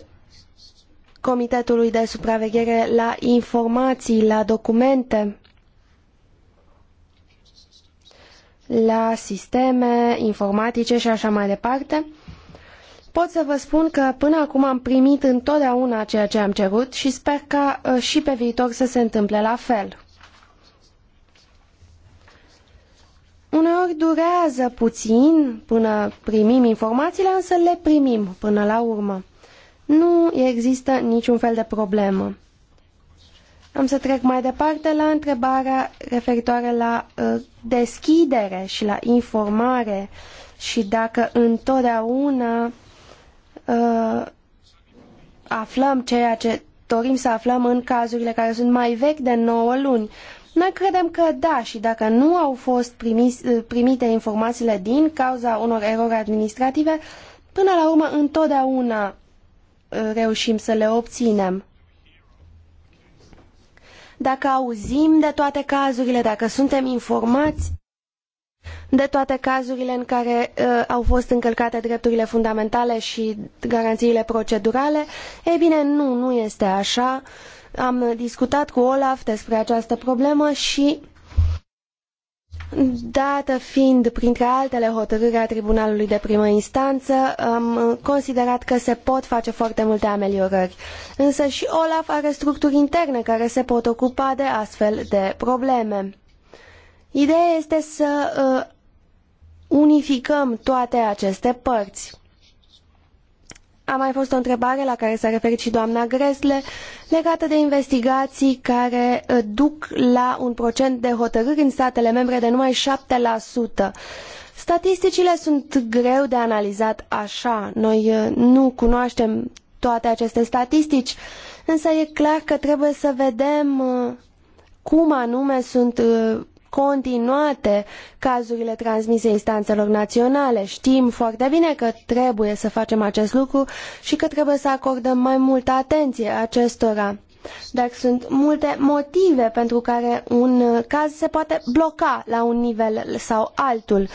Comitetului de Supraveghere la informații, la documente, la sisteme informatice și așa mai departe, pot să vă spun că până acum am primit întotdeauna ceea ce am cerut și sper ca uh, și pe viitor să se întâmple la fel. Uneori durează puțin până primim informațiile, însă le primim până la urmă. Nu există niciun fel de problemă. Am să trec mai departe la întrebarea referitoare la uh, deschidere și la informare și dacă întotdeauna uh, aflăm ceea ce dorim să aflăm în cazurile care sunt mai vechi de 9 luni. Noi credem că da și dacă nu au fost primis, primite informațiile din cauza unor erori administrative, până la urmă întotdeauna reușim să le obținem. Dacă auzim de toate cazurile, dacă suntem informați de toate cazurile în care uh, au fost încălcate drepturile fundamentale și garanțiile procedurale, e bine, nu, nu este așa. Uh, am discutat cu Olaf despre această problemă și Dată fiind, printre altele, hotărârea Tribunalului de Primă Instanță, am considerat că se pot face foarte multe ameliorări. Însă și Olaf are structuri interne care se pot ocupa de astfel de probleme. Ideea este să uh, unificăm toate aceste părți. A mai fost o întrebare la care s-a referit și doamna Gresle legată de investigații care uh, duc la un procent de hotărâri în statele membre de numai 7%. Statisticile sunt greu de analizat așa. Noi uh, nu cunoaștem toate aceste statistici, însă e clar că trebuie să vedem uh, cum anume sunt continuate cazurile transmise instanțelor naționale. Știm foarte bine că trebuie să facem acest lucru și că trebuie să acordăm mai multă atenție acestora. Dar sunt multe motive pentru care un caz se poate bloca la un nivel sau altul.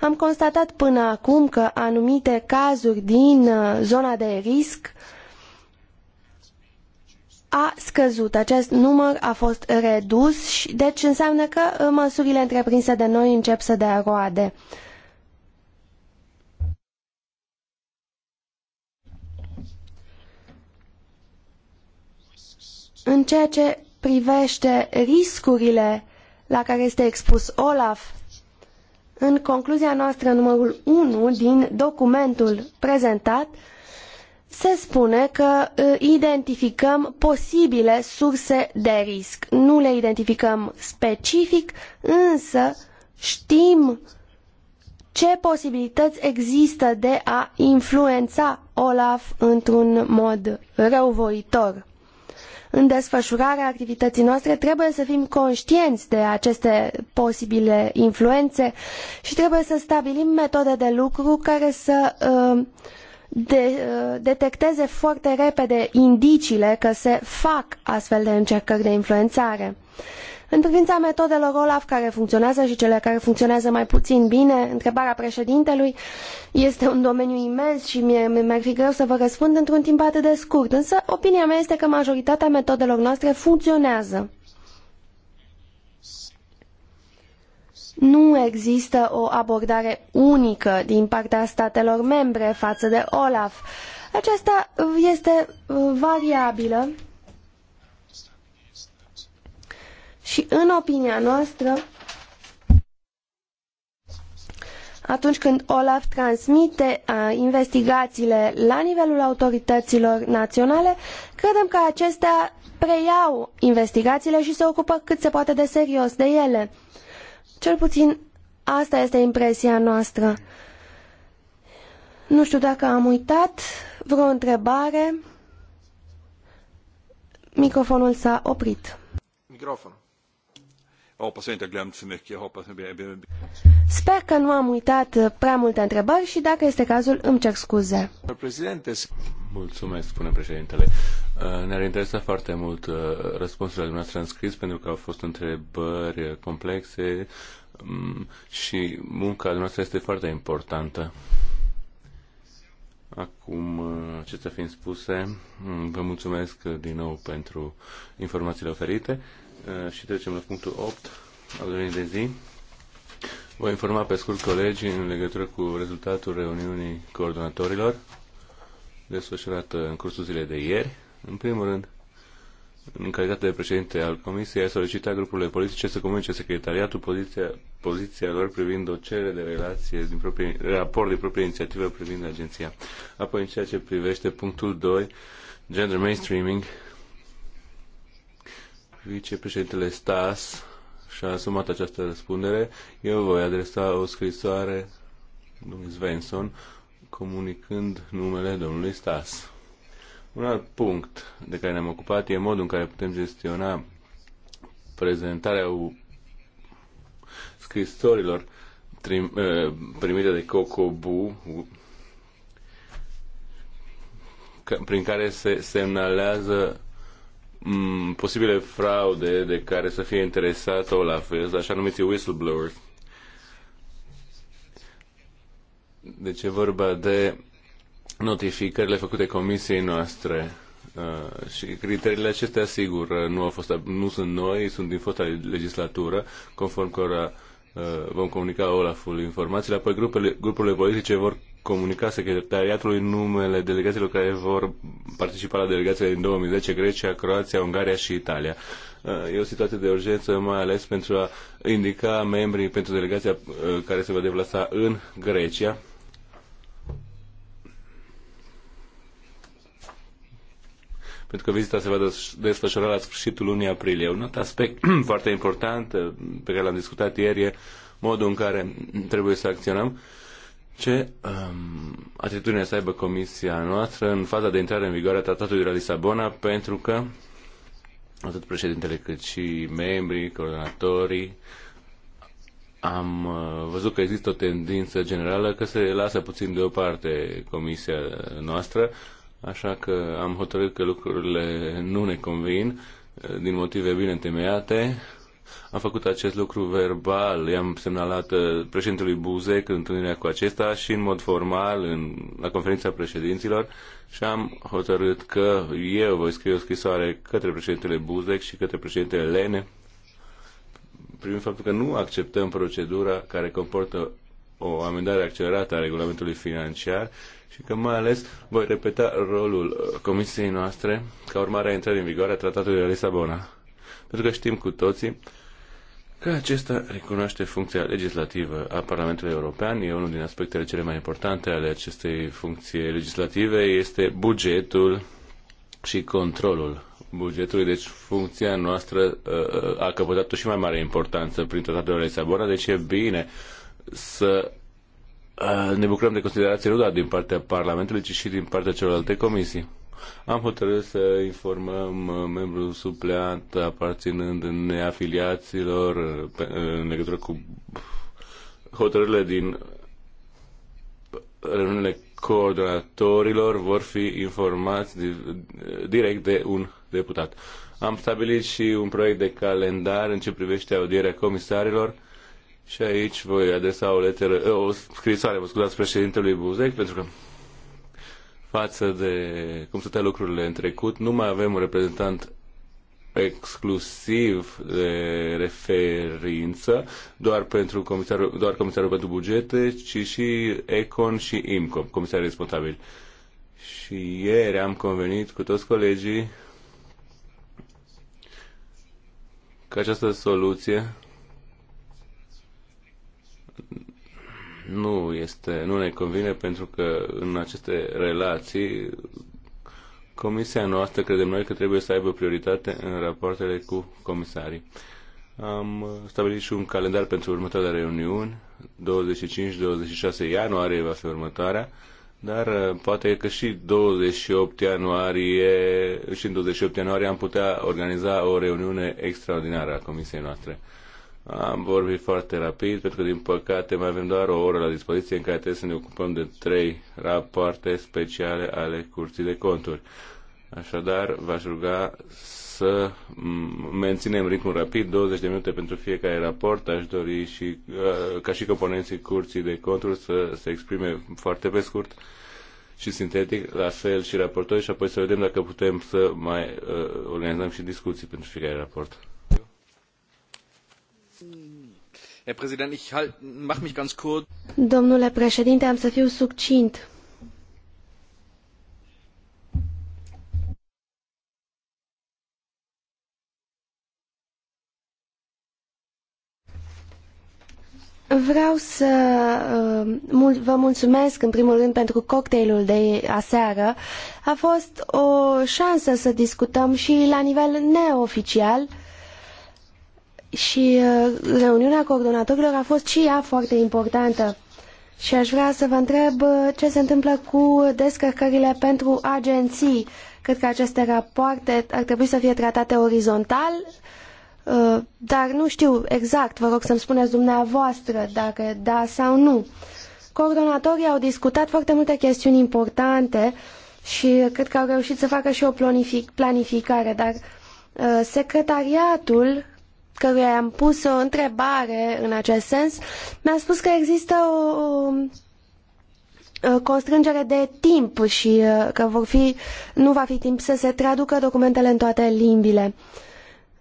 Am constatat până acum că anumite cazuri din uh, zona de risc a scăzut. Acest număr a fost redus și deci înseamnă că uh, măsurile întreprinse de noi încep să dea roade. În ceea ce privește riscurile la care este expus Olaf, în concluzia noastră numărul unu din documentul prezentat, se spune că uh, identificăm posibile surse de risc. Nu le identificăm specific, însă știm ce posibilități există de a influența Olaf într-un mod răuvoitor. În desfășurarea activității noastre trebuie să fim conștienți de aceste posibile influențe și trebuie să stabilim metode de lucru care să uh, de, uh, detecteze foarte repede indiciile că se fac astfel de încercări de influențare. În privința metodelor OLAF care funcționează și cele care funcționează mai puțin bine, întrebarea președintelui este un domeniu imens și mie mi-ar fi greu să vă răspund într-un timp atât de scurt, însă opinia mea este că majoritatea metodelor noastre funcționează. nu există o abordare unică din partea statelor membre față de OLAF. Aceasta este uh, variabilă și, în opinia noastră, atunci când OLAF transmite uh, investigațiile la nivelul autorităților naționale, credem că acestea preiau investigațiile și se ocupă cât se poate de serios de ele. Cel puțin asta este impresia noastră. Nu știu dacă am uitat vreo întrebare. Microfonul s-a oprit. Microfon. Sper că nu am uitat prea multe întrebări și dacă este cazul, îmi cer scuze. Mulțumesc, spune președintele. Uh, ne-ar interesa foarte mult uh, răspunsurile dumneavoastră în scris, pentru că au fost întrebări complexe mm, și munca dumneavoastră este foarte importantă. Acum, uh, acestea fiind spuse, mm, vă mulțumesc din nou pentru informațiile oferite și trecem la punctul 8 al lunii de zi. Voi informa pe scurt colegii în legătură cu rezultatul reuniunii coordonatorilor desfășurată în cursul zilei de ieri. În primul rând, în calitate de președinte al Comisiei, a solicitat grupurile politice să comunice secretariatul poziția, poziția lor privind o cerere de relație din proprie, raport de proprie inițiativă privind agenția. Apoi, în ceea ce privește punctul 2, gender mainstreaming, vicepreședintele Stas și-a asumat această răspundere. Eu voi adresa o scrisoare domnului Svensson comunicând numele domnului Stas. Un alt punct de care ne-am ocupat e modul în care putem gestiona prezentarea scrisorilor eh, primite de Cocobu prin care se semnalează mm, posibile fraude de care să fie interesat Olaf, așa numiți whistleblowers. Deci e vorba de notificările făcute comisiei noastre uh, și criteriile acestea, sigur, uh, nu, au fost, nu sunt noi, sunt din fosta legislatură, conform cărora uh, vom comunica Olaful informațiile, apoi grupele, grupurile politice vor comunica secretariatului numele delegațiilor care vor participa la delegațiile din 2010, Grecia, Croația, Ungaria și Italia. Uh, e o situație de urgență, mai ales pentru a indica membrii pentru delegația uh, care se va deplasa în Grecia, pentru că vizita se va desfășura la sfârșitul lunii aprilie. Un alt aspect (clears throat) foarte important uh, pe care l-am discutat ieri e modul în care trebuie să acționăm. Ce um, atitudine să aibă Comisia noastră în faza de intrare în vigoare a Tratatului de la Lisabona, pentru că atât președintele cât și membrii, coordonatorii, am uh, văzut că există o tendință generală că se lasă puțin deoparte comisia noastră așa că am hotărât că lucrurile nu ne convin din motive bine întemeiate. Am făcut acest lucru verbal, i-am semnalat uh, președintelui Buzek în întâlnirea cu acesta și în mod formal în, la conferința președinților și am hotărât că eu voi scrie o scrisoare către președintele Buzek și către președintele Lene privind faptul că nu acceptăm procedura care comportă o amendare accelerată a regulamentului financiar și că mai ales voi repeta rolul uh, comisiei noastre ca urmare a intrării în vigoare a Tratatului de Lisabona. Pentru că știm cu toții că acesta recunoaște funcția legislativă a Parlamentului European. E unul din aspectele cele mai importante ale acestei funcții legislative. Este bugetul și controlul bugetului, deci funcția noastră uh, uh, a căpătat o și mai mare importanță prin tratatul de Lisabona, deci e bine să Eh, ne bucurăm de considerații nu doar din partea Parlamentului, ci și din partea celorlalte comisii. Am hotărât să informăm eh, membrul supleant aparținând neafiliaților eh, în legătură cu hotărârile din reuniunile coordonatorilor vor fi informați direct de un deputat. Am stabilit și un proiect de calendar în ce privește audierea comisarilor și aici voi adresa o leteră, eh, o scrisoare, vă scuzați, președintelui Buzec, pentru că față de cum stătea lucrurile în trecut, nu mai avem un reprezentant exclusiv de referință doar pentru comisarul, doar comisarul pentru bugete, ci și Econ și IMCO, comisarul responsabil. Și ieri am convenit cu toți colegii că această soluție nu, este, nu ne convine pentru că în aceste relații comisia noastră credem noi că trebuie să aibă prioritate în rapoartele cu comisarii. Am stabilit și un calendar pentru următoarea reuniune, 25-26 ianuarie va fi următoarea, dar uh, poate că și 28 ianuarie, și în 28 ianuarie am putea organiza o reuniune extraordinară a comisiei noastre. Am vorbit foarte rapid, pentru că, din păcate, mai avem doar o oră la dispoziție în care trebuie să ne ocupăm de trei rapoarte speciale ale Curții de Conturi. Așadar, v-aș ruga să menținem ritmul rapid, 20 de minute pentru fiecare raport. Aș dori și, uh, ca și componenții Curții de Conturi să se exprime foarte pe scurt și sintetic, la fel și raportori și apoi să vedem dacă putem să mai uh, organizăm și discuții pentru fiecare raport. Domnule președinte, am să fiu succint. Vreau să uh, vă mulțumesc în primul rând pentru cocktailul de aseară. A fost o șansă să discutăm și la nivel neoficial uh, și uh, reuniunea coordonatorilor a fost și ea foarte importantă. Și aș vrea să vă întreb uh, ce se întâmplă cu descărcările pentru agenții. Cred că aceste rapoarte ar trebui să fie tratate orizontal, uh, dar nu știu exact, vă rog să-mi spuneți dumneavoastră dacă da sau nu. Coordonatorii au discutat foarte multe chestiuni importante și cred că au reușit să facă și o planificare, dar secretariatul căruia am pus o întrebare în acest sens, mi-a spus că există o constrângere de timp și uh, că vor fi, nu va fi timp să se traducă documentele în toate limbile.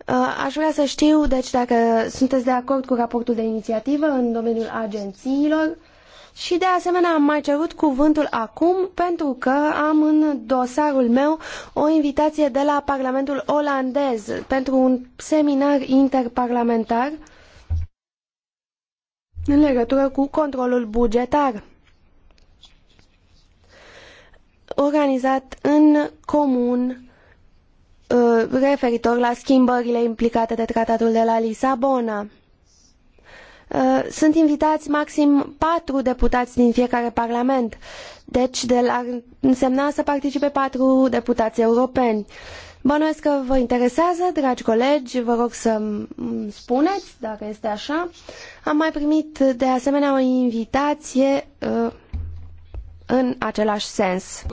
Uh, aș vrea să știu, deci, dacă sunteți de acord cu raportul de inițiativă în domeniul agențiilor, uh, și de asemenea am mai cerut cuvântul acum pentru că am în dosarul meu o invitație de la Parlamentul olandez pentru un seminar interparlamentar în legătură cu controlul bugetar organizat în comun uh, referitor la schimbările implicate de tratatul de la Lisabona. Uh, sunt invitați maxim patru deputați din fiecare parlament. Deci de la, însemna să participe patru deputați europeni. Bănuiesc că vă interesează, dragi colegi, vă rog să spuneți dacă este așa. Am mai primit de asemenea o invitație uh, în același sens.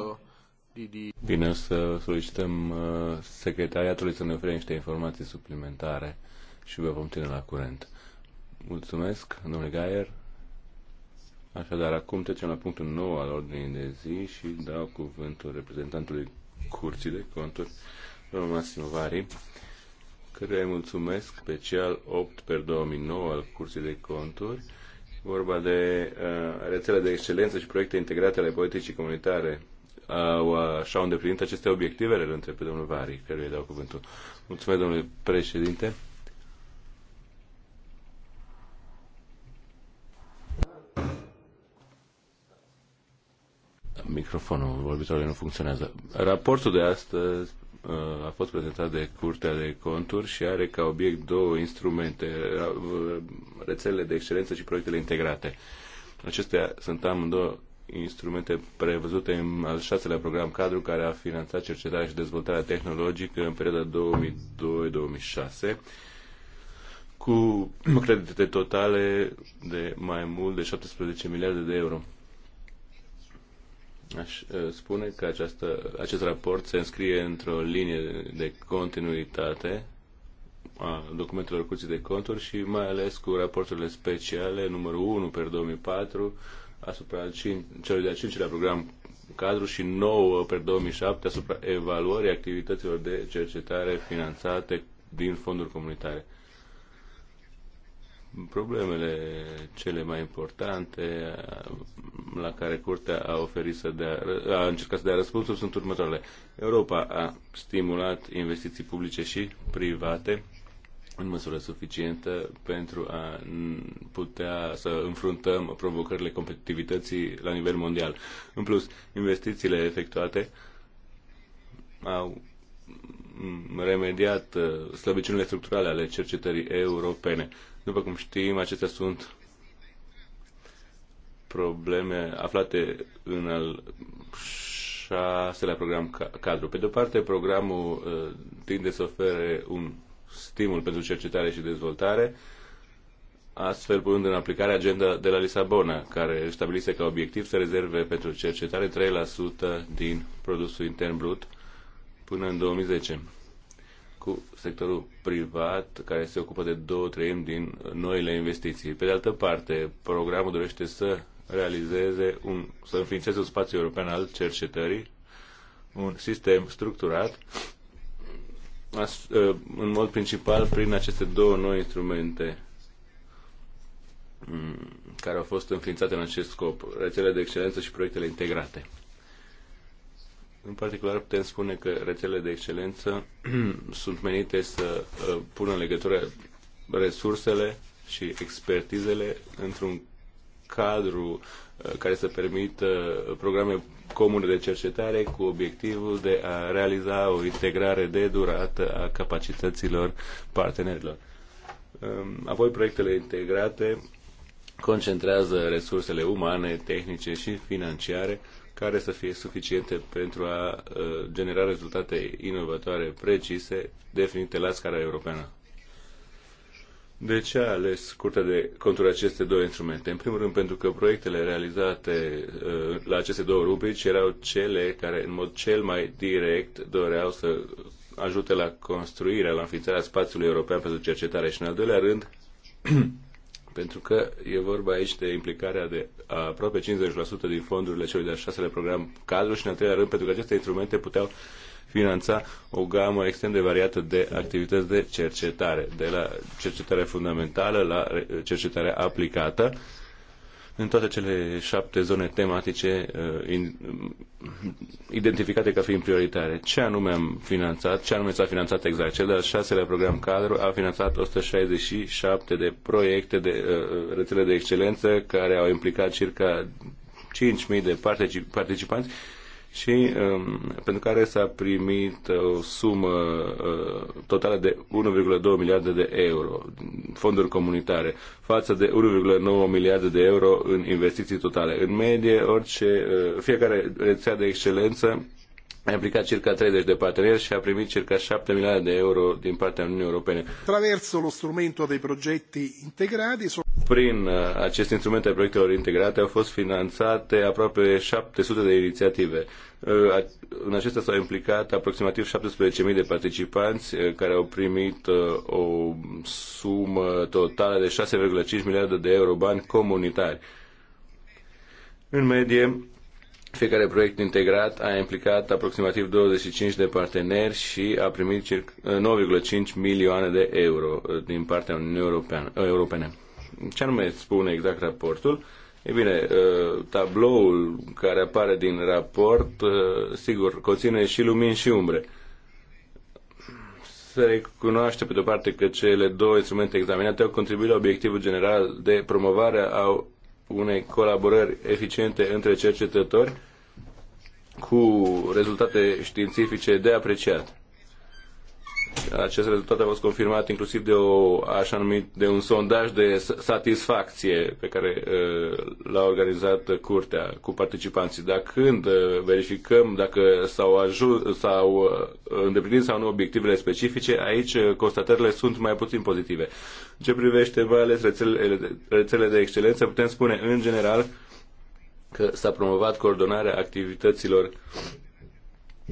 Bine, o să solicităm uh, secretariatului să ne ofere niște informații suplimentare și vă vom ține la curent. Mulțumesc, domnule Gaier. Așadar, acum trecem la punctul nou al ordinii de zi și dau cuvântul reprezentantului Curții de Conturi, domnul Massimo Vari, căruia îi mulțumesc special 8 per 2009 al Curții de Conturi, vorba de uh, rețele de excelență și proiecte integrate ale politicii comunitare uh, așa au îndeplinit aceste obiective, le întreb pe domnul Vari, căruia îi dau cuvântul. Mulțumesc, domnule președinte. Microfonul vorbitorului nu funcționează. Raportul de astăzi uh, a fost prezentat de Curtea de Conturi și are ca obiect două instrumente, uh, rețelele de excelență și proiectele integrate. Acestea sunt amândouă instrumente prevăzute în al șaselea program cadru care a finanțat cercetarea și dezvoltarea tehnologică în perioada 2002-2006 cu credite totale de mai mult de 17 miliarde de euro. Aș uh, spune că această, acest raport se înscrie într-o linie de continuitate a documentelor Curții de Conturi și mai ales cu raporturile speciale numărul 1 per 2004 asupra celui de-al cincilea program cadru și 9 per 2007 asupra evaluării activităților de cercetare finanțate din fonduri comunitare problemele cele mai importante la care Curtea a, oferit să dea, a încercat să dea răspunsuri sunt următoarele. Europa a stimulat investiții publice și private în măsură suficientă pentru a putea să înfruntăm provocările competitivității la nivel mondial. În plus, investițiile efectuate au remediat uh, slăbiciunile structurale ale cercetării europene. După cum știm, acestea sunt probleme aflate în al șaselea program cadru. Pe de-o parte, programul uh, tinde să ofere un stimul pentru cercetare și dezvoltare, astfel punând în aplicare agenda de la Lisabona, care stabilise ca obiectiv să rezerve pentru cercetare 3% din produsul intern brut până în 2010 cu sectorul privat, care se ocupă de două treimi din noile investiții. Pe de altă parte, programul dorește să realizeze, un, să înființeze un spațiu european al cercetării, un sistem structurat, ă, în mod principal prin aceste două noi instrumente mm, care au fost înființate în acest scop, rețele de excelență și proiectele integrate. În particular, putem spune că rețelele de excelență (clears throat) sunt menite să uh, pună în legătură resursele și expertizele într-un cadru uh, care să permită programe comune de cercetare cu obiectivul de a realiza o integrare de durată a capacităților partenerilor. Um, apoi, proiectele integrate concentrează resursele umane, tehnice și financiare care să fie suficiente pentru a uh, genera rezultate inovatoare precise definite la scara europeană. De ce a ales Curtea de Conturi aceste două instrumente? În primul rând pentru că proiectele realizate uh, la aceste două rubrici erau cele care în mod cel mai direct doreau să ajute la construirea, la înființarea spațiului european pentru cercetare și în al doilea rând (clears throat) pentru că e vorba aici de implicarea de aproape 50% din fondurile celui de-al șasele program cadru și, în al treilea rând, pentru că aceste instrumente puteau finanța o gamă extrem de variată de activități de cercetare, de la cercetare fundamentală la cercetare aplicată, în toate cele șapte zone tematice uh, um, identificate ca fiind prioritare. Ce anume am finanțat, ce anume s-a finanțat exact? Cel de-al șaselea program cadru a finanțat 167 de proiecte de uh, uh, rețele de excelență care au implicat circa 5.000 de participanți și um, pentru care s-a primit o sumă uh, totală de 1,2 miliarde de euro, fonduri comunitare, față de 1,9 miliarde de euro în investiții totale. În medie, orice, uh, fiecare rețea de excelență a implicat circa 30 de parteneri și a primit circa 7 milioane de euro din partea Uniunii Europene. Traverso lo strumento dei progetti integrati prin uh, acest instrument al proiectelor integrate au fost finanțate aproape 700 de inițiative. Uh, în acestea s-au implicat aproximativ 17.000 de participanți uh, care au primit o sumă totală de 6,5 miliarde de euro bani comunitari. În medie, fiecare proiect integrat a implicat aproximativ 25 de parteneri și a primit 9,5 milioane de euro uh, din partea Uniunii uh, Europene. Ce anume spune exact raportul? E bine, uh, tabloul care apare din raport, sigur, conține și lumini și umbre. Se recunoaște, pe de-o parte, că cele două instrumente examinate au contribuit la obiectivul general de promovare a unei colaborări eficiente între cercetători cu rezultate științifice de apreciat. Acest rezultat a fost confirmat inclusiv de, o, așa numit, de un sondaj de satisfacție pe care uh, l-a organizat curtea cu participanții. Dacă când uh, verificăm dacă s-au, sau s-au uh, îndeplinit sau nu obiectivele specifice, aici constatările sunt mai puțin pozitive. În ce privește mai ales rețelele, rețelele de excelență, putem spune în general că s-a promovat coordonarea activităților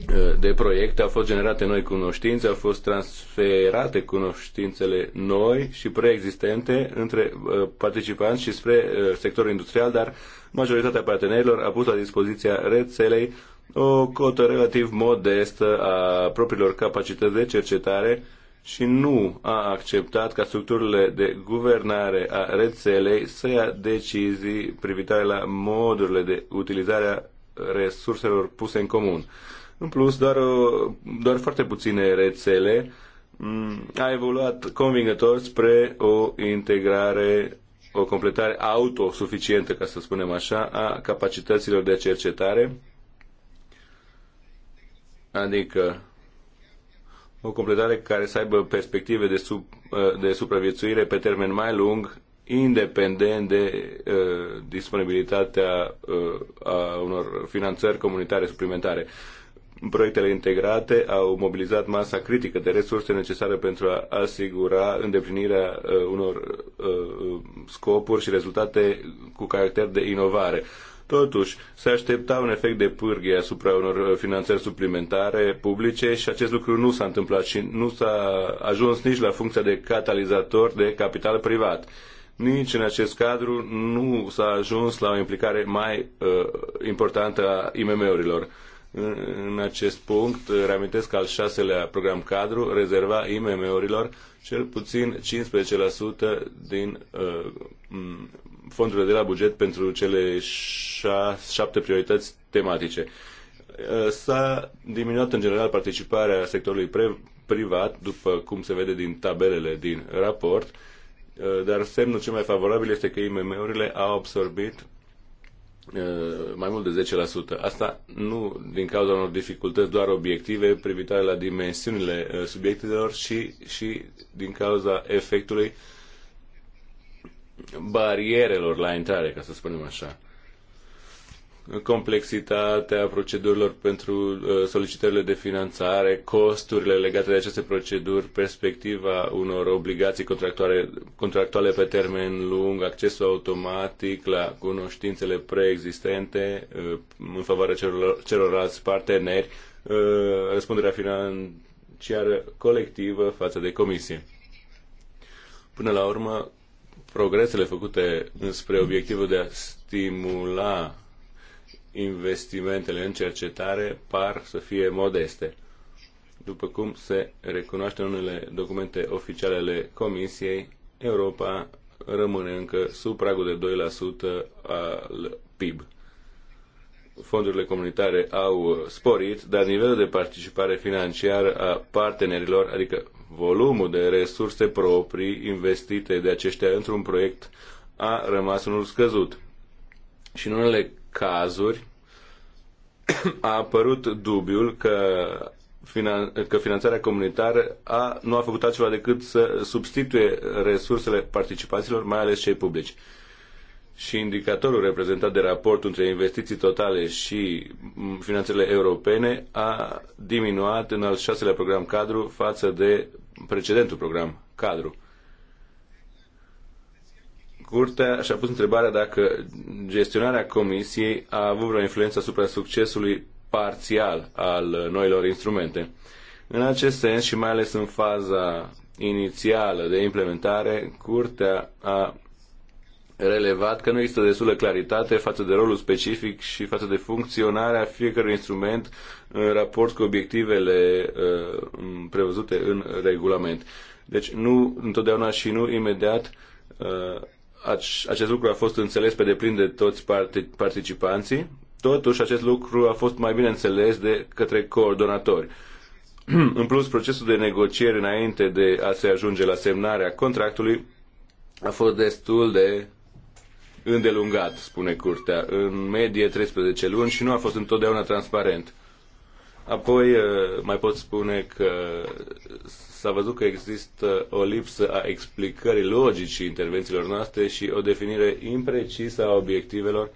Uh, de proiecte, au fost generate noi cunoștințe, au fost transferate cunoștințele noi și preexistente între uh, participanți și spre uh, sectorul industrial, dar majoritatea partenerilor a pus la dispoziția rețelei o cotă relativ modestă a propriilor capacități de cercetare și nu a acceptat ca structurile de guvernare a rețelei să ia decizii privitoare la modurile de utilizare a resurselor puse în comun. În plus, doar, uh, doar foarte puține rețele mm, a evoluat convingător spre o integrare, o completare autosuficientă, ca să spunem așa, a capacităților de cercetare, adică o completare care să aibă perspective de, sub, uh, de supraviețuire pe termen mai lung, independent de uh, disponibilitatea uh, a unor finanțări comunitare suplimentare. Uh, Proiectele integrate au mobilizat masa critică de resurse necesare pentru a asigura îndeplinirea uh, unor uh, uh, scopuri și rezultate cu caracter de inovare. Totuși, se aștepta un efect de pârghie asupra unor uh, finanțări suplimentare publice și acest lucru nu s-a întâmplat și nu s-a ajuns nici la funcția de catalizator de capital privat. Nici în acest cadru nu s-a ajuns la o implicare mai uh, importantă a IMM-urilor în acest punct, reamintesc al șaselea program cadru rezerva IMM-urilor cel puțin 15% din uh, fondurile de la buget pentru cele șapte priorități tematice. Uh, s-a diminuat în general participarea sectorului privat, după cum se vede din tabelele din raport, uh, dar semnul cel mai favorabil este că IMM-urile au absorbit Uh, mai mult de 10%. Asta nu din cauza unor dificultăți doar obiective privitoare la dimensiunile uh, subiectelor, ci și din cauza efectului barierelor la intrare, ca să spunem așa complexitatea procedurilor pentru uh, solicitările de finanțare, costurile legate de aceste proceduri, perspectiva unor obligații contractuale, contractuale pe termen lung, accesul automatic la cunoștințele preexistente uh, în favoarea celor, celorlalți parteneri, uh, răspunderea financiară colectivă față de comisie. Până la urmă, progresele făcute spre obiectivul de a stimula investimentele în cercetare par să fie modeste. După cum se recunoaște în unele documente oficiale ale Comisiei, Europa rămâne încă sub pragul de 2% al PIB. Fondurile comunitare au sporit, dar nivelul de participare financiară a partenerilor, adică volumul de resurse proprii investite de aceștia într-un proiect, a rămas unul scăzut. Și în unele cazuri a apărut dubiul că, finan- că finanțarea comunitară a, nu a făcut altceva decât să substituie resursele participaților, mai ales cei publici. Și indicatorul reprezentat de raportul între investiții totale și finanțele europene a diminuat în al șaselea program cadru față de precedentul program cadru. Curtea și-a pus întrebarea dacă gestionarea Comisiei a avut vreo influență asupra succesului parțial al noilor instrumente. În acest sens și mai ales în faza inițială de implementare, Curtea a relevat că nu există destulă claritate față de rolul specific și față de funcționarea fiecărui instrument în raport cu obiectivele uh, prevăzute în regulament. Deci nu întotdeauna și nu imediat uh, acest lucru a fost înțeles pe deplin de toți participanții, totuși acest lucru a fost mai bine înțeles de către coordonatori. (clears throat) În plus, procesul de negociere înainte de a se ajunge la semnarea contractului a fost destul de îndelungat, spune curtea, în medie 13 luni și nu a fost întotdeauna transparent. Apoi eh, mai pot spune că s-a văzut că există o lipsă a explicării logicii intervențiilor noastre și o definire imprecisă a obiectivelor,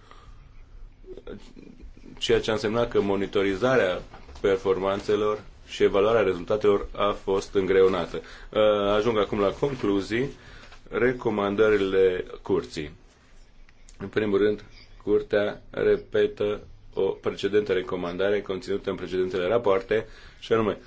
ceea ce a însemnat că monitorizarea performanțelor și evaluarea rezultatelor a fost îngreunată. Eh, ajung acum la concluzii, recomandările curții. În primul rând, curtea repetă o precedentă recomandare conținută în precedentele rapoarte, și anume,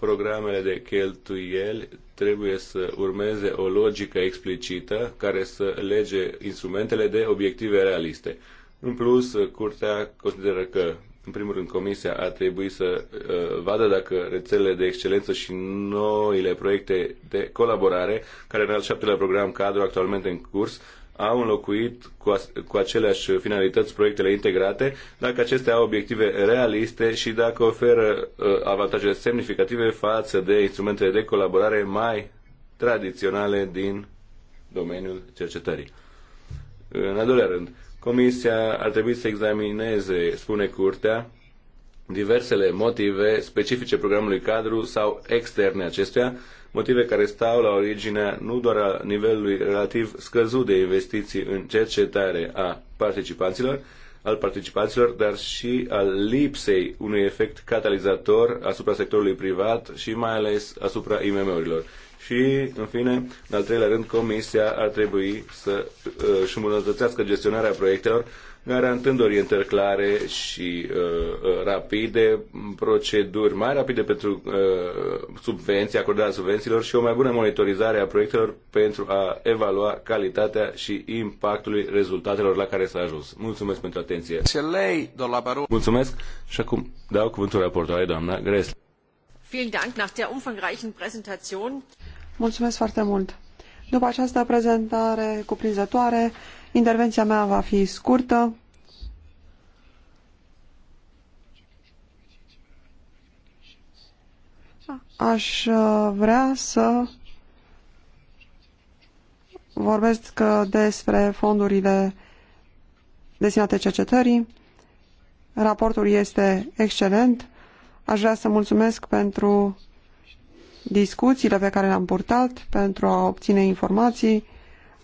programele de cheltuieli trebuie să urmeze o logică explicită care să lege instrumentele de obiective realiste. În plus, Curtea consideră că, în primul rând, Comisia ar trebui să uh, vadă dacă rețelele de excelență și noile proiecte de colaborare, care în al șaptelea program cadru actualmente în curs, au înlocuit cu, cu aceleași finalități proiectele integrate, dacă acestea au obiective realiste și dacă oferă uh, avantaje semnificative față de instrumentele de colaborare mai tradiționale din domeniul cercetării. În al doilea rând, Comisia ar trebui să examineze, spune Curtea, diversele motive specifice programului cadru sau externe acestuia, motive care stau la originea nu doar a nivelului relativ scăzut de investiții în cercetare a participanților, al participanților, dar și al lipsei unui efect catalizator asupra sectorului privat și mai ales asupra IMM-urilor. Și, în fine, în al treilea rând, Comisia ar trebui să uh, își îmbunătățească gestionarea proiectelor garantând orientări clare și uh, uh rapide, proceduri mai rapide pentru uh, subvenții, acordarea subvențiilor și o mai bună monitorizare a proiectelor pentru a evalua calitatea și impactul rezultatelor la care s-a ajuns. Mulțumesc pentru atenție. Mulțumesc și acum dau cuvântul raportoarei doamna Präsentation. Mulțumesc foarte mult. După această prezentare cuprinzătoare, Intervenția mea va fi scurtă. Aș uh, vrea să vorbesc uh, despre fondurile destinate cercetării. Raportul este excelent. Aș vrea să mulțumesc pentru discuțiile pe care le-am purtat, pentru a obține informații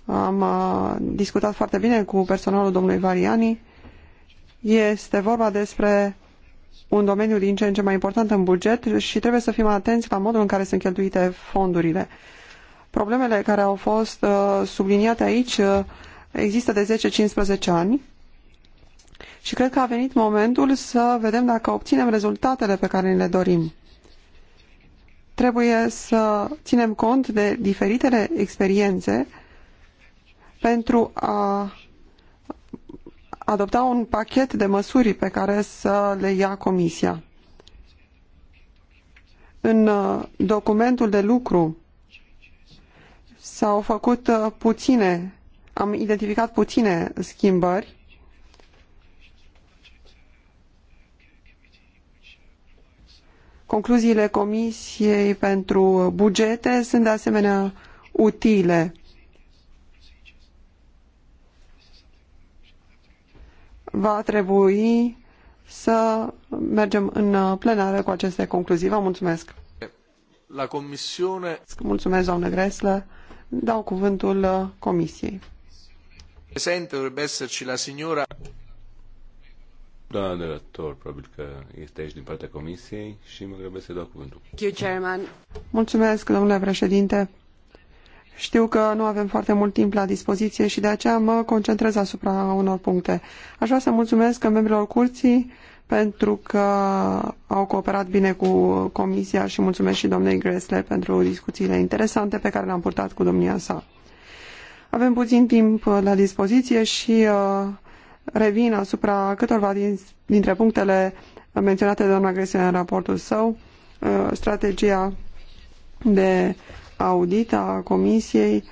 am uh, discutat foarte bine cu personalul domnului Variani. Este vorba despre un domeniu din ce în ce mai important în buget și trebuie să fim atenți la modul în care sunt cheltuite fondurile. Problemele care au fost uh, subliniate aici uh, există de 10-15 ani și cred că a venit momentul să vedem dacă obținem rezultatele pe care le dorim. Trebuie să ținem cont de diferitele experiențe pentru a adopta un pachet de măsuri pe care să le ia Comisia. În uh, documentul de lucru s-au făcut uh, puține, am identificat puține schimbări Concluziile Comisiei pentru bugete sunt de asemenea utile. va trebui să mergem în plenară cu aceste concluzii. Vă mulțumesc! La comisiune... Mulțumesc, doamnă Greslă. Dau cuvântul uh, comisiei. Prezent dovrebbe esserci la signora... Doamna director, probabil că este aici din partea comisiei și mă grăbesc să dau cuvântul. Mulțumesc, domnule președinte. Știu că nu avem foarte mult timp la dispoziție și de aceea mă concentrez asupra unor puncte. Aș vrea să mulțumesc membrilor curții pentru că au cooperat bine cu comisia și mulțumesc și domnei Gresle pentru discuțiile interesante pe care le-am purtat cu domnia sa. Avem puțin timp la dispoziție și uh, revin asupra câtorva dintre punctele menționate de doamna Gresle în raportul său, uh, strategia de audit a Comisiei,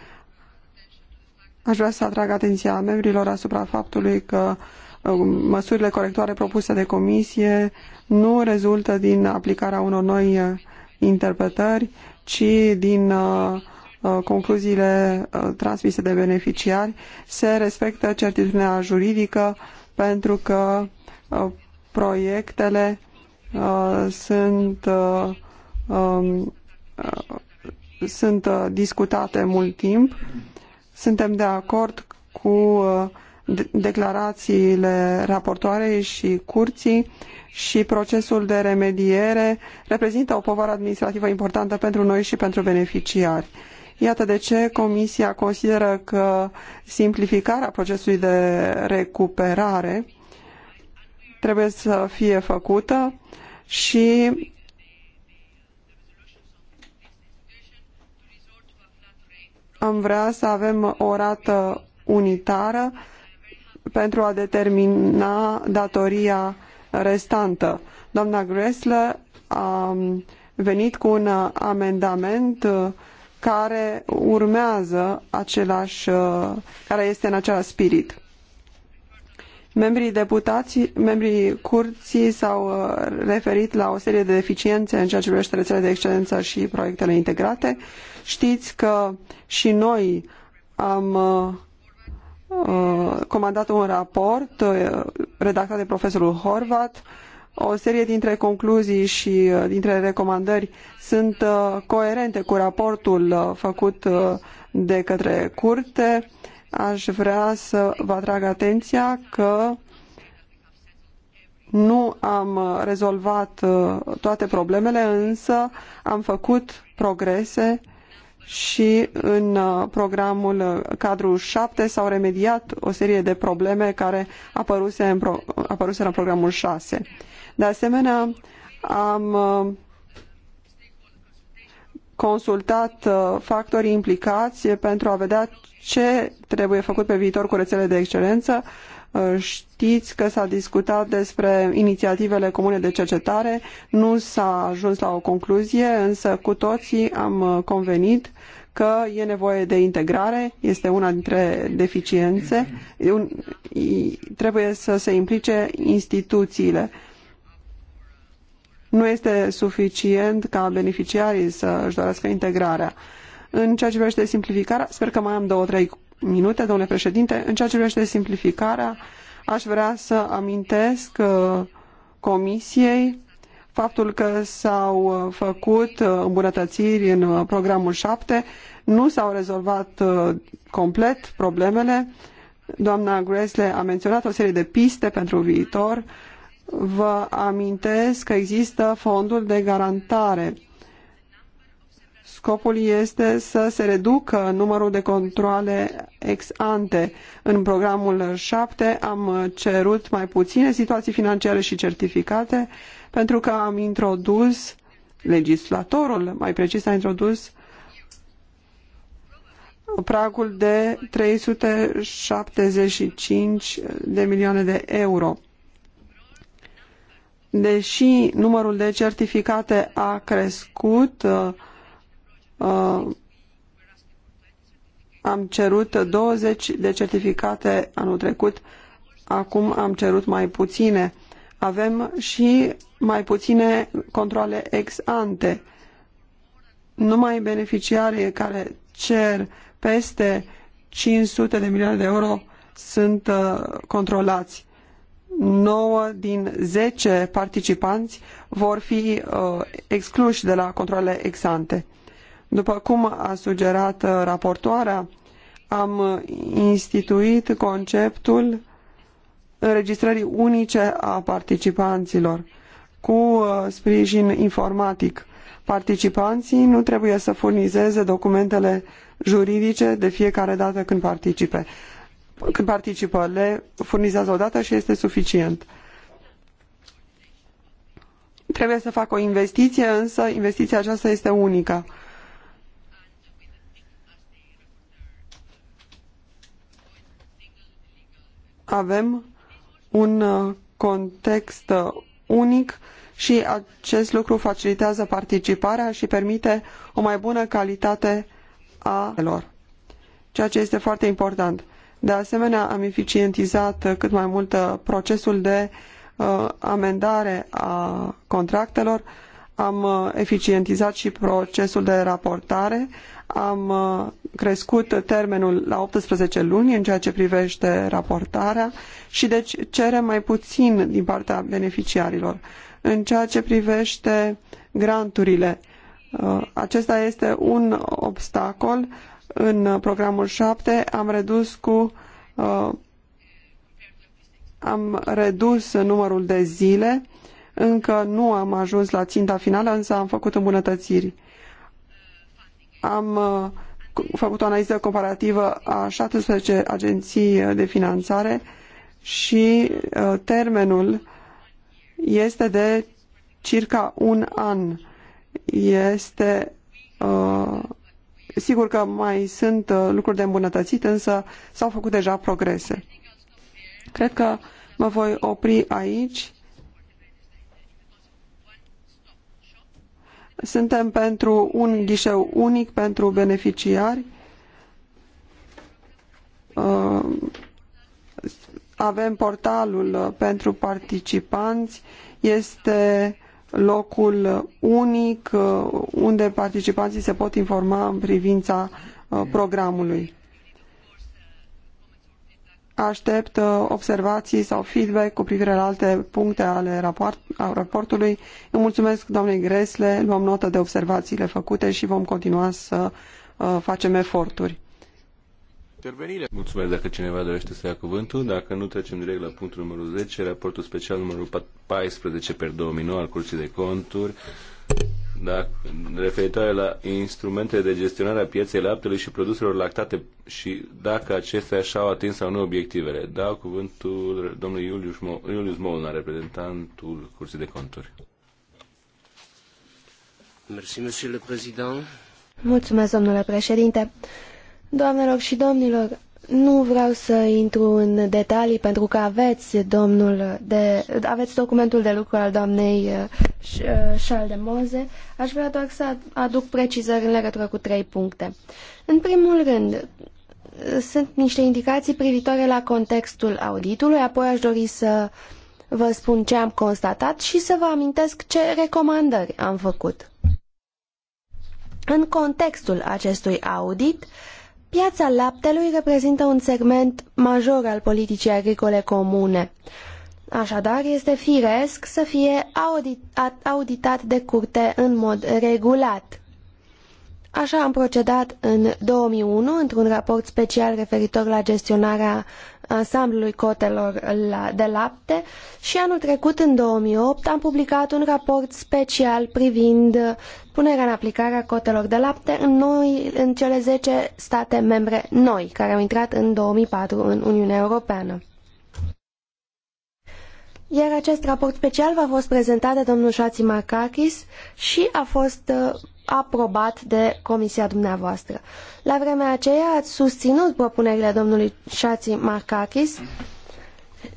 aș vrea să atrag atenția membrilor asupra faptului că um, măsurile corectoare propuse de Comisie nu rezultă din aplicarea unor noi uh, interpretări, ci din uh, uh, concluziile transmise de beneficiari. Se respectă certitudinea juridică pentru că proiectele sunt um, sunt uh, discutate mult timp. Suntem de acord cu uh, declarațiile raportoarei și curții și procesul de remediere reprezintă o povară administrativă importantă pentru noi și pentru beneficiari. Iată de ce Comisia consideră că simplificarea procesului de recuperare trebuie să fie făcută și am vrea să avem o rată unitară pentru a determina datoria restantă. Doamna Gressler a venit cu un amendament care urmează același, care este în același spirit. Membrii deputați, membrii curții s-au uh, referit la o serie de deficiențe în ceea ce privește rețelele de excelență și proiectele integrate. Știți că și noi am uh, uh, comandat un raport redactat de profesorul Horvat. O serie dintre concluzii și dintre recomandări sunt coerente cu raportul făcut de către curte aș vrea să vă atrag atenția că nu am rezolvat uh, toate problemele, însă am făcut progrese și în uh, programul cadru 7 s-au remediat o serie de probleme care apăruse în pro, apăruse în programul 6. De asemenea, am uh, consultat factorii implicați pentru a vedea ce trebuie făcut pe viitor cu rețele de excelență. Uh, știți că s-a discutat despre inițiativele comune de cercetare, nu s-a ajuns la o concluzie, însă cu toții am uh, convenit că e nevoie de integrare, este una dintre deficiențe, trebuie să se implice instituțiile. Nu este suficient ca beneficiarii să își dorească integrarea. În ceea ce privește simplificarea, sper că mai am două, trei minute, domnule președinte, în ceea ce privește simplificarea, aș vrea să amintesc uh, comisiei faptul că s-au uh, făcut uh, îmbunătățiri în programul 7, nu s-au rezolvat complet problemele. Doamna Gresle a menționat o serie de piste pentru viitor. Vă amintesc că există fondul de garantare Scopul este să se reducă numărul de controle ex ante. În programul 7 am cerut mai puține situații financiare și certificate pentru că am introdus, legislatorul mai precis a introdus pragul de 375 de milioane de euro. Deși numărul de certificate a crescut, Uh, am cerut 20 de certificate anul trecut, acum am cerut mai puține. Avem și mai puține controle ex ante. Numai beneficiarii care cer peste 500 de milioane de euro sunt uh, controlați. 9 din 10 participanți vor fi uh, excluși de la controlele ex ante. După cum a sugerat uh, raportoarea, am instituit conceptul înregistrării unice a participanților cu uh, sprijin informatic. Participanții nu trebuie să furnizeze documentele juridice de fiecare dată când participe. Când participă, le furnizează o dată și este suficient. Trebuie să facă o investiție, însă investiția aceasta este unica. avem un uh, context uh, unic și acest lucru facilitează participarea și permite o mai bună calitate a lor, ceea ce este foarte important. De asemenea, am eficientizat uh, cât mai mult procesul de uh, amendare a contractelor, am eficientizat și procesul de raportare, am uh, crescut termenul la 18 luni în ceea ce privește raportarea și deci cerem mai puțin din partea beneficiarilor. În ceea ce privește granturile, uh, acesta este un obstacol. În programul 7 am redus cu uh, am redus numărul de zile. Încă nu am ajuns la ținta finală, însă am făcut îmbunătățiri am uh, făcut o analiză comparativă a 17 agenții de finanțare și uh, termenul este de circa un an. Este uh, sigur că mai sunt lucruri de îmbunătățit, însă s-au făcut deja progrese. Cred că mă voi opri aici Suntem pentru un ghișeu unic pentru beneficiari. Uh, avem portalul pentru participanți. Este locul unic uh, unde participanții se pot informa în privința uh, programului aștept uh, observații sau feedback cu privire la alte puncte ale raport, raportului. Îi mulțumesc doamnei Gresle, luăm notă de observațiile făcute și vom continua să uh, facem eforturi. Intervenire. Mulțumesc dacă cineva dorește să ia cuvântul. Dacă nu, trecem direct la punctul numărul 10, raportul special numărul 14 per 2009 al Curții de Conturi da, referitoare la instrumente de gestionare a pieței laptelui și produselor lactate și dacă acestea și-au atins sau nu obiectivele. Dau cuvântul domnului Iulius, Mo- Iulius Molna, reprezentantul Curții de Conturi. Mersi, monsieur le président. Mulțumesc, domnule președinte. Doamnelor și domnilor, nu vreau să intru în detalii pentru că aveți, domnul de, aveți documentul de lucru al doamnei uh, uh, Mose. Aș vrea doar să aduc precizări în legătură cu trei puncte. În primul rând, sunt niște indicații privitoare la contextul auditului, apoi aș dori să vă spun ce am constatat și să vă amintesc ce recomandări am făcut. În contextul acestui audit, uh, Piața laptelui reprezintă un segment major al politicii agricole comune. Așadar, este firesc să fie auditat de curte în mod regulat. Așa am procedat în 2001 într-un raport special referitor la gestionarea ansamblului cotelor de lapte și anul trecut, în 2008, am publicat un raport special privind punerea în aplicare a cotelor de lapte în, noi, în cele 10 state membre noi, care au intrat în 2004 în Uniunea Europeană. Iar acest raport special v-a fost prezentat de domnul Șații Marcakis și a fost uh, aprobat de comisia dumneavoastră. La vremea aceea ați susținut propunerile domnului Șații Marcakis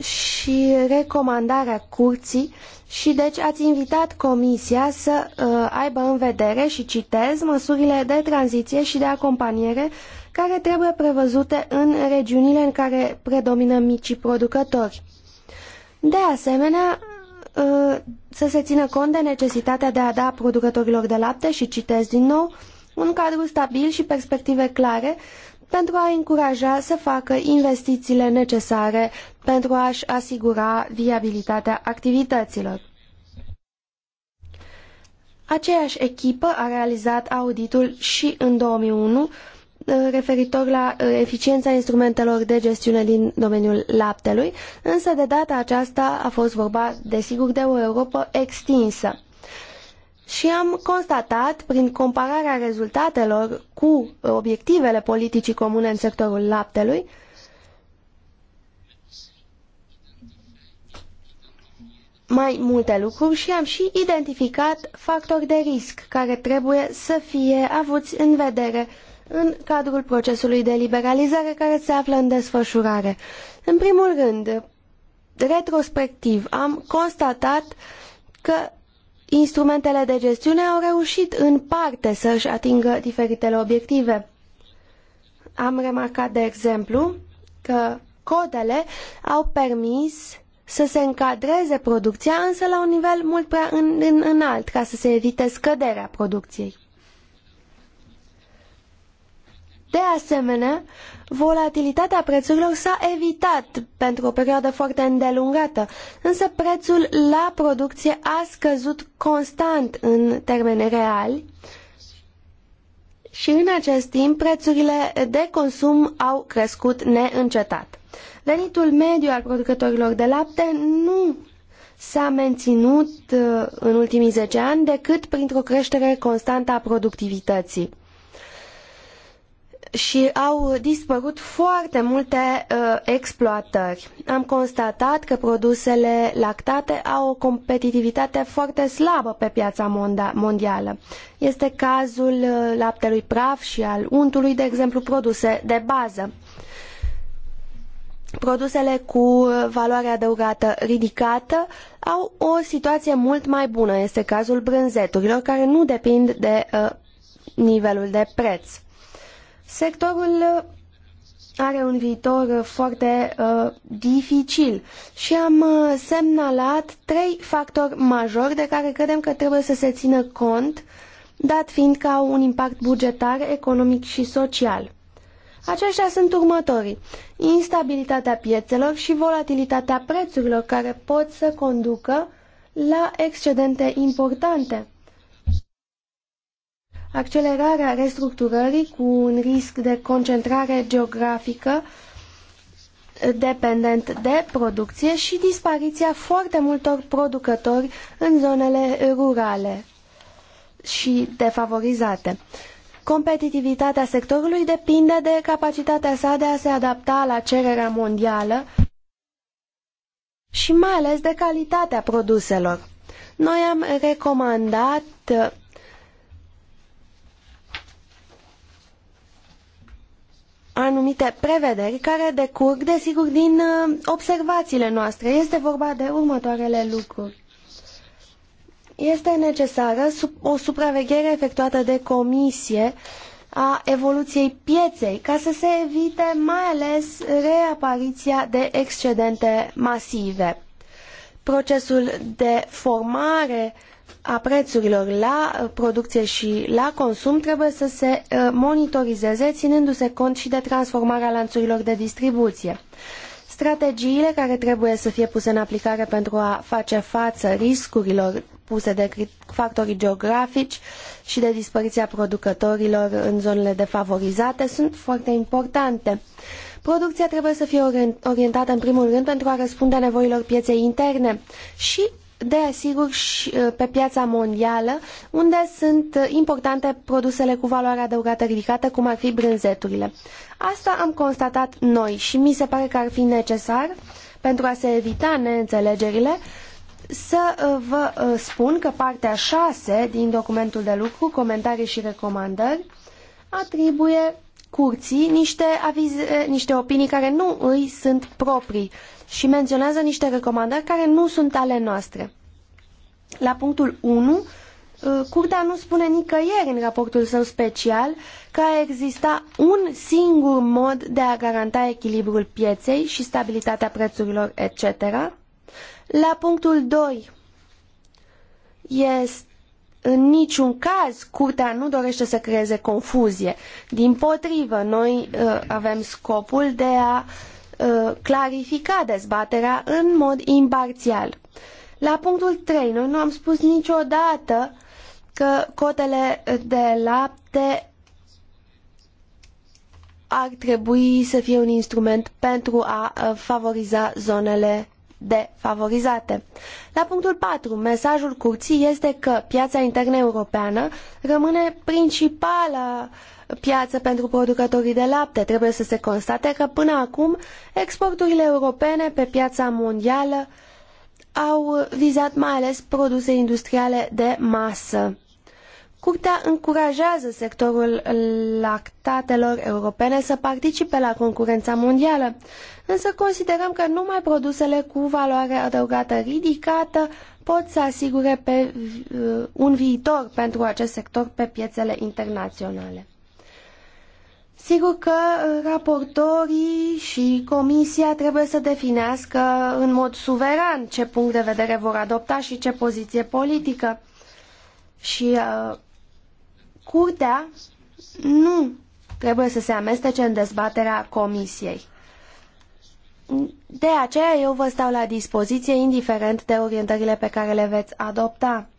și recomandarea curții și deci ați invitat comisia să uh, aibă în vedere și citez măsurile de tranziție și de acompaniere care trebuie prevăzute în regiunile în care predomină micii producători. De asemenea, uh, să se țină cont de necesitatea de a da producătorilor de lapte și citez din nou un cadru stabil și perspective clare pentru a încuraja să facă investițiile necesare pentru a-și asigura viabilitatea activităților. Aceeași echipă a realizat auditul și în 2001 uh, referitor la uh, eficiența instrumentelor de gestiune din domeniul laptelui, însă de data aceasta a fost vorba, desigur, de o Europa extinsă și am constatat, prin compararea rezultatelor cu uh, obiectivele politicii comune în sectorul laptelui, mai multe lucruri și am și identificat factori de risc care trebuie să fie avuți în vedere în cadrul procesului de liberalizare care se află în desfășurare. În primul rând, retrospectiv, am constatat că instrumentele de gestiune au reușit în parte să-și atingă diferitele obiective. Am remarcat, de exemplu, că codele au permis să se încadreze producția, însă la un nivel mult prea în, în, înalt, ca să se evite scăderea producției. De asemenea, volatilitatea prețurilor s-a evitat pentru o perioadă foarte îndelungată, însă prețul la producție a scăzut constant în termeni reali și în acest timp prețurile de consum au crescut neîncetat. Venitul mediu al producătorilor de lapte nu s-a menținut uh, în ultimii zece ani decât printr-o creștere constantă a productivității și au dispărut foarte multe uh, exploatări. Am constatat că produsele lactate au o competitivitate foarte slabă pe piața mondială. Este cazul uh, laptelui praf și al untului, de exemplu, produse de bază. Produsele cu uh, valoare adăugată ridicată au o situație mult mai bună. Este cazul brânzeturilor, care nu depind de uh, nivelul de preț. Sectorul uh, are un viitor uh, foarte uh, dificil și am uh, semnalat trei factori majori de care credem că trebuie să se țină cont, dat fiind că au un impact bugetar, economic și social. Aceștia sunt următorii. Instabilitatea piețelor și volatilitatea prețurilor care pot să conducă la excedente importante accelerarea restructurării cu un risc de concentrare geografică dependent de producție și dispariția foarte multor producători în zonele rurale și defavorizate. Competitivitatea sectorului depinde de capacitatea sa de a se adapta la cererea mondială și mai ales de calitatea produselor. Noi am recomandat anumite prevederi care decurg, desigur, din uh, observațiile noastre. Este vorba de următoarele lucruri. Este necesară o supraveghere efectuată de comisie a evoluției pieței ca să se evite mai ales reapariția de excedente masive. Procesul de formare uh, a prețurilor la uh, producție și la consum trebuie să se uh, monitorizeze, ținându-se cont și de transformarea lanțurilor de distribuție. Strategiile care trebuie să fie puse în aplicare pentru a face față riscurilor puse de factorii geografici și de dispariția producătorilor în zonele defavorizate sunt foarte importante. Producția trebuie să fie orientată în primul rând pentru a răspunde nevoilor pieței interne și de asigur și uh, pe piața mondială, unde sunt uh, importante produsele cu valoare adăugată ridicată, cum ar fi brânzeturile. Asta am constatat noi și mi se pare că ar fi necesar, pentru a se evita neînțelegerile, să uh, vă spun că partea 6 din documentul de lucru, comentarii și recomandări, atribuie curții niște, avize, niște opinii care nu îi sunt proprii și menționează niște recomandări care nu sunt ale noastre. La punctul 1, uh, Curtea nu spune nicăieri în raportul său special că a exista un singur mod de a garanta echilibrul pieței și stabilitatea prețurilor, etc. La punctul 2 este în niciun caz curtea nu dorește să creeze confuzie. Din potrivă, noi uh, avem scopul de a uh, clarifica dezbaterea în mod imparțial. La punctul 3, noi nu am spus niciodată că cotele de lapte ar trebui să fie un instrument pentru a uh, favoriza zonele defavorizate. La punctul 4, mesajul curții este că piața internă europeană rămâne principala piață pentru producătorii de lapte. Trebuie să se constate că până acum exporturile europene pe piața mondială au vizat mai ales produse industriale de masă. Curtea încurajează sectorul lactatelor europene să participe la concurența mondială, însă considerăm că numai produsele cu valoare adăugată ridicată pot să asigure pe uh, un viitor pentru acest sector pe piețele internaționale. Sigur că raportorii și comisia trebuie să definească în mod suveran ce punct de vedere vor adopta și ce poziție politică. Și uh, Curtea nu trebuie să se amestece în dezbaterea comisiei. De aceea eu vă stau la dispoziție, indiferent de orientările pe care le veți adopta.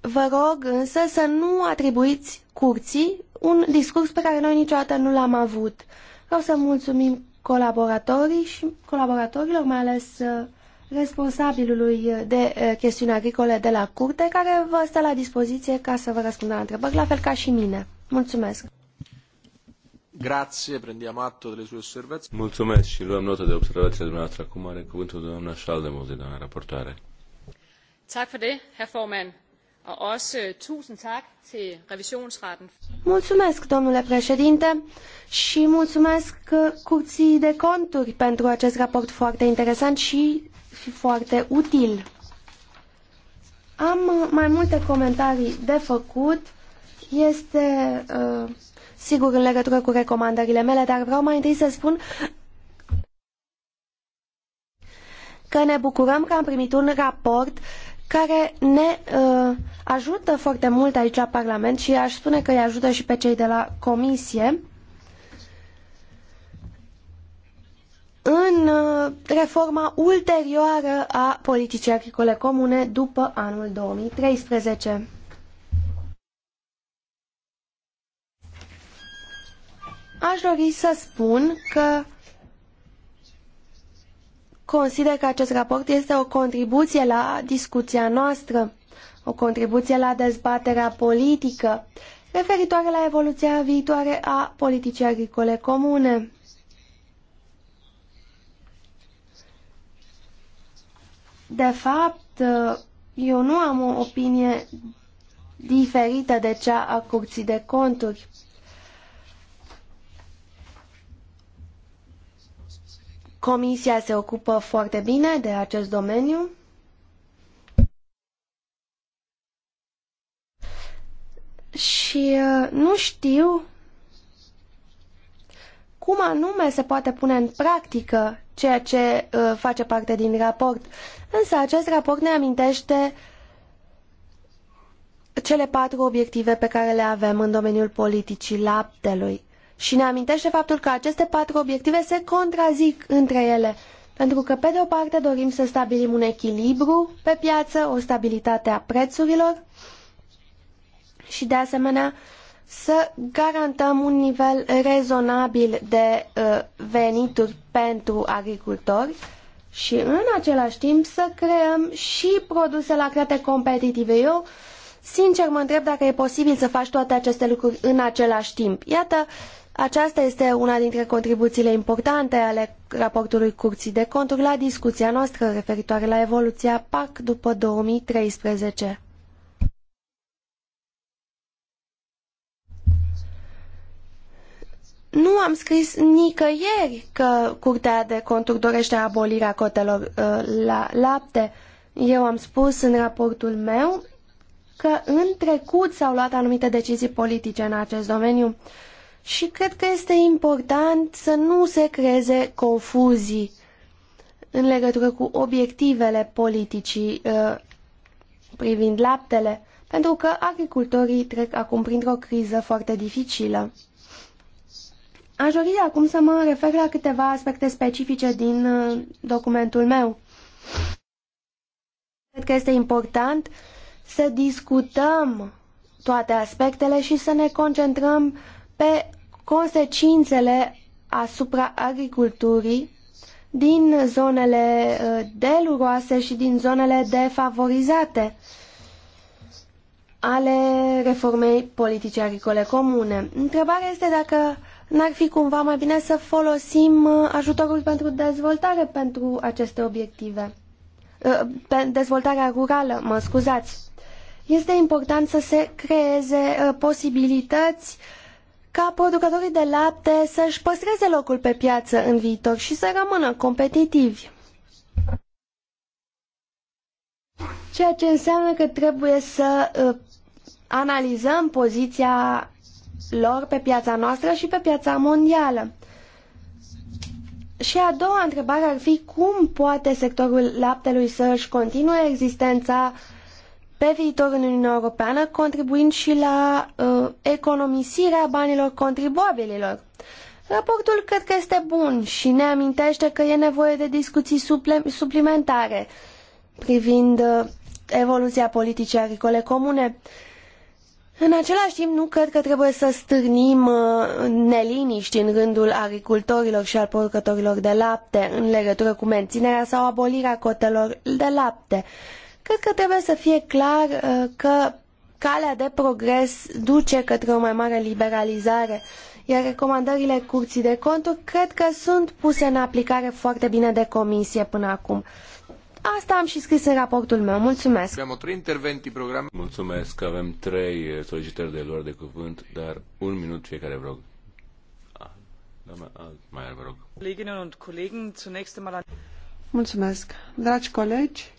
Vă rog însă să nu atribuiți curții un discurs pe care noi niciodată nu l-am avut. Vreau să mulțumim colaboratorii și colaboratorilor, mai ales uh, responsabilului de eh, chestiuni agricole de la curte, care vă stă la dispoziție ca să vă răspundă la întrebări, la fel ca și mine. Mulțumesc! Grazie, prendiamo atto delle sue osservazioni. Mulțumesc și luăm notă de dumneavoastră. Acum are cuvântul doamna doamna raportoare. Tak for det, herr formand. Og også eh, tusind tak til revisionsretten. Mulțumesc, domnule președinte, și mulțumesc eh, curții de conturi pentru acest raport foarte interesant și fi foarte util. Am uh, mai multe comentarii de făcut. Este, uh, sigur, în legătură cu recomandările mele, dar vreau mai întâi să spun că ne bucurăm că am primit un raport care ne uh, ajută foarte mult aici la Parlament și aș spune că îi ajută și pe cei de la Comisie. în uh, reforma ulterioară a politicii agricole comune după anul 2013. Aș dori să spun că consider că acest raport este o contribuție la discuția noastră, o contribuție la dezbaterea politică referitoare la evoluția viitoare a politicii agricole comune. De fapt, eu nu am o opinie diferită de cea a Curții de Conturi. Comisia se ocupă foarte bine de acest domeniu. Și uh, nu știu cum anume se poate pune în practică ceea ce uh, face parte din raport. Însă acest raport ne amintește cele patru obiective pe care le avem în domeniul politicii laptelui. Și ne amintește faptul că aceste patru obiective se contrazic între ele, pentru că, pe de o parte, dorim să stabilim un echilibru pe piață, o stabilitate a prețurilor și, de asemenea, să garantăm un nivel rezonabil de uh, venituri pentru agricultori și în același timp să creăm și produse lactate competitive. Eu, sincer, mă întreb dacă e posibil să faci toate aceste lucruri în același timp. Iată, aceasta este una dintre contribuțiile importante ale raportului Curții de Conturi la discuția noastră referitoare la evoluția PAC după 2013. Nu am scris nicăieri că Curtea de Conturi dorește abolirea cotelor uh, la lapte. Eu am spus în raportul meu că în trecut s-au luat anumite decizii politice în acest domeniu și cred că este important să nu se creeze confuzii în legătură cu obiectivele politicii uh, privind laptele, pentru că agricultorii trec acum printr-o criză foarte dificilă. Aș dori acum să mă refer la câteva aspecte specifice din uh, documentul meu. Cred că este important să discutăm toate aspectele și să ne concentrăm pe consecințele asupra agriculturii din zonele uh, deluroase și din zonele defavorizate ale reformei politice agricole comune. Întrebarea este dacă N-ar fi cumva mai bine să folosim uh, ajutorul pentru dezvoltare pentru aceste obiective? Uh, dezvoltarea rurală, mă scuzați. Este important să se creeze uh, posibilități ca producătorii de lapte să-și păstreze locul pe piață în viitor și să rămână competitivi. Ceea ce înseamnă că trebuie să analizăm poziția lor pe piața noastră și pe piața mondială. Și a doua întrebare ar fi cum poate sectorul laptelui să își continue existența pe viitor în Uniunea Europeană, contribuind și la uh, economisirea banilor contribuabililor. Raportul cred că este bun și ne amintește că e nevoie de discuții suplimentare privind uh, evoluția politicii agricole comune. Uh, în același timp, nu cred că trebuie să stârnim uh, neliniști în rândul agricultorilor și al producătorilor de lapte în legătură cu menținerea sau abolirea cotelor de lapte. Cred că trebuie să fie clar uh, că calea de progres duce către o mai mare liberalizare, iar recomandările Curții de Conturi cred că sunt puse în aplicare foarte bine de comisie până acum. Asta am și scris în raportul meu. Mulțumesc. Avem trei interventi program. Mulțumesc. Avem trei eh, solicitări de luare de cuvânt, dar un minut fiecare, vă ah, ah, vă rog. Mulțumesc. Dragi colegi,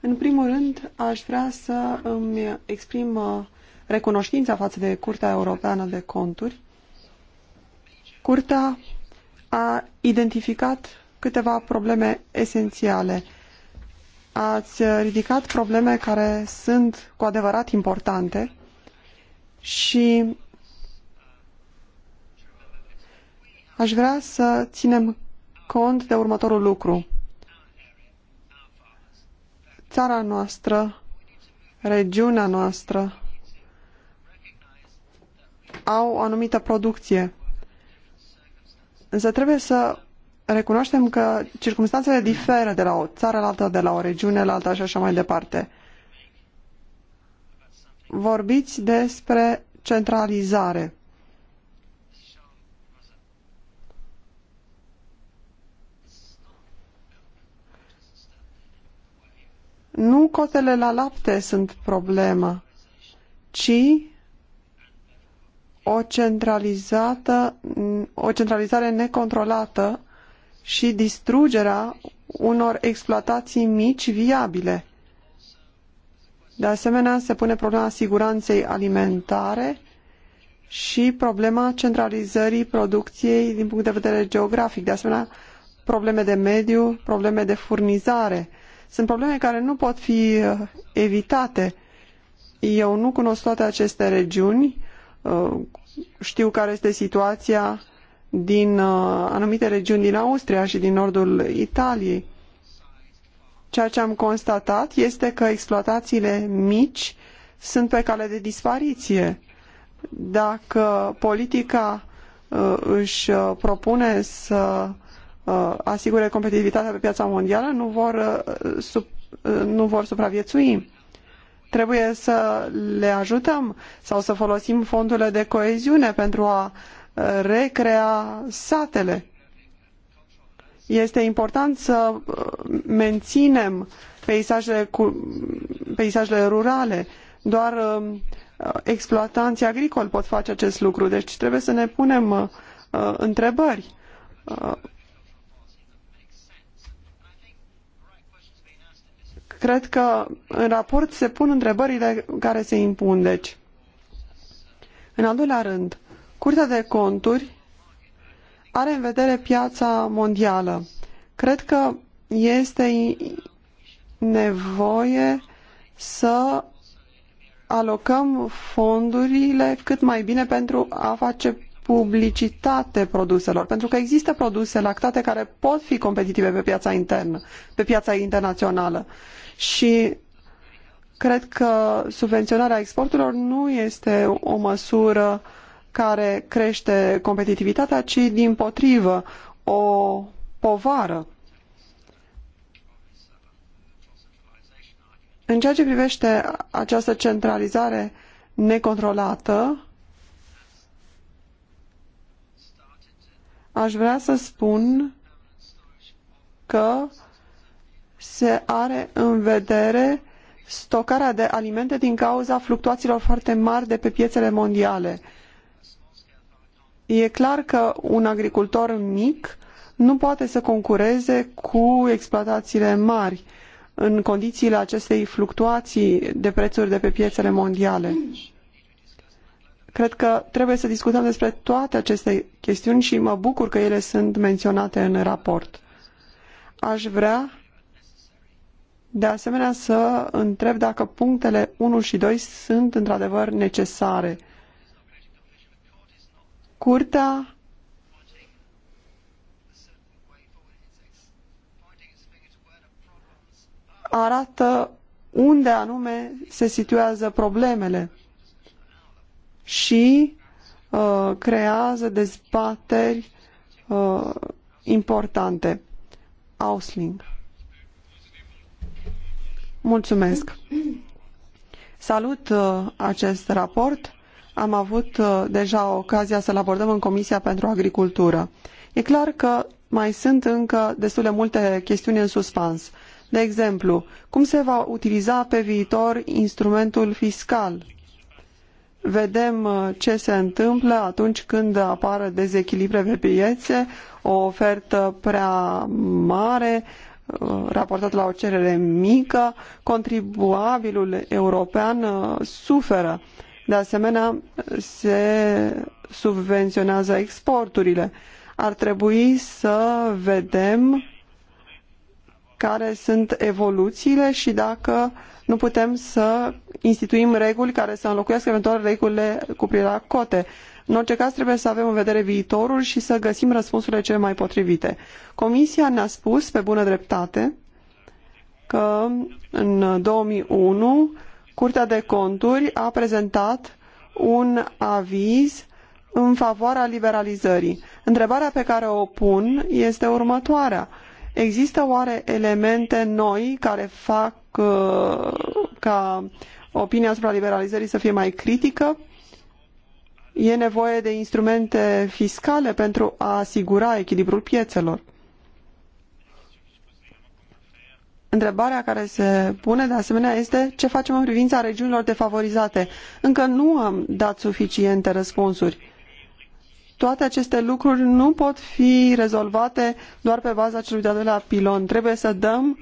în primul rând aș vrea să îmi exprim uh, recunoștința față de Curtea Europeană de Conturi. Curtea a identificat câteva probleme esențiale ați uh, ridicat probleme care sunt cu adevărat importante și aș vrea să ținem cont de următorul lucru. Țara noastră, regiunea noastră, au o anumită producție. Însă trebuie să recunoaștem că circumstanțele diferă de la o țară la alta, de la o regiune la alta și așa mai departe. Vorbiți despre centralizare. Nu cotele la lapte sunt problema, ci o, centralizată, o centralizare necontrolată și distrugerea unor exploatații mici viabile. De asemenea, se pune problema siguranței alimentare și problema centralizării producției din punct de vedere geografic. De asemenea, probleme de mediu, probleme de furnizare. Sunt probleme care nu pot fi uh, evitate. Eu nu cunosc toate aceste regiuni, uh, știu care este situația din uh, anumite regiuni din Austria și din nordul Italiei. Ceea ce am constatat este că exploatațiile mici sunt pe cale de dispariție. Dacă politica uh, își uh, propune să uh, asigure competitivitatea pe piața mondială, nu vor, sub, nu vor supraviețui. Trebuie să le ajutăm sau să folosim fondurile de coeziune pentru a recrea satele. Este important să uh, menținem peisajele, cu, peisajele rurale. Doar um, uh, exploatanții agricoli pot face acest lucru, deci trebuie să ne punem uh, întrebări. Cred că în raport se pun întrebările care se impun, deci. În al doilea rând, Curtea de conturi are în vedere piața mondială. Cred că este nevoie să alocăm fondurile cât mai bine pentru a face publicitate produselor, pentru că există produse lactate care pot fi competitive pe piața internă, pe piața internațională. Și cred că subvenționarea exporturilor nu este o măsură uh, care crește competitivitatea, ci din potrivă o povară. În ceea ce privește această centralizare necontrolată, aș vrea să spun că se are în vedere stocarea de alimente din cauza fluctuațiilor foarte mari de pe piețele mondiale. E clar că un agricultor mic nu poate să concureze cu exploatațiile mari în condițiile acestei fluctuații de prețuri de pe piețele mondiale. Cred că trebuie să discutăm despre toate aceste chestiuni și mă bucur că ele sunt menționate în raport. Aș vrea de asemenea să întreb dacă punctele 1 și 2 sunt într-adevăr necesare. Curtea arată unde anume se situează problemele și uh, creează dezbateri uh, importante. Ausling. Mulțumesc. Salut uh, acest raport am avut uh, deja ocazia să-l abordăm în Comisia pentru Agricultură. E clar că mai sunt încă destule multe chestiuni în suspans. De exemplu, cum se va utiliza pe viitor instrumentul fiscal? Vedem uh, ce se întâmplă atunci când apar dezechilibre pe piețe, o ofertă prea mare uh, raportată la o cerere mică, contribuabilul european suferă de asemenea, se subvenționează exporturile. Ar trebui să vedem care sunt evoluțiile și dacă nu putem să instituim reguli care să înlocuiască eventual regulile cu privire la cote. În orice caz, trebuie să avem în vedere viitorul și să găsim răspunsurile cele mai potrivite. Comisia ne-a spus, pe bună dreptate, că în 2001 Curtea de Conturi a prezentat un aviz în favoarea liberalizării. Întrebarea pe care o pun este următoarea. Există oare elemente noi care fac uh, ca opinia asupra liberalizării să fie mai critică? E nevoie de instrumente fiscale pentru a asigura echilibrul piețelor. Întrebarea care se pune de asemenea este ce facem în privința regiunilor defavorizate. Încă nu am dat suficiente răspunsuri. Toate aceste lucruri nu pot fi rezolvate doar pe baza celui de-al doilea pilon. Trebuie să dăm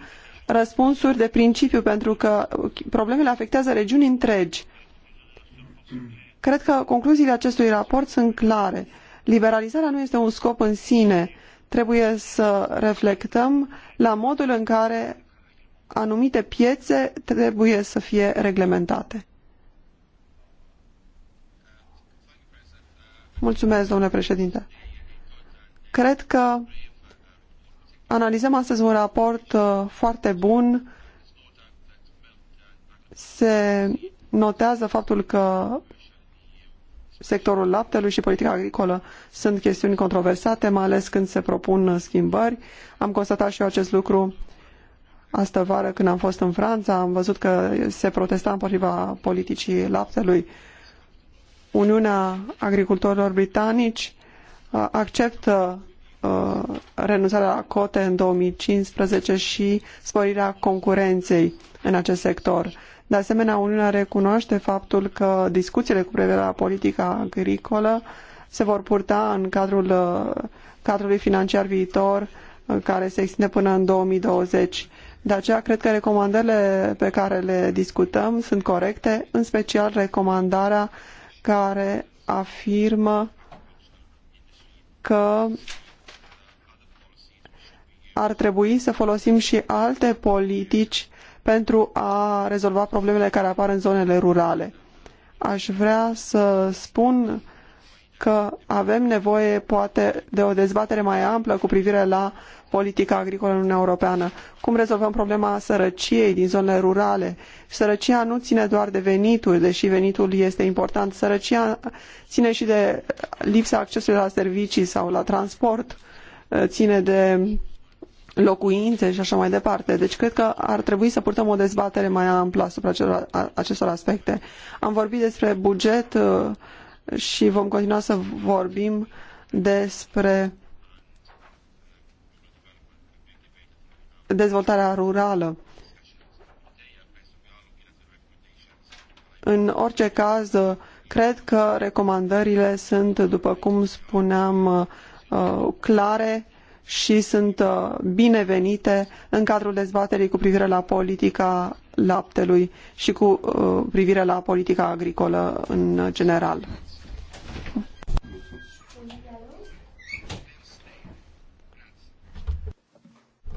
răspunsuri de principiu, pentru că problemele afectează regiuni întregi. Cred că concluziile acestui raport sunt clare. Liberalizarea nu este un scop în sine. Trebuie să reflectăm la modul în care anumite piețe trebuie să fie reglementate. Mulțumesc, domnule președinte. Cred că analizăm astăzi un raport uh, foarte bun. Se notează faptul că sectorul laptelui și politica agricolă sunt chestiuni controversate, mai ales când se propun schimbări. Am constatat și eu acest lucru Asta vară, când am fost în Franța, am văzut că se protesta împotriva politicii laptelui. Uniunea Agricultorilor Britanici uh, acceptă uh, renunțarea la cote în 2015 și sporirea concurenței în acest sector. De asemenea, Uniunea recunoaște faptul că discuțiile cu privire la politica agricolă se vor purta în cadrul uh, cadrului financiar viitor care se extinde până în 2020. De aceea cred că recomandările pe care le discutăm sunt corecte, în special recomandarea care afirmă că ar trebui să folosim și alte politici pentru a rezolva problemele care apar în zonele rurale. Aș vrea să spun că avem nevoie poate de o dezbatere mai amplă cu privire la politica agricolă în Uniunea Europeană. Cum rezolvăm problema sărăciei din zonele rurale? Sărăcia nu ține doar de venituri, deși venitul este important. Sărăcia ține și de lipsa accesului la servicii sau la transport, eh, ține de locuințe și așa mai departe. Deci cred că ar trebui să purtăm o dezbatere mai amplă asupra acestor aspecte. Am vorbit despre buget eh, și vom continua să vorbim despre dezvoltarea rurală. În orice caz, cred că recomandările sunt, după cum spuneam, uh, clare și sunt uh, binevenite în cadrul dezbaterii cu privire la politica laptelui și cu uh, privire la politica agricolă în general.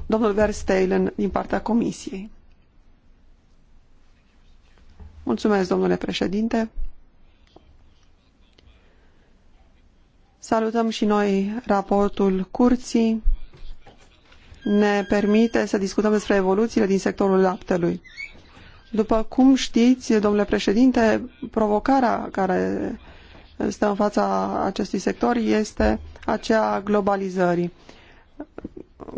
Domnul Versteilen, din partea Comisiei. Mulțumesc, domnule președinte. Salutăm și noi raportul curții. Ne permite să discutăm despre evoluțiile din sectorul laptelui. După cum știți, domnule președinte, provocarea care stă în fața acestui sector este aceea a globalizării.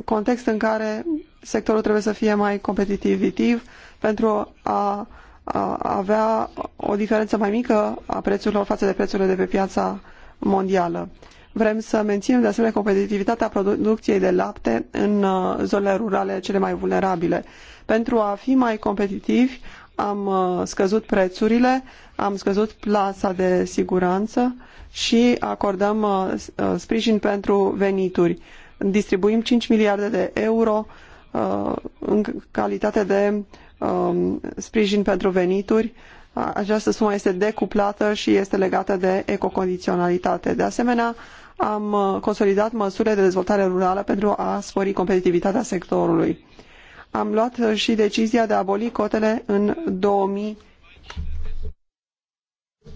Context în care sectorul trebuie să fie mai competitiv pentru a, a avea o diferență mai mică a prețurilor față de prețurile de pe piața mondială. Vrem să menținem de asemenea competitivitatea producției de lapte în uh, zonele rurale cele mai vulnerabile. Pentru a fi mai competitivi, am uh, scăzut prețurile, am scăzut plasa de siguranță și acordăm uh, uh, sprijin pentru venituri. Distribuim 5 miliarde de euro în calitate de um, sprijin pentru venituri. Această sumă este decuplată și este legată de ecocondiționalitate. De asemenea, am consolidat măsurile de dezvoltare rurală pentru a spori competitivitatea sectorului am luat uh, și decizia de a aboli cotele în 2000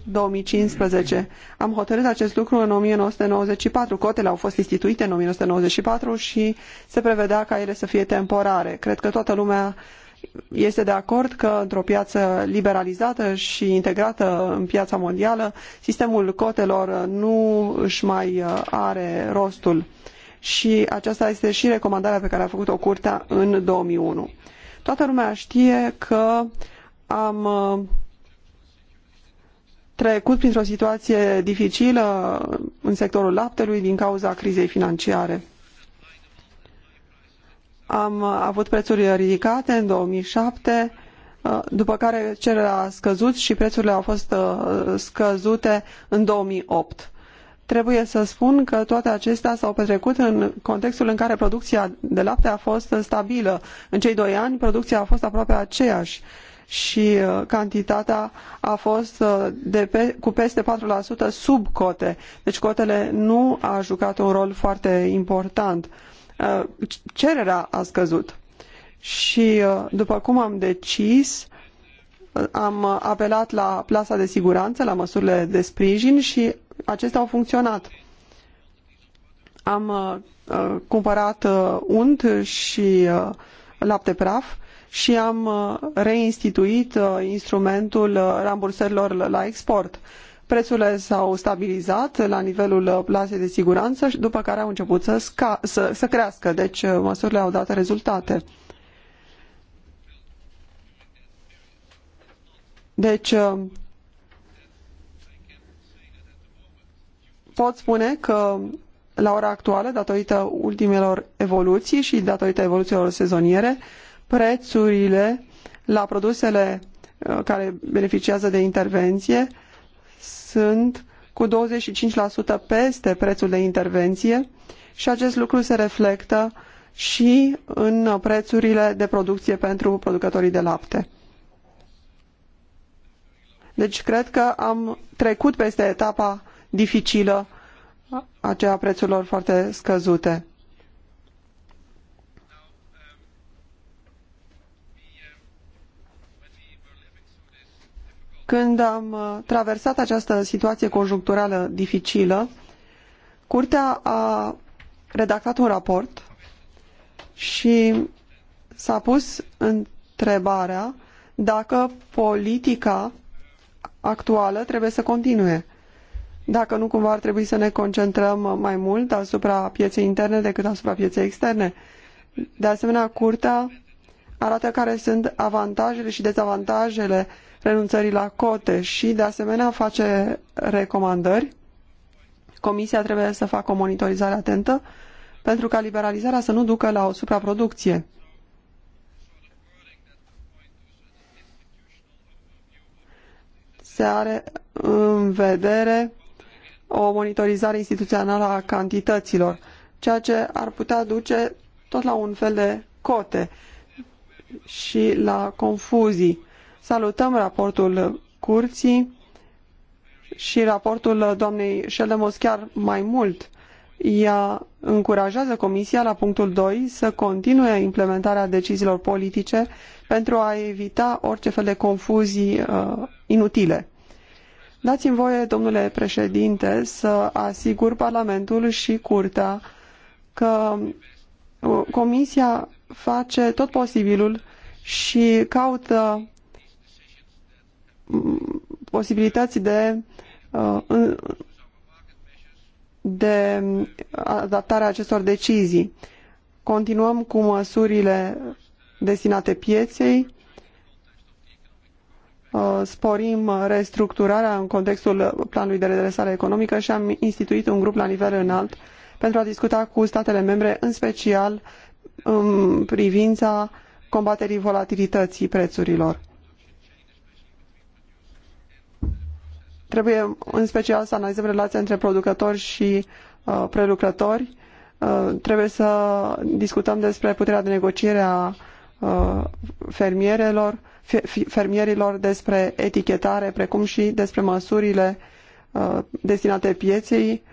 2015. Am hotărât acest lucru în 1994. Cotele au fost instituite în 1994 și se prevedea ca ele să fie temporare. Cred că toată lumea este de acord că într-o piață liberalizată și integrată în piața mondială, sistemul cotelor nu își mai uh, are rostul și aceasta este și recomandarea pe care a făcut-o Curtea în 2001. Toată lumea știe că am uh, trecut printr-o situație dificilă în sectorul laptelui din cauza crizei financiare. Am avut prețuri ridicate în 2007, uh, după care cererea a scăzut și prețurile au fost uh, scăzute în 2008. Trebuie să spun că toate acestea s-au petrecut în contextul în care producția de lapte a fost stabilă. În cei doi ani, producția a fost aproape aceeași și uh, cantitatea a fost uh, de pe, cu peste 4% sub cote. Deci cotele nu a jucat un rol foarte important. Uh, cererea a scăzut. Și după cum am decis, am apelat la plasa de siguranță, la măsurile de sprijin și acestea au funcționat. Am uh, uh, cumpărat uh, unt și uh, lapte praf și am uh, reinstituit uh, instrumentul rambursărilor la export. Prețurile s-au stabilizat la nivelul plasei de siguranță și după care au început să, sca- să, să crească, deci măsurile au dat rezultate. Deci pot spune că la ora actuală, datorită ultimelor evoluții și datorită evoluțiilor sezoniere, prețurile la produsele uh, care beneficiază de intervenție sunt cu 25% peste prețul de intervenție și acest lucru se reflectă și în prețurile de producție pentru producătorii de lapte. Deci cred că am trecut peste etapa dificilă, aceea a prețurilor foarte scăzute. Când am uh, traversat această situație conjuncturală dificilă, Curtea a redactat un raport și s-a pus întrebarea dacă politica actuală trebuie să continue dacă nu cumva ar trebui să ne concentrăm mai mult asupra pieței interne decât asupra pieței externe. De asemenea, curtea arată care sunt avantajele și dezavantajele renunțării la cote și, de asemenea, face recomandări. Comisia trebuie să facă o monitorizare atentă pentru ca liberalizarea să nu ducă la o supraproducție. Se are în vedere o monitorizare instituțională a cantităților, ceea ce ar putea duce tot la un fel de cote și la confuzii. Salutăm raportul curții și raportul doamnei Șelemos chiar mai mult. Ea încurajează Comisia la punctul 2 să continue implementarea deciziilor politice pentru a evita orice fel de confuzii uh, inutile. Dați-mi voie, domnule președinte, să asigur Parlamentul și Curtea că uh, Comisia face tot posibilul și caută mm, posibilități de, uh, de adaptarea acestor decizii. Continuăm cu măsurile destinate pieței, Uh, sporim restructurarea în contextul planului de redresare economică și am instituit un grup la nivel înalt pentru a discuta cu statele membre, în special în privința combaterii volatilității prețurilor. Trebuie în special să analizăm relația între producători și uh, prelucrători. Uh, trebuie să discutăm despre puterea de negociere a uh, fermierelor, fermierilor despre etichetare, precum și despre măsurile uh, destinate pieței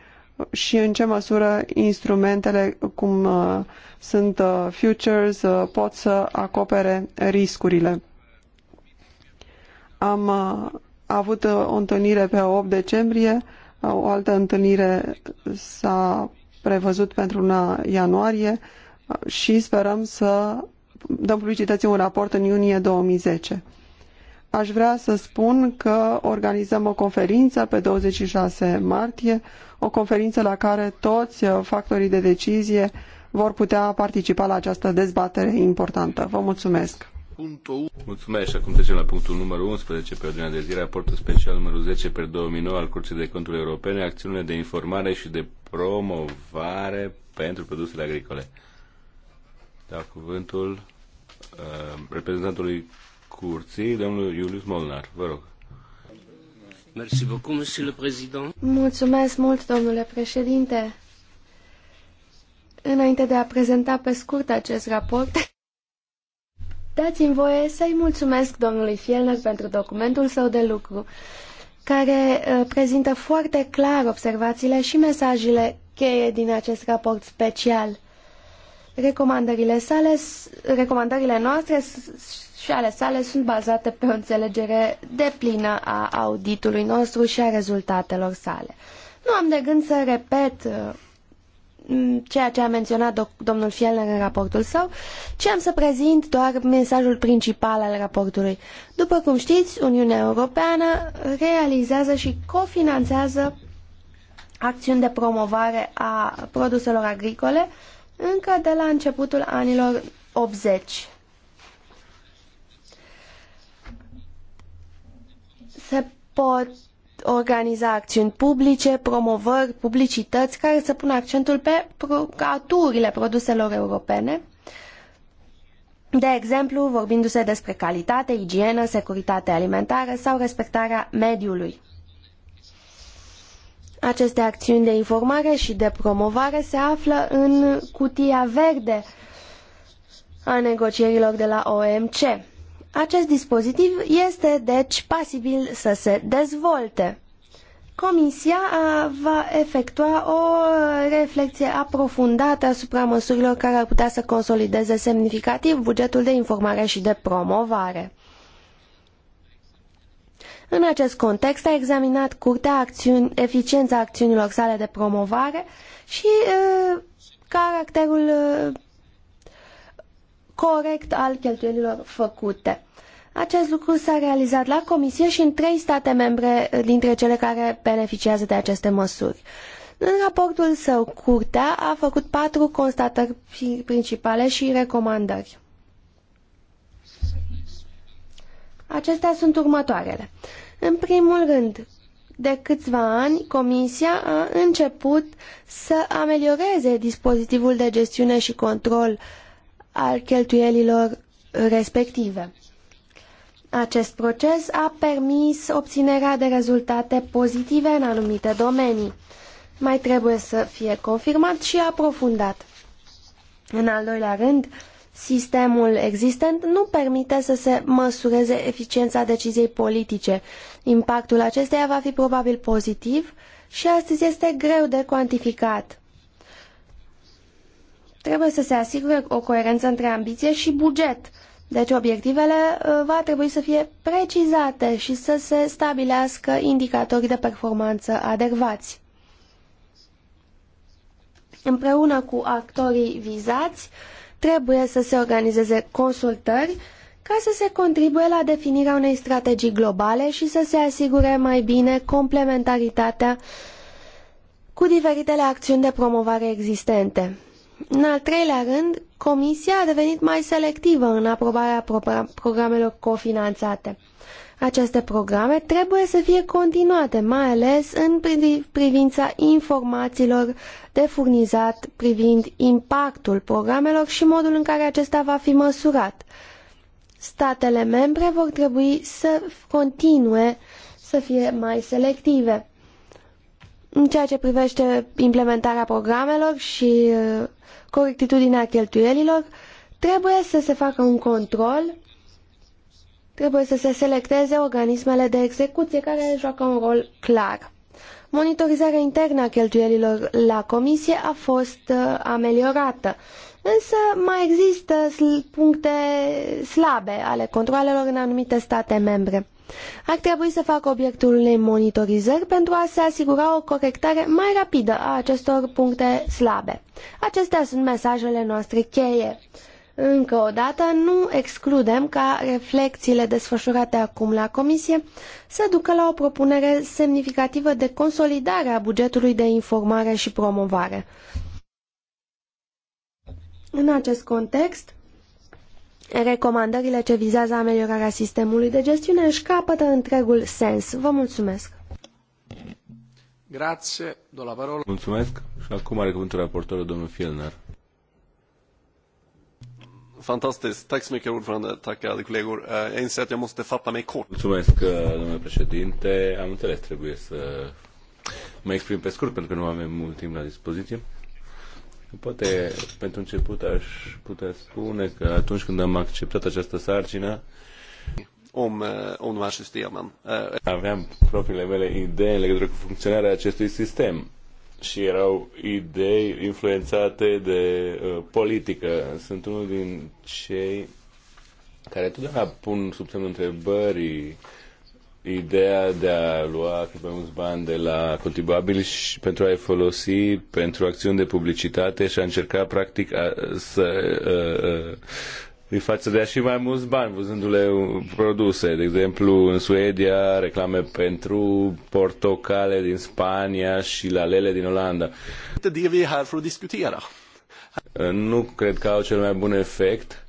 și în ce măsură instrumentele cum uh, sunt uh, futures pot să acopere riscurile. Am avut o întâlnire pe 8 decembrie, o altă întâlnire s-a prevăzut pentru luna ianuarie și sperăm să dăm publicității un raport în iunie 2010. Aș vrea să spun că organizăm o conferință pe 26 martie, o conferință la care toți factorii de decizie vor putea participa la această dezbatere importantă. Vă mulțumesc! Mulțumesc. Acum trecem la punctul numărul 11 pe ordinea de zi, raportul special numărul 10 pe 2009 al Curții de Conturi Europene, acțiune de informare și de promovare pentru produsele agricole da cuvântul uh, reprezentantului curții, domnul Iulius Molnar. Vă rog. Merci beaucoup, monsieur le président. Mulțumesc mult, domnule președinte. Înainte de a prezenta pe scurt acest raport, dați-mi voie să-i mulțumesc domnului Fielner pentru documentul său de lucru, care uh, prezintă foarte clar observațiile și mesajele cheie din acest raport special. Recomandările, sale, recomandările noastre și ale sale sunt bazate pe o înțelegere deplină a auditului nostru și a rezultatelor sale. Nu am de gând să repet uh, ceea ce a menționat domnul Fielner în raportul său, ci am să prezint doar mesajul principal al raportului. După cum știți, Uniunea Europeană realizează și cofinanțează acțiuni de promovare a produselor agricole încă de la începutul anilor 80. Se pot organiza acțiuni publice, promovări, publicități care să pună accentul pe procaturile produselor europene, de exemplu vorbindu-se despre calitate, igienă, securitate alimentară sau respectarea mediului. Aceste acțiuni de informare și de promovare se află în cutia verde a negocierilor de la OMC. Acest dispozitiv este, deci, pasibil să se dezvolte. Comisia va efectua o reflexie aprofundată asupra măsurilor care ar putea să consolideze semnificativ bugetul de informare și de promovare. În acest context a examinat Curtea acțiuni, eficiența acțiunilor sale de promovare și uh, caracterul uh, corect al cheltuielilor făcute. Acest lucru s-a realizat la Comisie și în trei state membre dintre cele care beneficiază de aceste măsuri. În raportul său, Curtea a făcut patru constatări principale și recomandări. Acestea sunt următoarele. În primul rând, de câțiva ani, Comisia a început să amelioreze dispozitivul de gestiune și control al cheltuielilor respective. Acest proces a permis obținerea de rezultate pozitive în anumite domenii. Mai trebuie să fie confirmat și aprofundat. În al doilea rând, Sistemul existent nu permite să se măsureze eficiența deciziei politice. Impactul acesteia va fi probabil pozitiv și astăzi este greu de cuantificat. Trebuie să se asigure o coerență între ambiție și buget. Deci obiectivele uh, va trebui să fie precizate și să se stabilească indicatori de performanță adecvați. Împreună cu actorii vizați, trebuie să se organizeze consultări ca să se contribuie la definirea unei strategii globale și să se asigure mai bine complementaritatea cu diferitele acțiuni de promovare existente. În al treilea rând, Comisia a devenit mai selectivă în aprobarea programelor cofinanțate. Aceste programe trebuie să fie continuate, mai ales în privința informațiilor de furnizat privind impactul programelor și modul în care acesta va fi măsurat. Statele membre vor trebui să continue să fie mai selective. În ceea ce privește implementarea programelor și uh, corectitudinea cheltuielilor, trebuie să se facă un control Trebuie să se selecteze organismele de execuție care joacă un rol clar. Monitorizarea internă a cheltuielilor la comisie a fost uh, ameliorată, însă mai există puncte slabe ale controalelor în anumite state membre. Ar trebui să facă obiectul unei monitorizări pentru a se asigura o corectare mai rapidă a acestor puncte slabe. Acestea sunt mesajele noastre cheie. Încă o dată, nu excludem ca reflexiile desfășurate acum la Comisie să ducă la o propunere semnificativă de consolidare a bugetului de informare și promovare. În acest context, recomandările ce vizează ameliorarea sistemului de gestiune își capătă întregul sens. Vă mulțumesc! Grazie, do la parola. Mulțumesc și acum are cuvântul raportorul domnul Fjellner. Fantastiskt. Tack så mycket ordförande. Tack alla kollegor. Eh, jag inser att jag måste fatta mig kort. Mulțumesc, eh, domnule președinte. Am înțeles, trebuie să mă exprim pe scurt pentru că nu avem mult timp la dispoziție. Poate, pentru început, aș putea spune că atunci când am acceptat această sarcină, om, eh, om de här systemen. Aveam propriile mele idei în legătură cu funcționarea acestui sistem și erau idei influențate de uh, politică. Sunt unul din cei care totdeauna pun sub semnul întrebării ideea de a lua cât mai mulți bani de la contribuabili și pentru a-i folosi pentru acțiuni de publicitate și a încerca practic a, să uh, uh îi față de a și mai mulți bani văzându-le produse. De exemplu, în Suedia, reclame pentru portocale din Spania și lalele din Olanda. Nu cred că au cel mai bun efect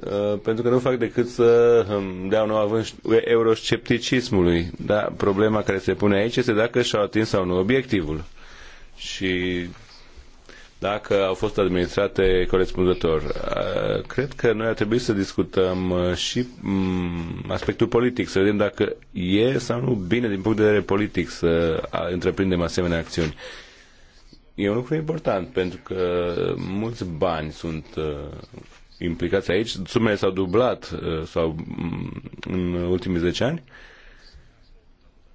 uh, pentru că nu fac decât să um, dea un nou avânt euroscepticismului. Dar problema care se pune aici este dacă și-au atins sau nu obiectivul. Și dacă au fost administrate corespunzător. Cred că noi ar trebui să discutăm și aspectul politic, să vedem dacă e sau nu bine din punct de vedere politic să întreprindem asemenea acțiuni. E un lucru important pentru că mulți bani sunt implicați aici. Sumele s-au dublat sau în ultimii 10 ani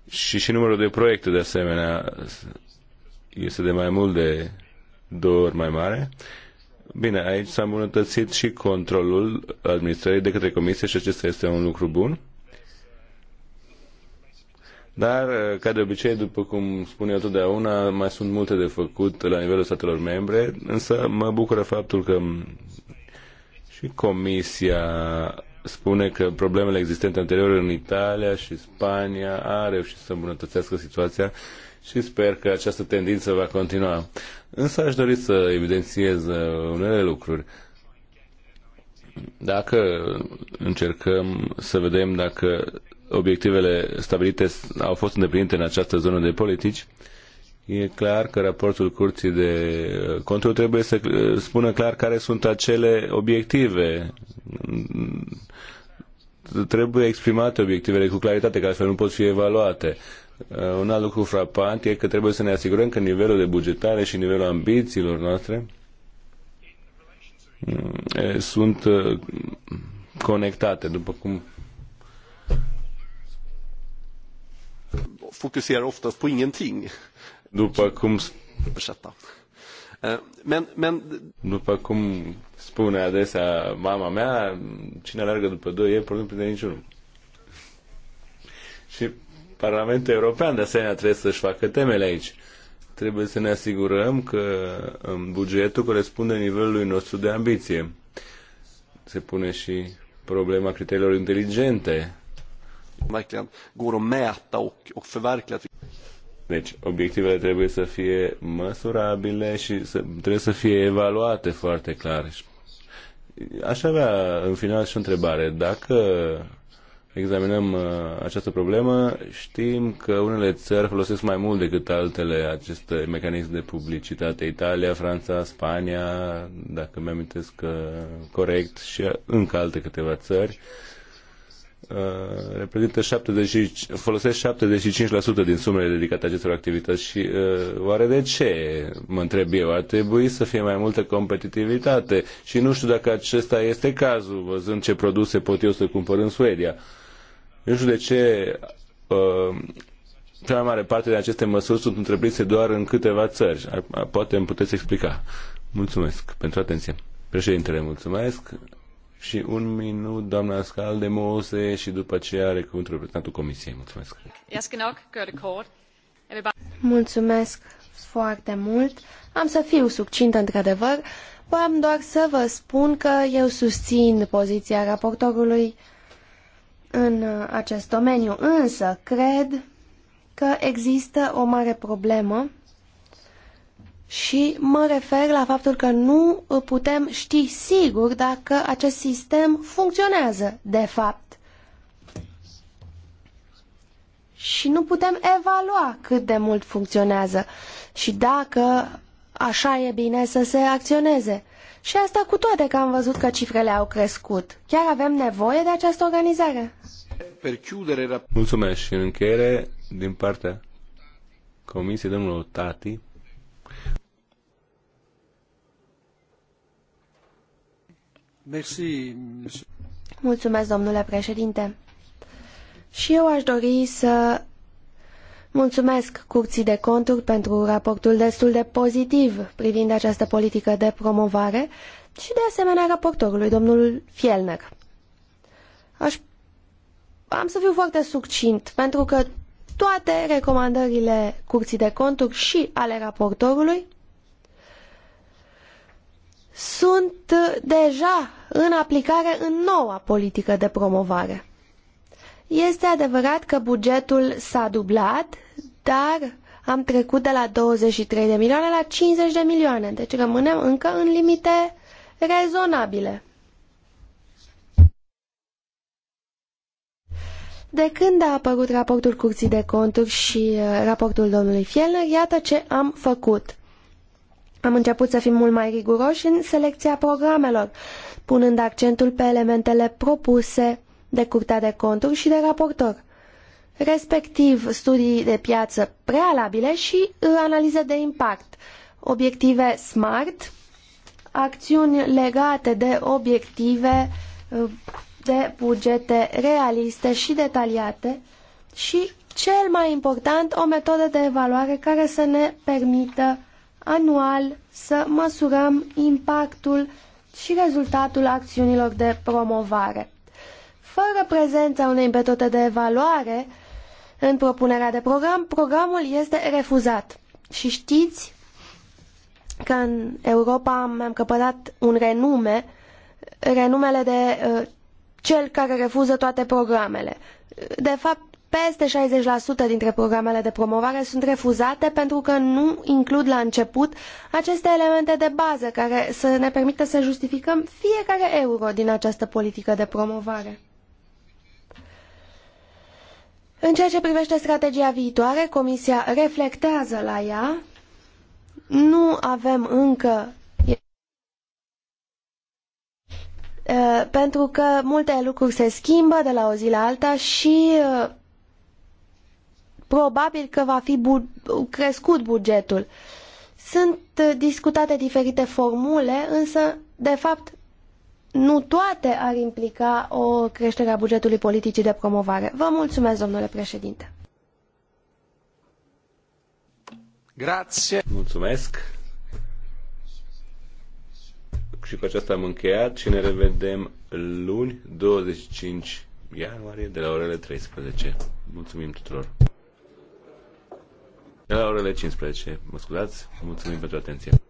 și și numărul de proiecte de asemenea este de mai mult de două ori mai mare. Bine, aici s-a îmbunătățit și controlul administrării de către comisie și acesta este un lucru bun. Dar, ca de obicei, după cum spun eu totdeauna, mai sunt multe de făcut la nivelul statelor membre, însă mă bucură faptul că și Comisia spune că problemele existente anterior în Italia și Spania a reușit să îmbunătățească situația și sper că această tendință va continua. Însă aș dori să evidențiez uh, unele lucruri. Dacă încercăm să vedem dacă obiectivele stabilite au fost îndeplinite în această zonă de politici, E clar că raportul Curții de uh, Control trebuie să uh, spună clar care sunt acele obiective. Trebuie exprimate obiectivele cu claritate, că altfel nu pot fi evaluate. Uh, un alt lucru frapant e că trebuie să ne asigurăm că nivelul de bugetare și nivelul ambițiilor noastre mm, sunt uh, conectate, după cum fokuserar oftast på ingenting. După cum Ursäkta. Eh, men, men... După cum spune adesea mama mea, cine alergă după doi e pornit prin niciunul. Și Parlamentul European de asemenea trebuie să-și facă temele aici. Trebuie să ne asigurăm că um, bugetul corespunde nivelului nostru de ambiție. Se pune și problema criteriilor inteligente. Deci, obiectivele trebuie să fie măsurabile și să, trebuie să fie evaluate foarte clar. Aș avea în final și o întrebare. Dacă examinăm uh, această problemă, știm că unele țări folosesc mai mult decât altele acest mecanism de publicitate. Italia, Franța, Spania, dacă mi amintesc uh, corect, și încă alte câteva țări uh, reprezintă 75, folosesc 75% din sumele dedicate acestor activități și uh, oare de ce, mă întreb eu, ar trebui să fie mai multă competitivitate și nu știu dacă acesta este cazul, văzând ce produse pot eu să cumpăr în Suedia. Uh, nu știu de ce uh, cea mai mare parte din aceste măsuri sunt întreprinse doar în câteva țări. Poate îmi puteți explica. Mulțumesc pentru atenție. Președintele, mulțumesc. Și un minut, doamna Scalde Mose, și după aceea are cuvântul reprezentantul Comisiei. Mulțumesc. Mulțumesc foarte mult. Am să fiu succintă, într-adevăr. Vreau doar să vă spun că eu susțin poziția raportorului în uh, acest domeniu, însă cred că există o mare problemă și mă refer la faptul că nu putem ști sigur dacă acest sistem funcționează de fapt. Și nu putem evalua cât de mult funcționează și dacă așa e bine să se acționeze. Și asta cu toate că am văzut că cifrele au crescut. Chiar avem nevoie de această organizare? Mulțumesc și în încheiere din partea Comisiei domnului Tati. Mulțumesc, domnule președinte. Și eu aș dori să Mulțumesc Curții de Conturi pentru raportul destul de pozitiv privind această politică de promovare și de asemenea raportorului, domnul Fielner. Aș... Am să fiu foarte succint, pentru că toate recomandările Curții de Conturi și ale raportorului sunt deja în aplicare în noua politică de promovare. Este adevărat că bugetul s-a dublat, dar am trecut de la 23 de milioane la 50 de milioane, deci rămânem încă în limite rezonabile. De când a apărut raportul Curții de Conturi și uh, raportul domnului Fielner, iată ce am făcut. Am început să fim mult mai riguroși în selecția programelor, punând accentul pe elementele propuse de Curtea de Conturi și de raportor, respectiv studii de piață prealabile și uh, analize de impact, obiective SMART, acțiuni legate de obiective uh, de bugete realiste și detaliate și, cel mai important, o metodă de evaluare care să ne permită anual să măsurăm impactul și rezultatul acțiunilor de promovare. Fără prezența unei metode de evaluare în propunerea de program, programul este refuzat. Și știți că în Europa mi-am căpătat un renume, renumele de uh, cel care refuză toate programele. De fapt, peste 60% dintre programele de promovare sunt refuzate pentru că nu includ la început aceste elemente de bază care să ne permită să justificăm fiecare euro din această politică de promovare. În ceea ce privește strategia viitoare, Comisia reflectează la ea. Nu avem încă pentru că multe lucruri se schimbă de la o zi la alta și probabil că va fi bu crescut bugetul. Sunt discutate diferite formule, însă, de fapt, nu toate ar implica o creștere a bugetului politicii de promovare. Vă mulțumesc, domnule președinte. Grazie. Mulțumesc. Și cu aceasta am încheiat și ne revedem luni 25 ianuarie de la orele 13. Mulțumim tuturor. De la orele 15, mă scuzați, mulțumim pentru atenție.